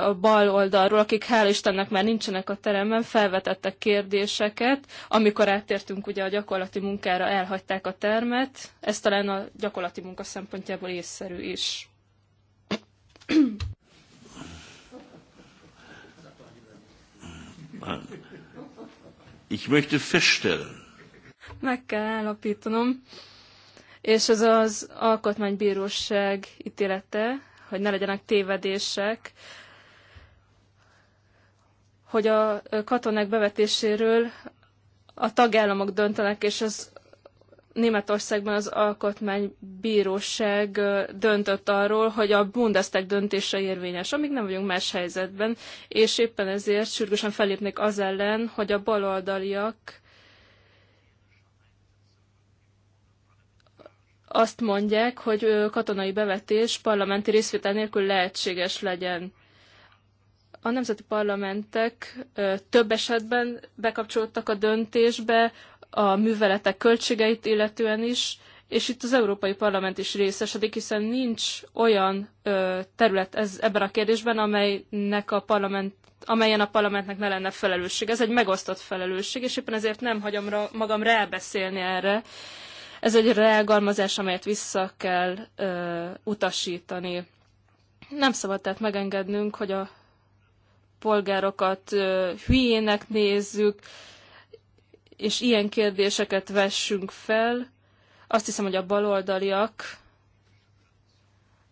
a bal oldalról, akik hál' Istennek már nincsenek a teremben, felvetettek kérdéseket. Amikor áttértünk ugye a gyakorlati munkára, elhagyták a termet. Ez talán a gyakorlati munka szempontjából észszerű is. Ich möchte feststellen. Meg kell állapítanom, és ez az alkotmánybíróság ítélete, hogy ne legyenek tévedések, hogy a katonák bevetéséről a tagállamok döntenek, és az Németországban az alkotmánybíróság döntött arról, hogy a Bundestag döntése érvényes, amíg nem vagyunk más helyzetben, és éppen ezért sürgősen felépnék az ellen, hogy a baloldaliak azt mondják, hogy katonai bevetés parlamenti részvétel nélkül lehetséges legyen. A nemzeti parlamentek több esetben bekapcsolódtak a döntésbe, a műveletek költségeit illetően is, és itt az Európai Parlament is részesedik, hiszen nincs olyan ö, terület ez, ebben a kérdésben, amelynek a parlament, amelyen a parlamentnek ne lenne felelősség. Ez egy megosztott felelősség, és éppen ezért nem hagyom ra, magam rábeszélni erre. Ez egy reálgalmazás, amelyet vissza kell ö, utasítani. Nem szabad tehát megengednünk, hogy a polgárokat ö, hülyének nézzük, ö, és ilyen kérdéseket vessünk fel, azt hiszem, hogy a baloldaliak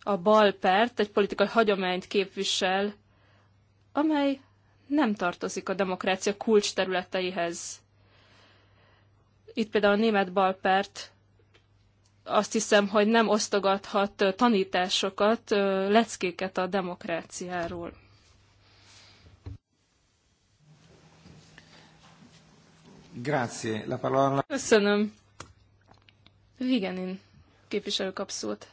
a balpert egy politikai hagyományt képvisel, amely nem tartozik a demokrácia kulcs területeihez. Itt például a német balpert azt hiszem, hogy nem osztogathat tanításokat, leckéket a demokráciáról. Grazie. La parola... Köszönöm. Vigenin képviselő kap szót.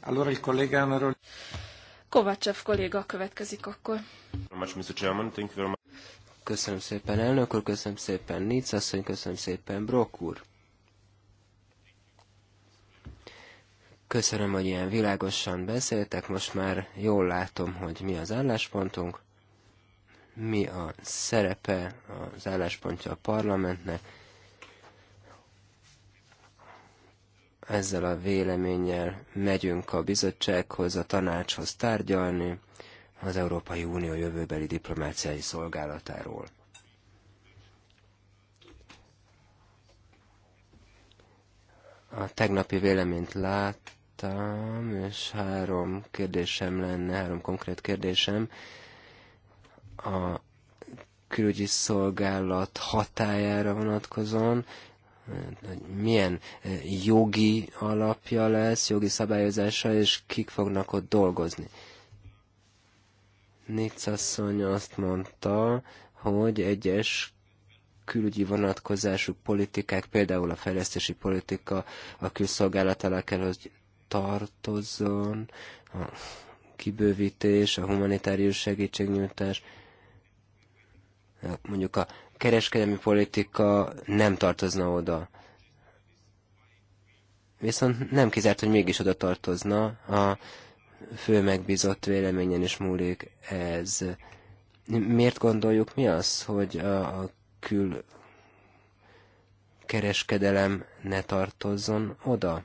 Allora il collega Amarol... Kovácsev kolléga következik akkor. Köszönöm szépen elnök úr, köszönöm szépen Nitz asszony, köszönöm szépen Brok úr. Köszönöm, hogy ilyen világosan beszéltek, most már jól látom, hogy mi az álláspontunk mi a szerepe, az álláspontja a parlamentnek. Ezzel a véleménnyel megyünk a bizottsághoz, a tanácshoz tárgyalni az Európai Unió jövőbeli diplomáciai szolgálatáról. A tegnapi véleményt láttam, és három kérdésem lenne, három konkrét kérdésem a külügyi szolgálat hatájára vonatkozóan, hogy milyen eh, jogi alapja lesz, jogi szabályozása, és kik fognak ott dolgozni. Nitz asszony azt mondta, hogy egyes külügyi vonatkozású politikák, például a fejlesztési politika a külszolgálat alá kell, hogy tartozzon, a kibővítés, a humanitárius segítségnyújtás, mondjuk a kereskedelmi politika nem tartozna oda. Viszont nem kizárt, hogy mégis oda tartozna, a fő megbízott véleményen is múlik ez. Miért gondoljuk mi az, hogy a, a kül kereskedelem ne tartozzon oda?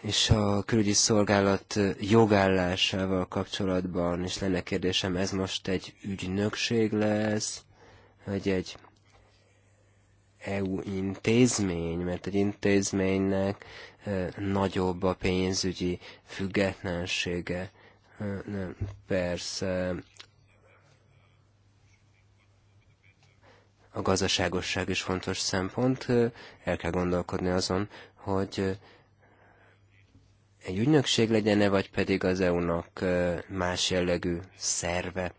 és a külügyi szolgálat jogállásával kapcsolatban is lenne kérdésem, ez most egy ügynökség lesz, vagy egy EU intézmény, mert egy intézménynek nagyobb a pénzügyi függetlensége. Nem, persze a gazdaságosság is fontos szempont, el kell gondolkodni azon, hogy egy ügynökség legyen-e, vagy pedig az EU-nak más jellegű szerve.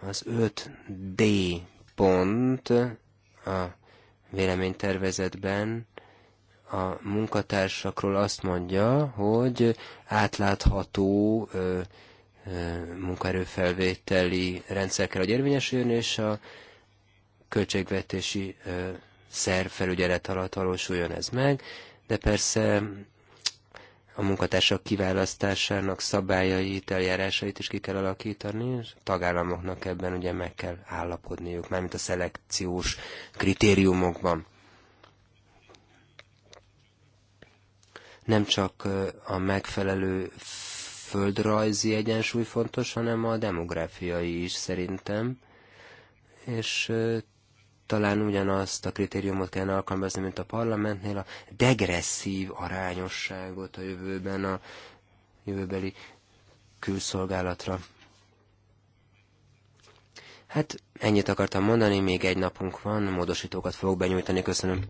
Az 5D pont a véleménytervezetben a munkatársakról azt mondja, hogy átlátható ö, ö, munkaerőfelvételi rendszer kell, hogy érvényesüljön, és a költségvetési ö, szervfelügyelet alatt valósuljon ez meg, de persze a munkatársak kiválasztásának szabályait, eljárásait is ki kell alakítani, és a tagállamoknak ebben ugye meg kell állapodniuk, mármint a szelekciós kritériumokban. Nem csak a megfelelő földrajzi egyensúly fontos, hanem a demográfiai is szerintem, és talán ugyanazt a kritériumot kell alkalmazni, mint a parlamentnél, a degresszív arányosságot a jövőben a jövőbeli külszolgálatra. Hát ennyit akartam mondani, még egy napunk van, módosítókat fogok benyújtani, köszönöm.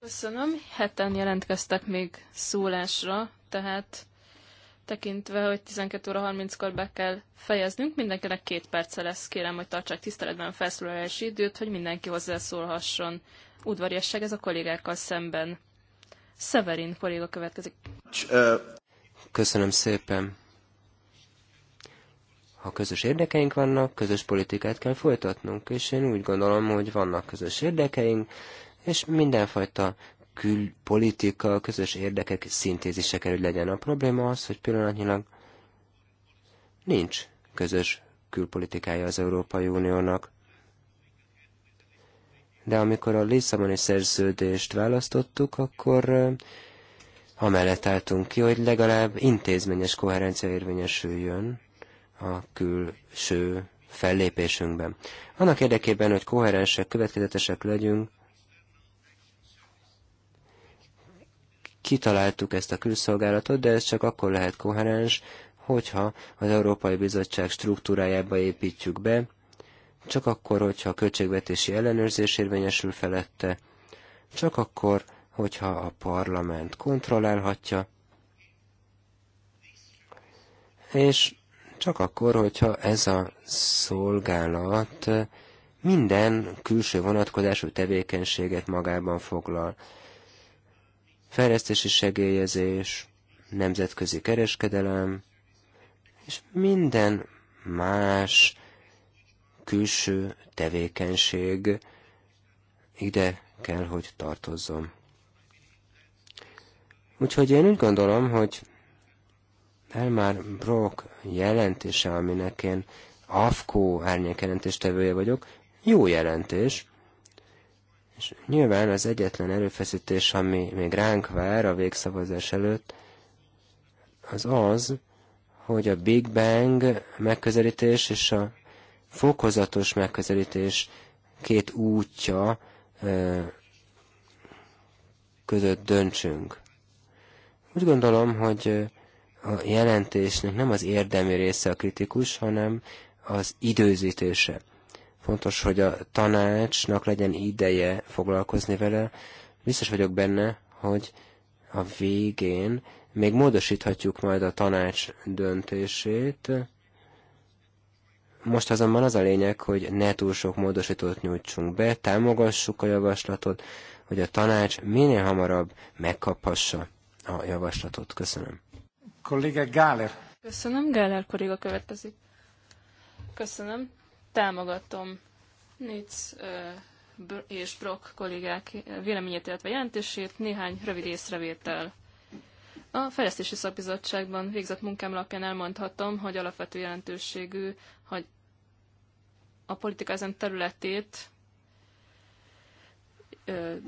Köszönöm, heten jelentkeztek még szólásra, tehát tekintve, hogy 12 óra 30-kor be kell fejeznünk, mindenkinek két perce lesz, kérem, hogy tartsák tiszteletben a felszólalási időt, hogy mindenki hozzászólhasson. Udvariasság ez a kollégákkal szemben. Severin kolléga következik. Köszönöm szépen. Ha közös érdekeink vannak, közös politikát kell folytatnunk, és én úgy gondolom, hogy vannak közös érdekeink, és mindenfajta külpolitika, közös érdekek szintézise kell, hogy legyen. A probléma az, hogy pillanatnyilag nincs közös külpolitikája az Európai Uniónak. De amikor a Lisszaboni szerződést választottuk, akkor amellett álltunk ki, hogy legalább intézményes koherencia érvényesüljön a külső fellépésünkben. Annak érdekében, hogy koherensek, következetesek legyünk, kitaláltuk ezt a külszolgálatot, de ez csak akkor lehet koherens, hogyha az Európai Bizottság struktúrájába építjük be, csak akkor, hogyha a költségvetési ellenőrzés érvényesül felette, csak akkor, hogyha a parlament kontrollálhatja, és csak akkor, hogyha ez a szolgálat minden külső vonatkozású tevékenységet magában foglal fejlesztési segélyezés, nemzetközi kereskedelem, és minden más külső tevékenység ide kell, hogy tartozzon. Úgyhogy én úgy gondolom, hogy Elmar Brock jelentése, aminek én AFKO árnyék jelentéstevője vagyok, jó jelentés, és nyilván az egyetlen erőfeszítés, ami még ránk vár a végszavazás előtt, az az, hogy a Big Bang megközelítés és a fokozatos megközelítés két útja között döntsünk. Úgy gondolom, hogy a jelentésnek nem az érdemi része a kritikus, hanem az időzítése. Fontos, hogy a tanácsnak legyen ideje foglalkozni vele. Biztos vagyok benne, hogy a végén még módosíthatjuk majd a tanács döntését. Most azonban az a lényeg, hogy ne túl sok módosítót nyújtsunk be, támogassuk a javaslatot, hogy a tanács minél hamarabb megkaphassa a javaslatot. Köszönöm. Kolléga Gáler. Köszönöm, Gáler kolléga következik. Köszönöm. Támogatom Nitz és Brock kollégák véleményét, illetve jelentését, néhány rövid észrevétel. A Fejlesztési Szakbizottságban végzett munkám alapján elmondhatom, hogy alapvető jelentőségű, hogy a politika ezen területét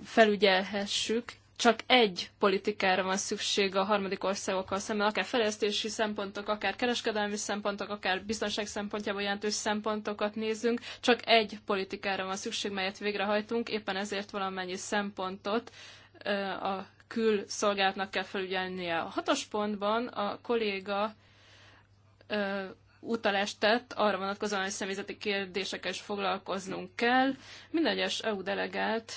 felügyelhessük, csak egy politikára van szükség a harmadik országokkal szemben, akár fejlesztési szempontok, akár kereskedelmi szempontok, akár biztonság szempontjából jelentős szempontokat nézzünk, csak egy politikára van szükség, melyet végrehajtunk, éppen ezért valamennyi szempontot a külszolgálatnak kell felügyelnie. A hatos pontban a kolléga utalást tett arra vonatkozóan, hogy személyzeti kérdésekkel is foglalkoznunk kell. Minden egyes EU delegált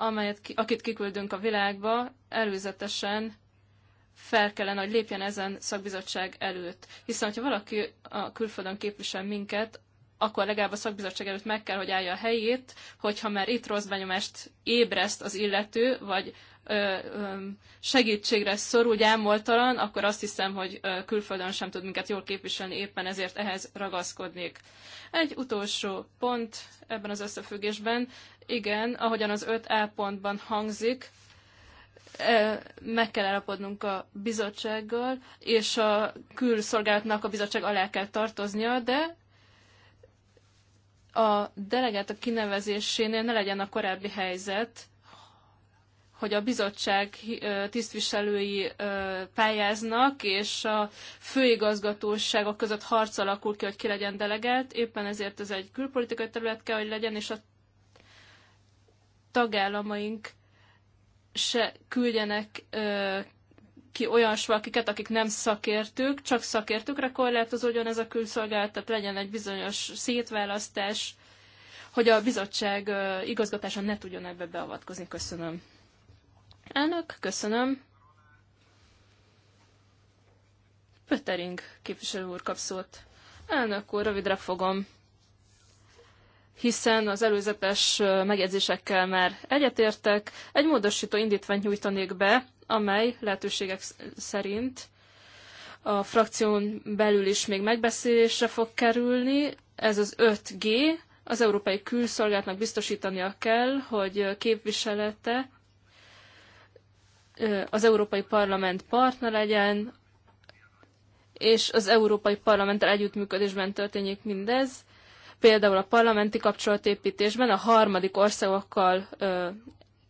amelyet, akit kiküldünk a világba, előzetesen fel kellene, hogy lépjen ezen szakbizottság előtt. Hiszen, ha valaki a külföldön képvisel minket, akkor legalább a szakbizottság előtt meg kell, hogy állja a helyét, hogyha már itt rossz benyomást ébreszt az illető, vagy ö, ö, segítségre szorul gyámoltalan, akkor azt hiszem, hogy ö, külföldön sem tud minket jól képviselni, éppen ezért ehhez ragaszkodnék. Egy utolsó pont ebben az összefüggésben igen, ahogyan az 5A pontban hangzik, e, meg kell állapodnunk a bizottsággal, és a külszolgálatnak a bizottság alá kell tartoznia, de a delegátok kinevezésénél ne legyen a korábbi helyzet, hogy a bizottság tisztviselői pályáznak, és a főigazgatóságok között harc alakul ki, hogy ki legyen delegált. Éppen ezért ez egy külpolitikai terület kell, hogy legyen, és a tagállamaink se küldjenek ö, ki olyan akiket, akik nem szakértők, csak szakértőkre korlátozódjon ez a külszolgálat, tehát legyen egy bizonyos szétválasztás, hogy a bizottság ö, igazgatása ne tudjon ebbe beavatkozni. Köszönöm. Elnök, köszönöm. Pötering képviselő úr kap szót. Elnök úr, rövidre fogom hiszen az előzetes megjegyzésekkel már egyetértek. Egy módosító indítványt nyújtanék be, amely lehetőségek szerint a frakción belül is még megbeszélésre fog kerülni. Ez az 5G, az Európai Külszolgálatnak biztosítania kell, hogy képviselete az Európai Parlament partner legyen, és az Európai Parlamenttel együttműködésben történjék mindez például a parlamenti kapcsolatépítésben a harmadik országokkal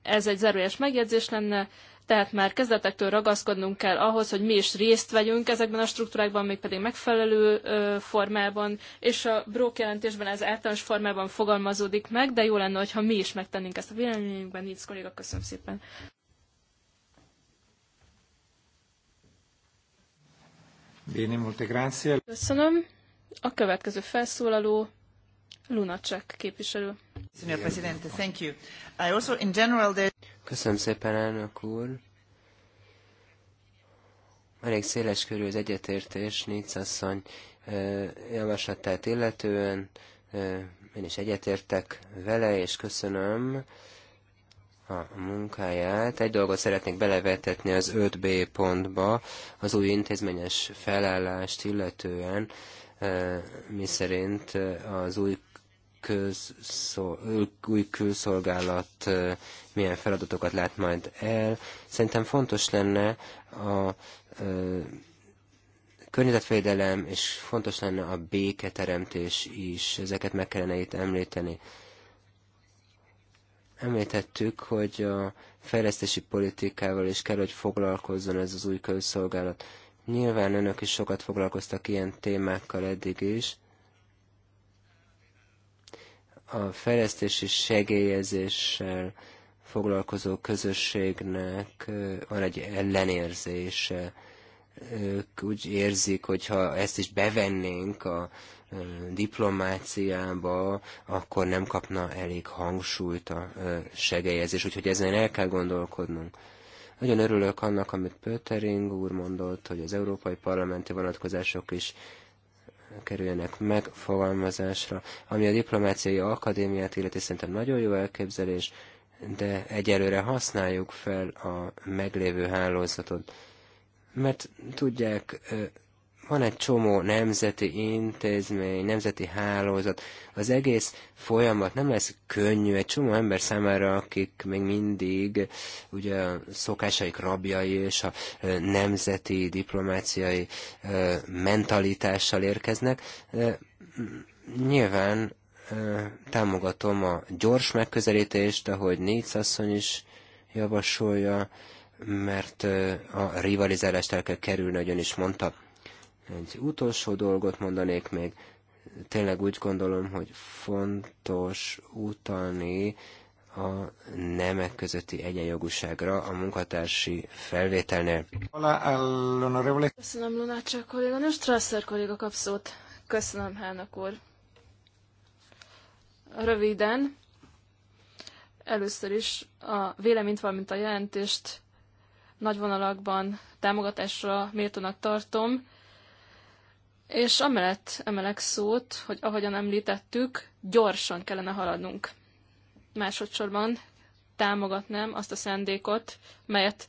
ez egy zárójeles megjegyzés lenne, tehát már kezdetektől ragaszkodnunk kell ahhoz, hogy mi is részt vegyünk ezekben a struktúrákban, mégpedig megfelelő ö, formában, és a Brók jelentésben ez általános formában fogalmazódik meg, de jó lenne, hogyha mi is megtennénk ezt a véleményünkben. Nincs kolléga, köszönöm szépen. Bene, molte grazie. Köszönöm. A következő felszólaló Lunacek képviselő. Köszönöm szépen, elnök úr. Elég széles körül az egyetértés, Nitz asszony javaslatát illetően. Én is egyetértek vele, és köszönöm a munkáját. Egy dolgot szeretnék belevetetni az 5B pontba, az új intézményes felállást illetően, mi szerint az új közszol, új külszolgálat milyen feladatokat lát majd el. Szerintem fontos lenne a környezetvédelem, és fontos lenne a béketeremtés is, ezeket meg kellene itt említeni. Említettük, hogy a fejlesztési politikával is kell, hogy foglalkozzon ez az új közszolgálat. Nyilván önök is sokat foglalkoztak ilyen témákkal eddig is, a fejlesztési segélyezéssel foglalkozó közösségnek van egy ellenérzése. Ők úgy érzik, hogy ha ezt is bevennénk a diplomáciába, akkor nem kapna elég hangsúlyt a segélyezés. Úgyhogy ezen el kell gondolkodnunk. Nagyon örülök annak, amit Pöttering úr mondott, hogy az európai parlamenti vonatkozások is kerüljenek megfogalmazásra. Ami a diplomáciai akadémiát illeti, szerintem nagyon jó elképzelés, de egyelőre használjuk fel a meglévő hálózatot. Mert tudják van egy csomó nemzeti intézmény, nemzeti hálózat. Az egész folyamat nem lesz könnyű egy csomó ember számára, akik még mindig ugye a szokásaik rabjai és a nemzeti diplomáciai mentalitással érkeznek. Nyilván támogatom a gyors megközelítést, ahogy Négy asszony is javasolja, mert a rivalizálást el kell kerülni, ahogyan is mondta. Egy utolsó dolgot mondanék még. Tényleg úgy gondolom, hogy fontos utalni a nemek közötti egyenjogúságra a munkatársi felvételnél. Köszönöm Lunácsák kolléganő, Strasser kolléga kap szót. Köszönöm, Hának úr. Röviden, először is a véleményt, valamint a jelentést nagy vonalakban támogatásra méltónak tartom. És amellett emelek szót, hogy ahogyan említettük, gyorsan kellene haladnunk. Másodszorban támogatnám azt a szándékot, melyet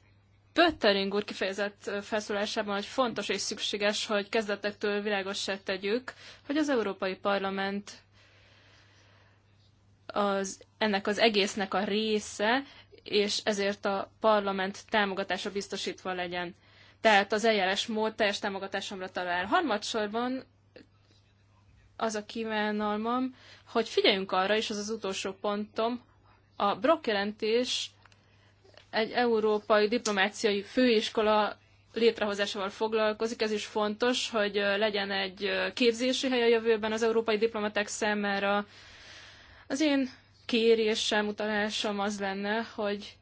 Pöttering úr kifejezett felszólásában, hogy fontos és szükséges, hogy kezdetektől világossá tegyük, hogy az Európai Parlament az, ennek az egésznek a része, és ezért a parlament támogatása biztosítva legyen. Tehát az eljárás mód teljes támogatásomra talál. Harmadsorban az a kívánalmam, hogy figyeljünk arra, és az az utolsó pontom, a Brock jelentés egy európai diplomáciai főiskola létrehozásával foglalkozik. Ez is fontos, hogy legyen egy képzési hely a jövőben az európai diplomaták számára. Az én kérésem, utalásom az lenne, hogy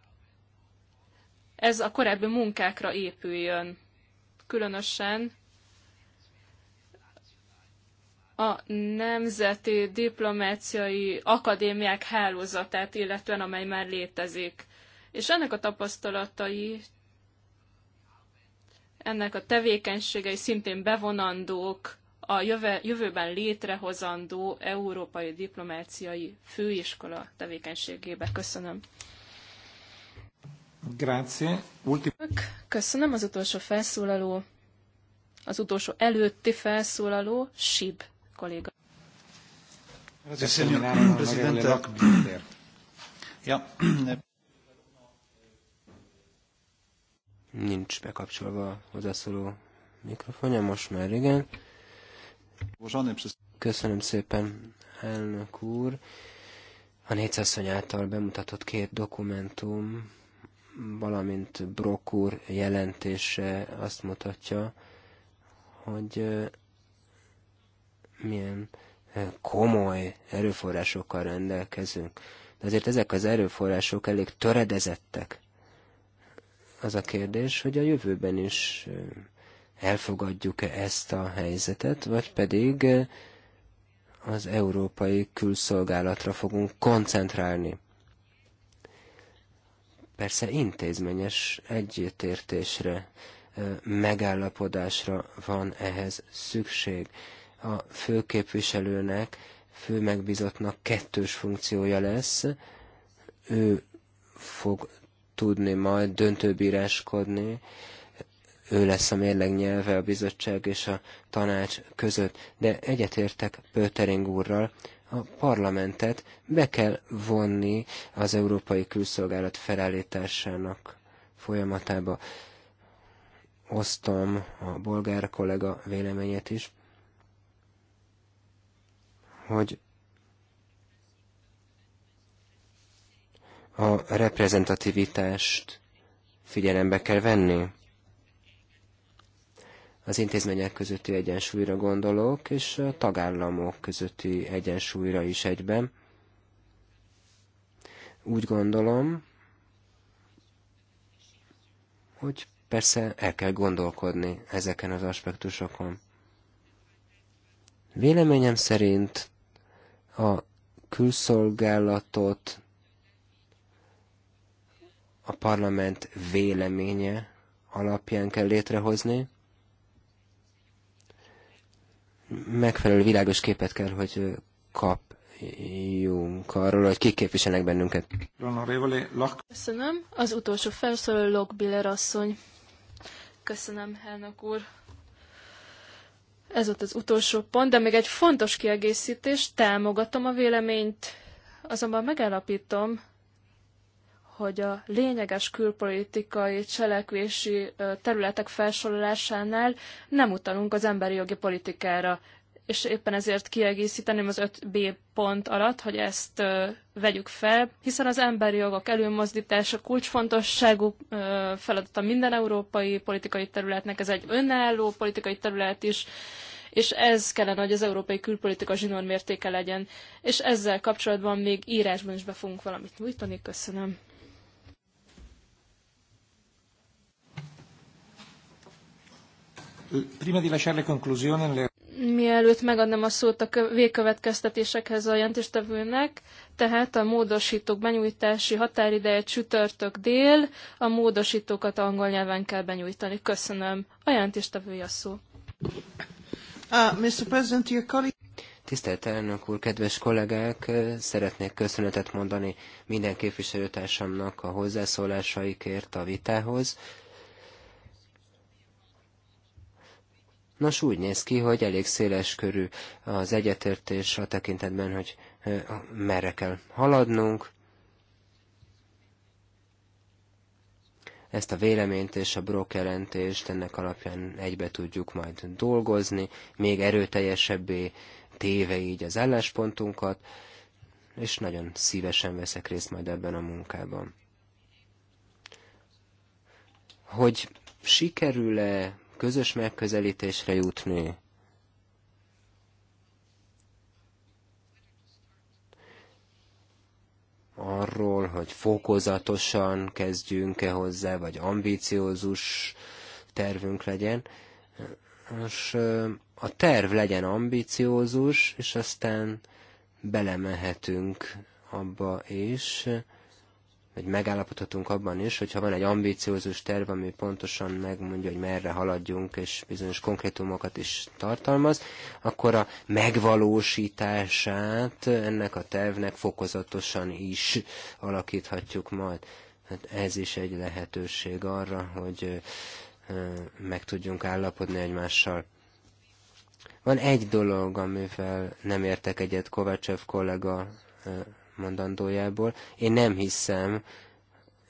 ez a korábbi munkákra épüljön. Különösen a Nemzeti Diplomáciai Akadémiák hálózatát, illetően amely már létezik. És ennek a tapasztalatai, ennek a tevékenységei szintén bevonandók a jövőben létrehozandó Európai Diplomáciai Főiskola tevékenységébe. Köszönöm. Grazie. Köszönöm az utolsó felszólaló, az utolsó előtti felszólaló, Sib kolléga. Köszönöm, Presidente. Nincs bekapcsolva a hozzászóló mikrofonja, most már igen. Köszönöm szépen, elnök úr. A négyszeszony által bemutatott két dokumentum valamint Brock úr jelentése azt mutatja, hogy milyen komoly erőforrásokkal rendelkezünk. De azért ezek az erőforrások elég töredezettek. Az a kérdés, hogy a jövőben is elfogadjuk-e ezt a helyzetet, vagy pedig az európai külszolgálatra fogunk koncentrálni. Persze intézményes egyetértésre, megállapodásra van ehhez szükség. A főképviselőnek, főmegbizottnak kettős funkciója lesz, ő fog tudni majd döntőbíráskodni, ő lesz a mérleg nyelve a bizottság és a tanács között. De egyetértek Pötering úrral, a parlamentet be kell vonni az Európai Külszolgálat felállításának folyamatába. Osztom a bolgár kollega véleményét is, hogy a reprezentativitást figyelembe kell venni az intézmények közötti egyensúlyra gondolok, és a tagállamok közötti egyensúlyra is egyben. Úgy gondolom, hogy persze el kell gondolkodni ezeken az aspektusokon. Véleményem szerint a külszolgálatot a parlament véleménye alapján kell létrehozni, megfelelő világos képet kell, hogy kapjunk arról, hogy kik képviselnek bennünket. Köszönöm. Az utolsó felszólaló Lokbiller asszony. Köszönöm, elnök úr. Ez volt az utolsó pont, de még egy fontos kiegészítés, támogatom a véleményt, azonban megállapítom, hogy a lényeges külpolitikai cselekvési területek felsorolásánál nem utalunk az emberi jogi politikára, és éppen ezért kiegészíteném az 5B pont alatt, hogy ezt ö, vegyük fel, hiszen az emberi jogok előmozdítása kulcsfontosságú ö, feladata minden európai politikai területnek, ez egy önálló politikai terület is, és ez kellene, hogy az európai külpolitika zsinór mértéke legyen. És ezzel kapcsolatban még írásban is be fogunk valamit nyújtani. Köszönöm. prima di lasciare le conclusioni le... Mielőtt megadnám a szót a végkövetkeztetésekhez a jelentéstevőnek, tehát a módosítók benyújtási határideje csütörtök dél, a módosítókat angol nyelven kell benyújtani. Köszönöm. A jelentéstevője a szó. Uh, ah, Mr. President, your colleague... Tisztelt elnök úr, kedves kollégák, eh, szeretnék köszönetet mondani minden képviselőtársamnak a hozzászólásaikért a vitához. Nos, úgy néz ki, hogy elég széles körű az egyetértés a tekintetben, hogy merre kell haladnunk. Ezt a véleményt és a brok jelentést ennek alapján egybe tudjuk majd dolgozni, még erőteljesebbé téve így az álláspontunkat, és nagyon szívesen veszek részt majd ebben a munkában. Hogy sikerül-e közös megközelítésre jutni. Arról, hogy fokozatosan kezdjünk-e hozzá, vagy ambíciózus tervünk legyen. és a terv legyen ambíciózus, és aztán belemehetünk abba is, vagy megállapodhatunk abban is, hogyha van egy ambíciózus terv, ami pontosan megmondja, hogy merre haladjunk, és bizonyos konkrétumokat is tartalmaz, akkor a megvalósítását ennek a tervnek fokozatosan is alakíthatjuk majd. Hát ez is egy lehetőség arra, hogy meg tudjunk állapodni egymással. Van egy dolog, amivel nem értek egyet Kovácsev kollega mondandójából. Én nem hiszem,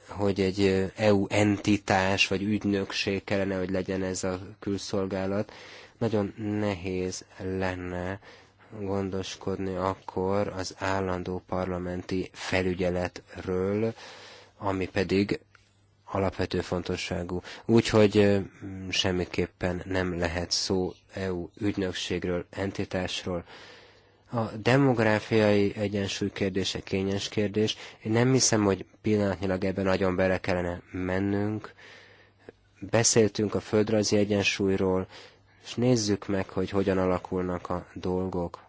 hogy egy EU entitás vagy ügynökség kellene, hogy legyen ez a külszolgálat. Nagyon nehéz lenne gondoskodni akkor az állandó parlamenti felügyeletről, ami pedig alapvető fontosságú. Úgyhogy semmiképpen nem lehet szó EU ügynökségről, entitásról. A demográfiai egyensúly kérdése kényes kérdés. Én nem hiszem, hogy pillanatnyilag ebben nagyon bele kellene mennünk. Beszéltünk a földrajzi egyensúlyról, és nézzük meg, hogy hogyan alakulnak a dolgok.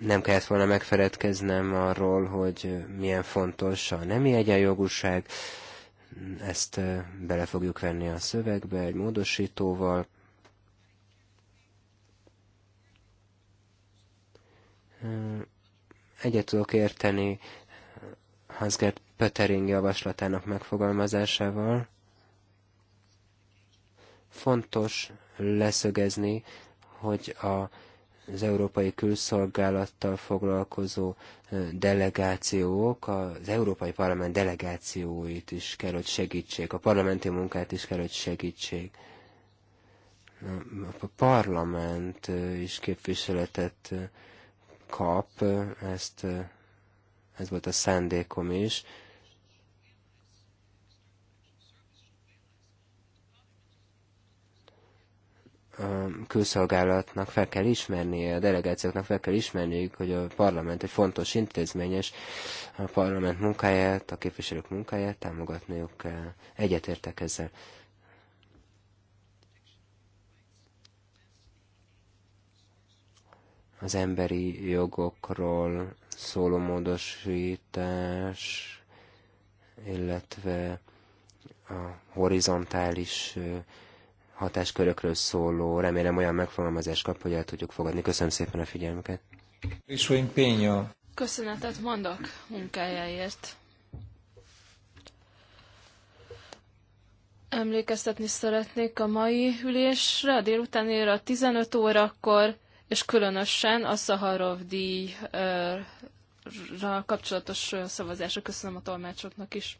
nem kellett volna megfeledkeznem arról, hogy milyen fontos a nemi egyenjogúság, ezt bele fogjuk venni a szövegbe egy módosítóval. Egyet tudok érteni Hansgert Pöttering javaslatának megfogalmazásával. Fontos leszögezni, hogy a az Európai Külszolgálattal foglalkozó delegációk az Európai Parlament delegációit is kell, hogy segítsék, a parlamenti munkát is kell, hogy segítsék. A parlament is képviseletet kap, ezt, ez volt a szándékom is, külszolgálatnak fel kell ismernie, a delegációknak fel kell ismerniük, hogy a parlament egy fontos intézményes, a parlament munkáját, a képviselők munkáját támogatniuk kell. Egyetértek ezzel. Az emberi jogokról szóló módosítás, illetve a horizontális hatáskörökről szóló, remélem olyan megfogalmazást kap, hogy el tudjuk fogadni. Köszönöm szépen a figyelmüket. Köszönetet mondok munkájáért. Emlékeztetni szeretnék a mai ülésre, a ér a 15 órakor, és különösen a Szaharov díjra kapcsolatos szavazásra köszönöm a tolmácsoknak is.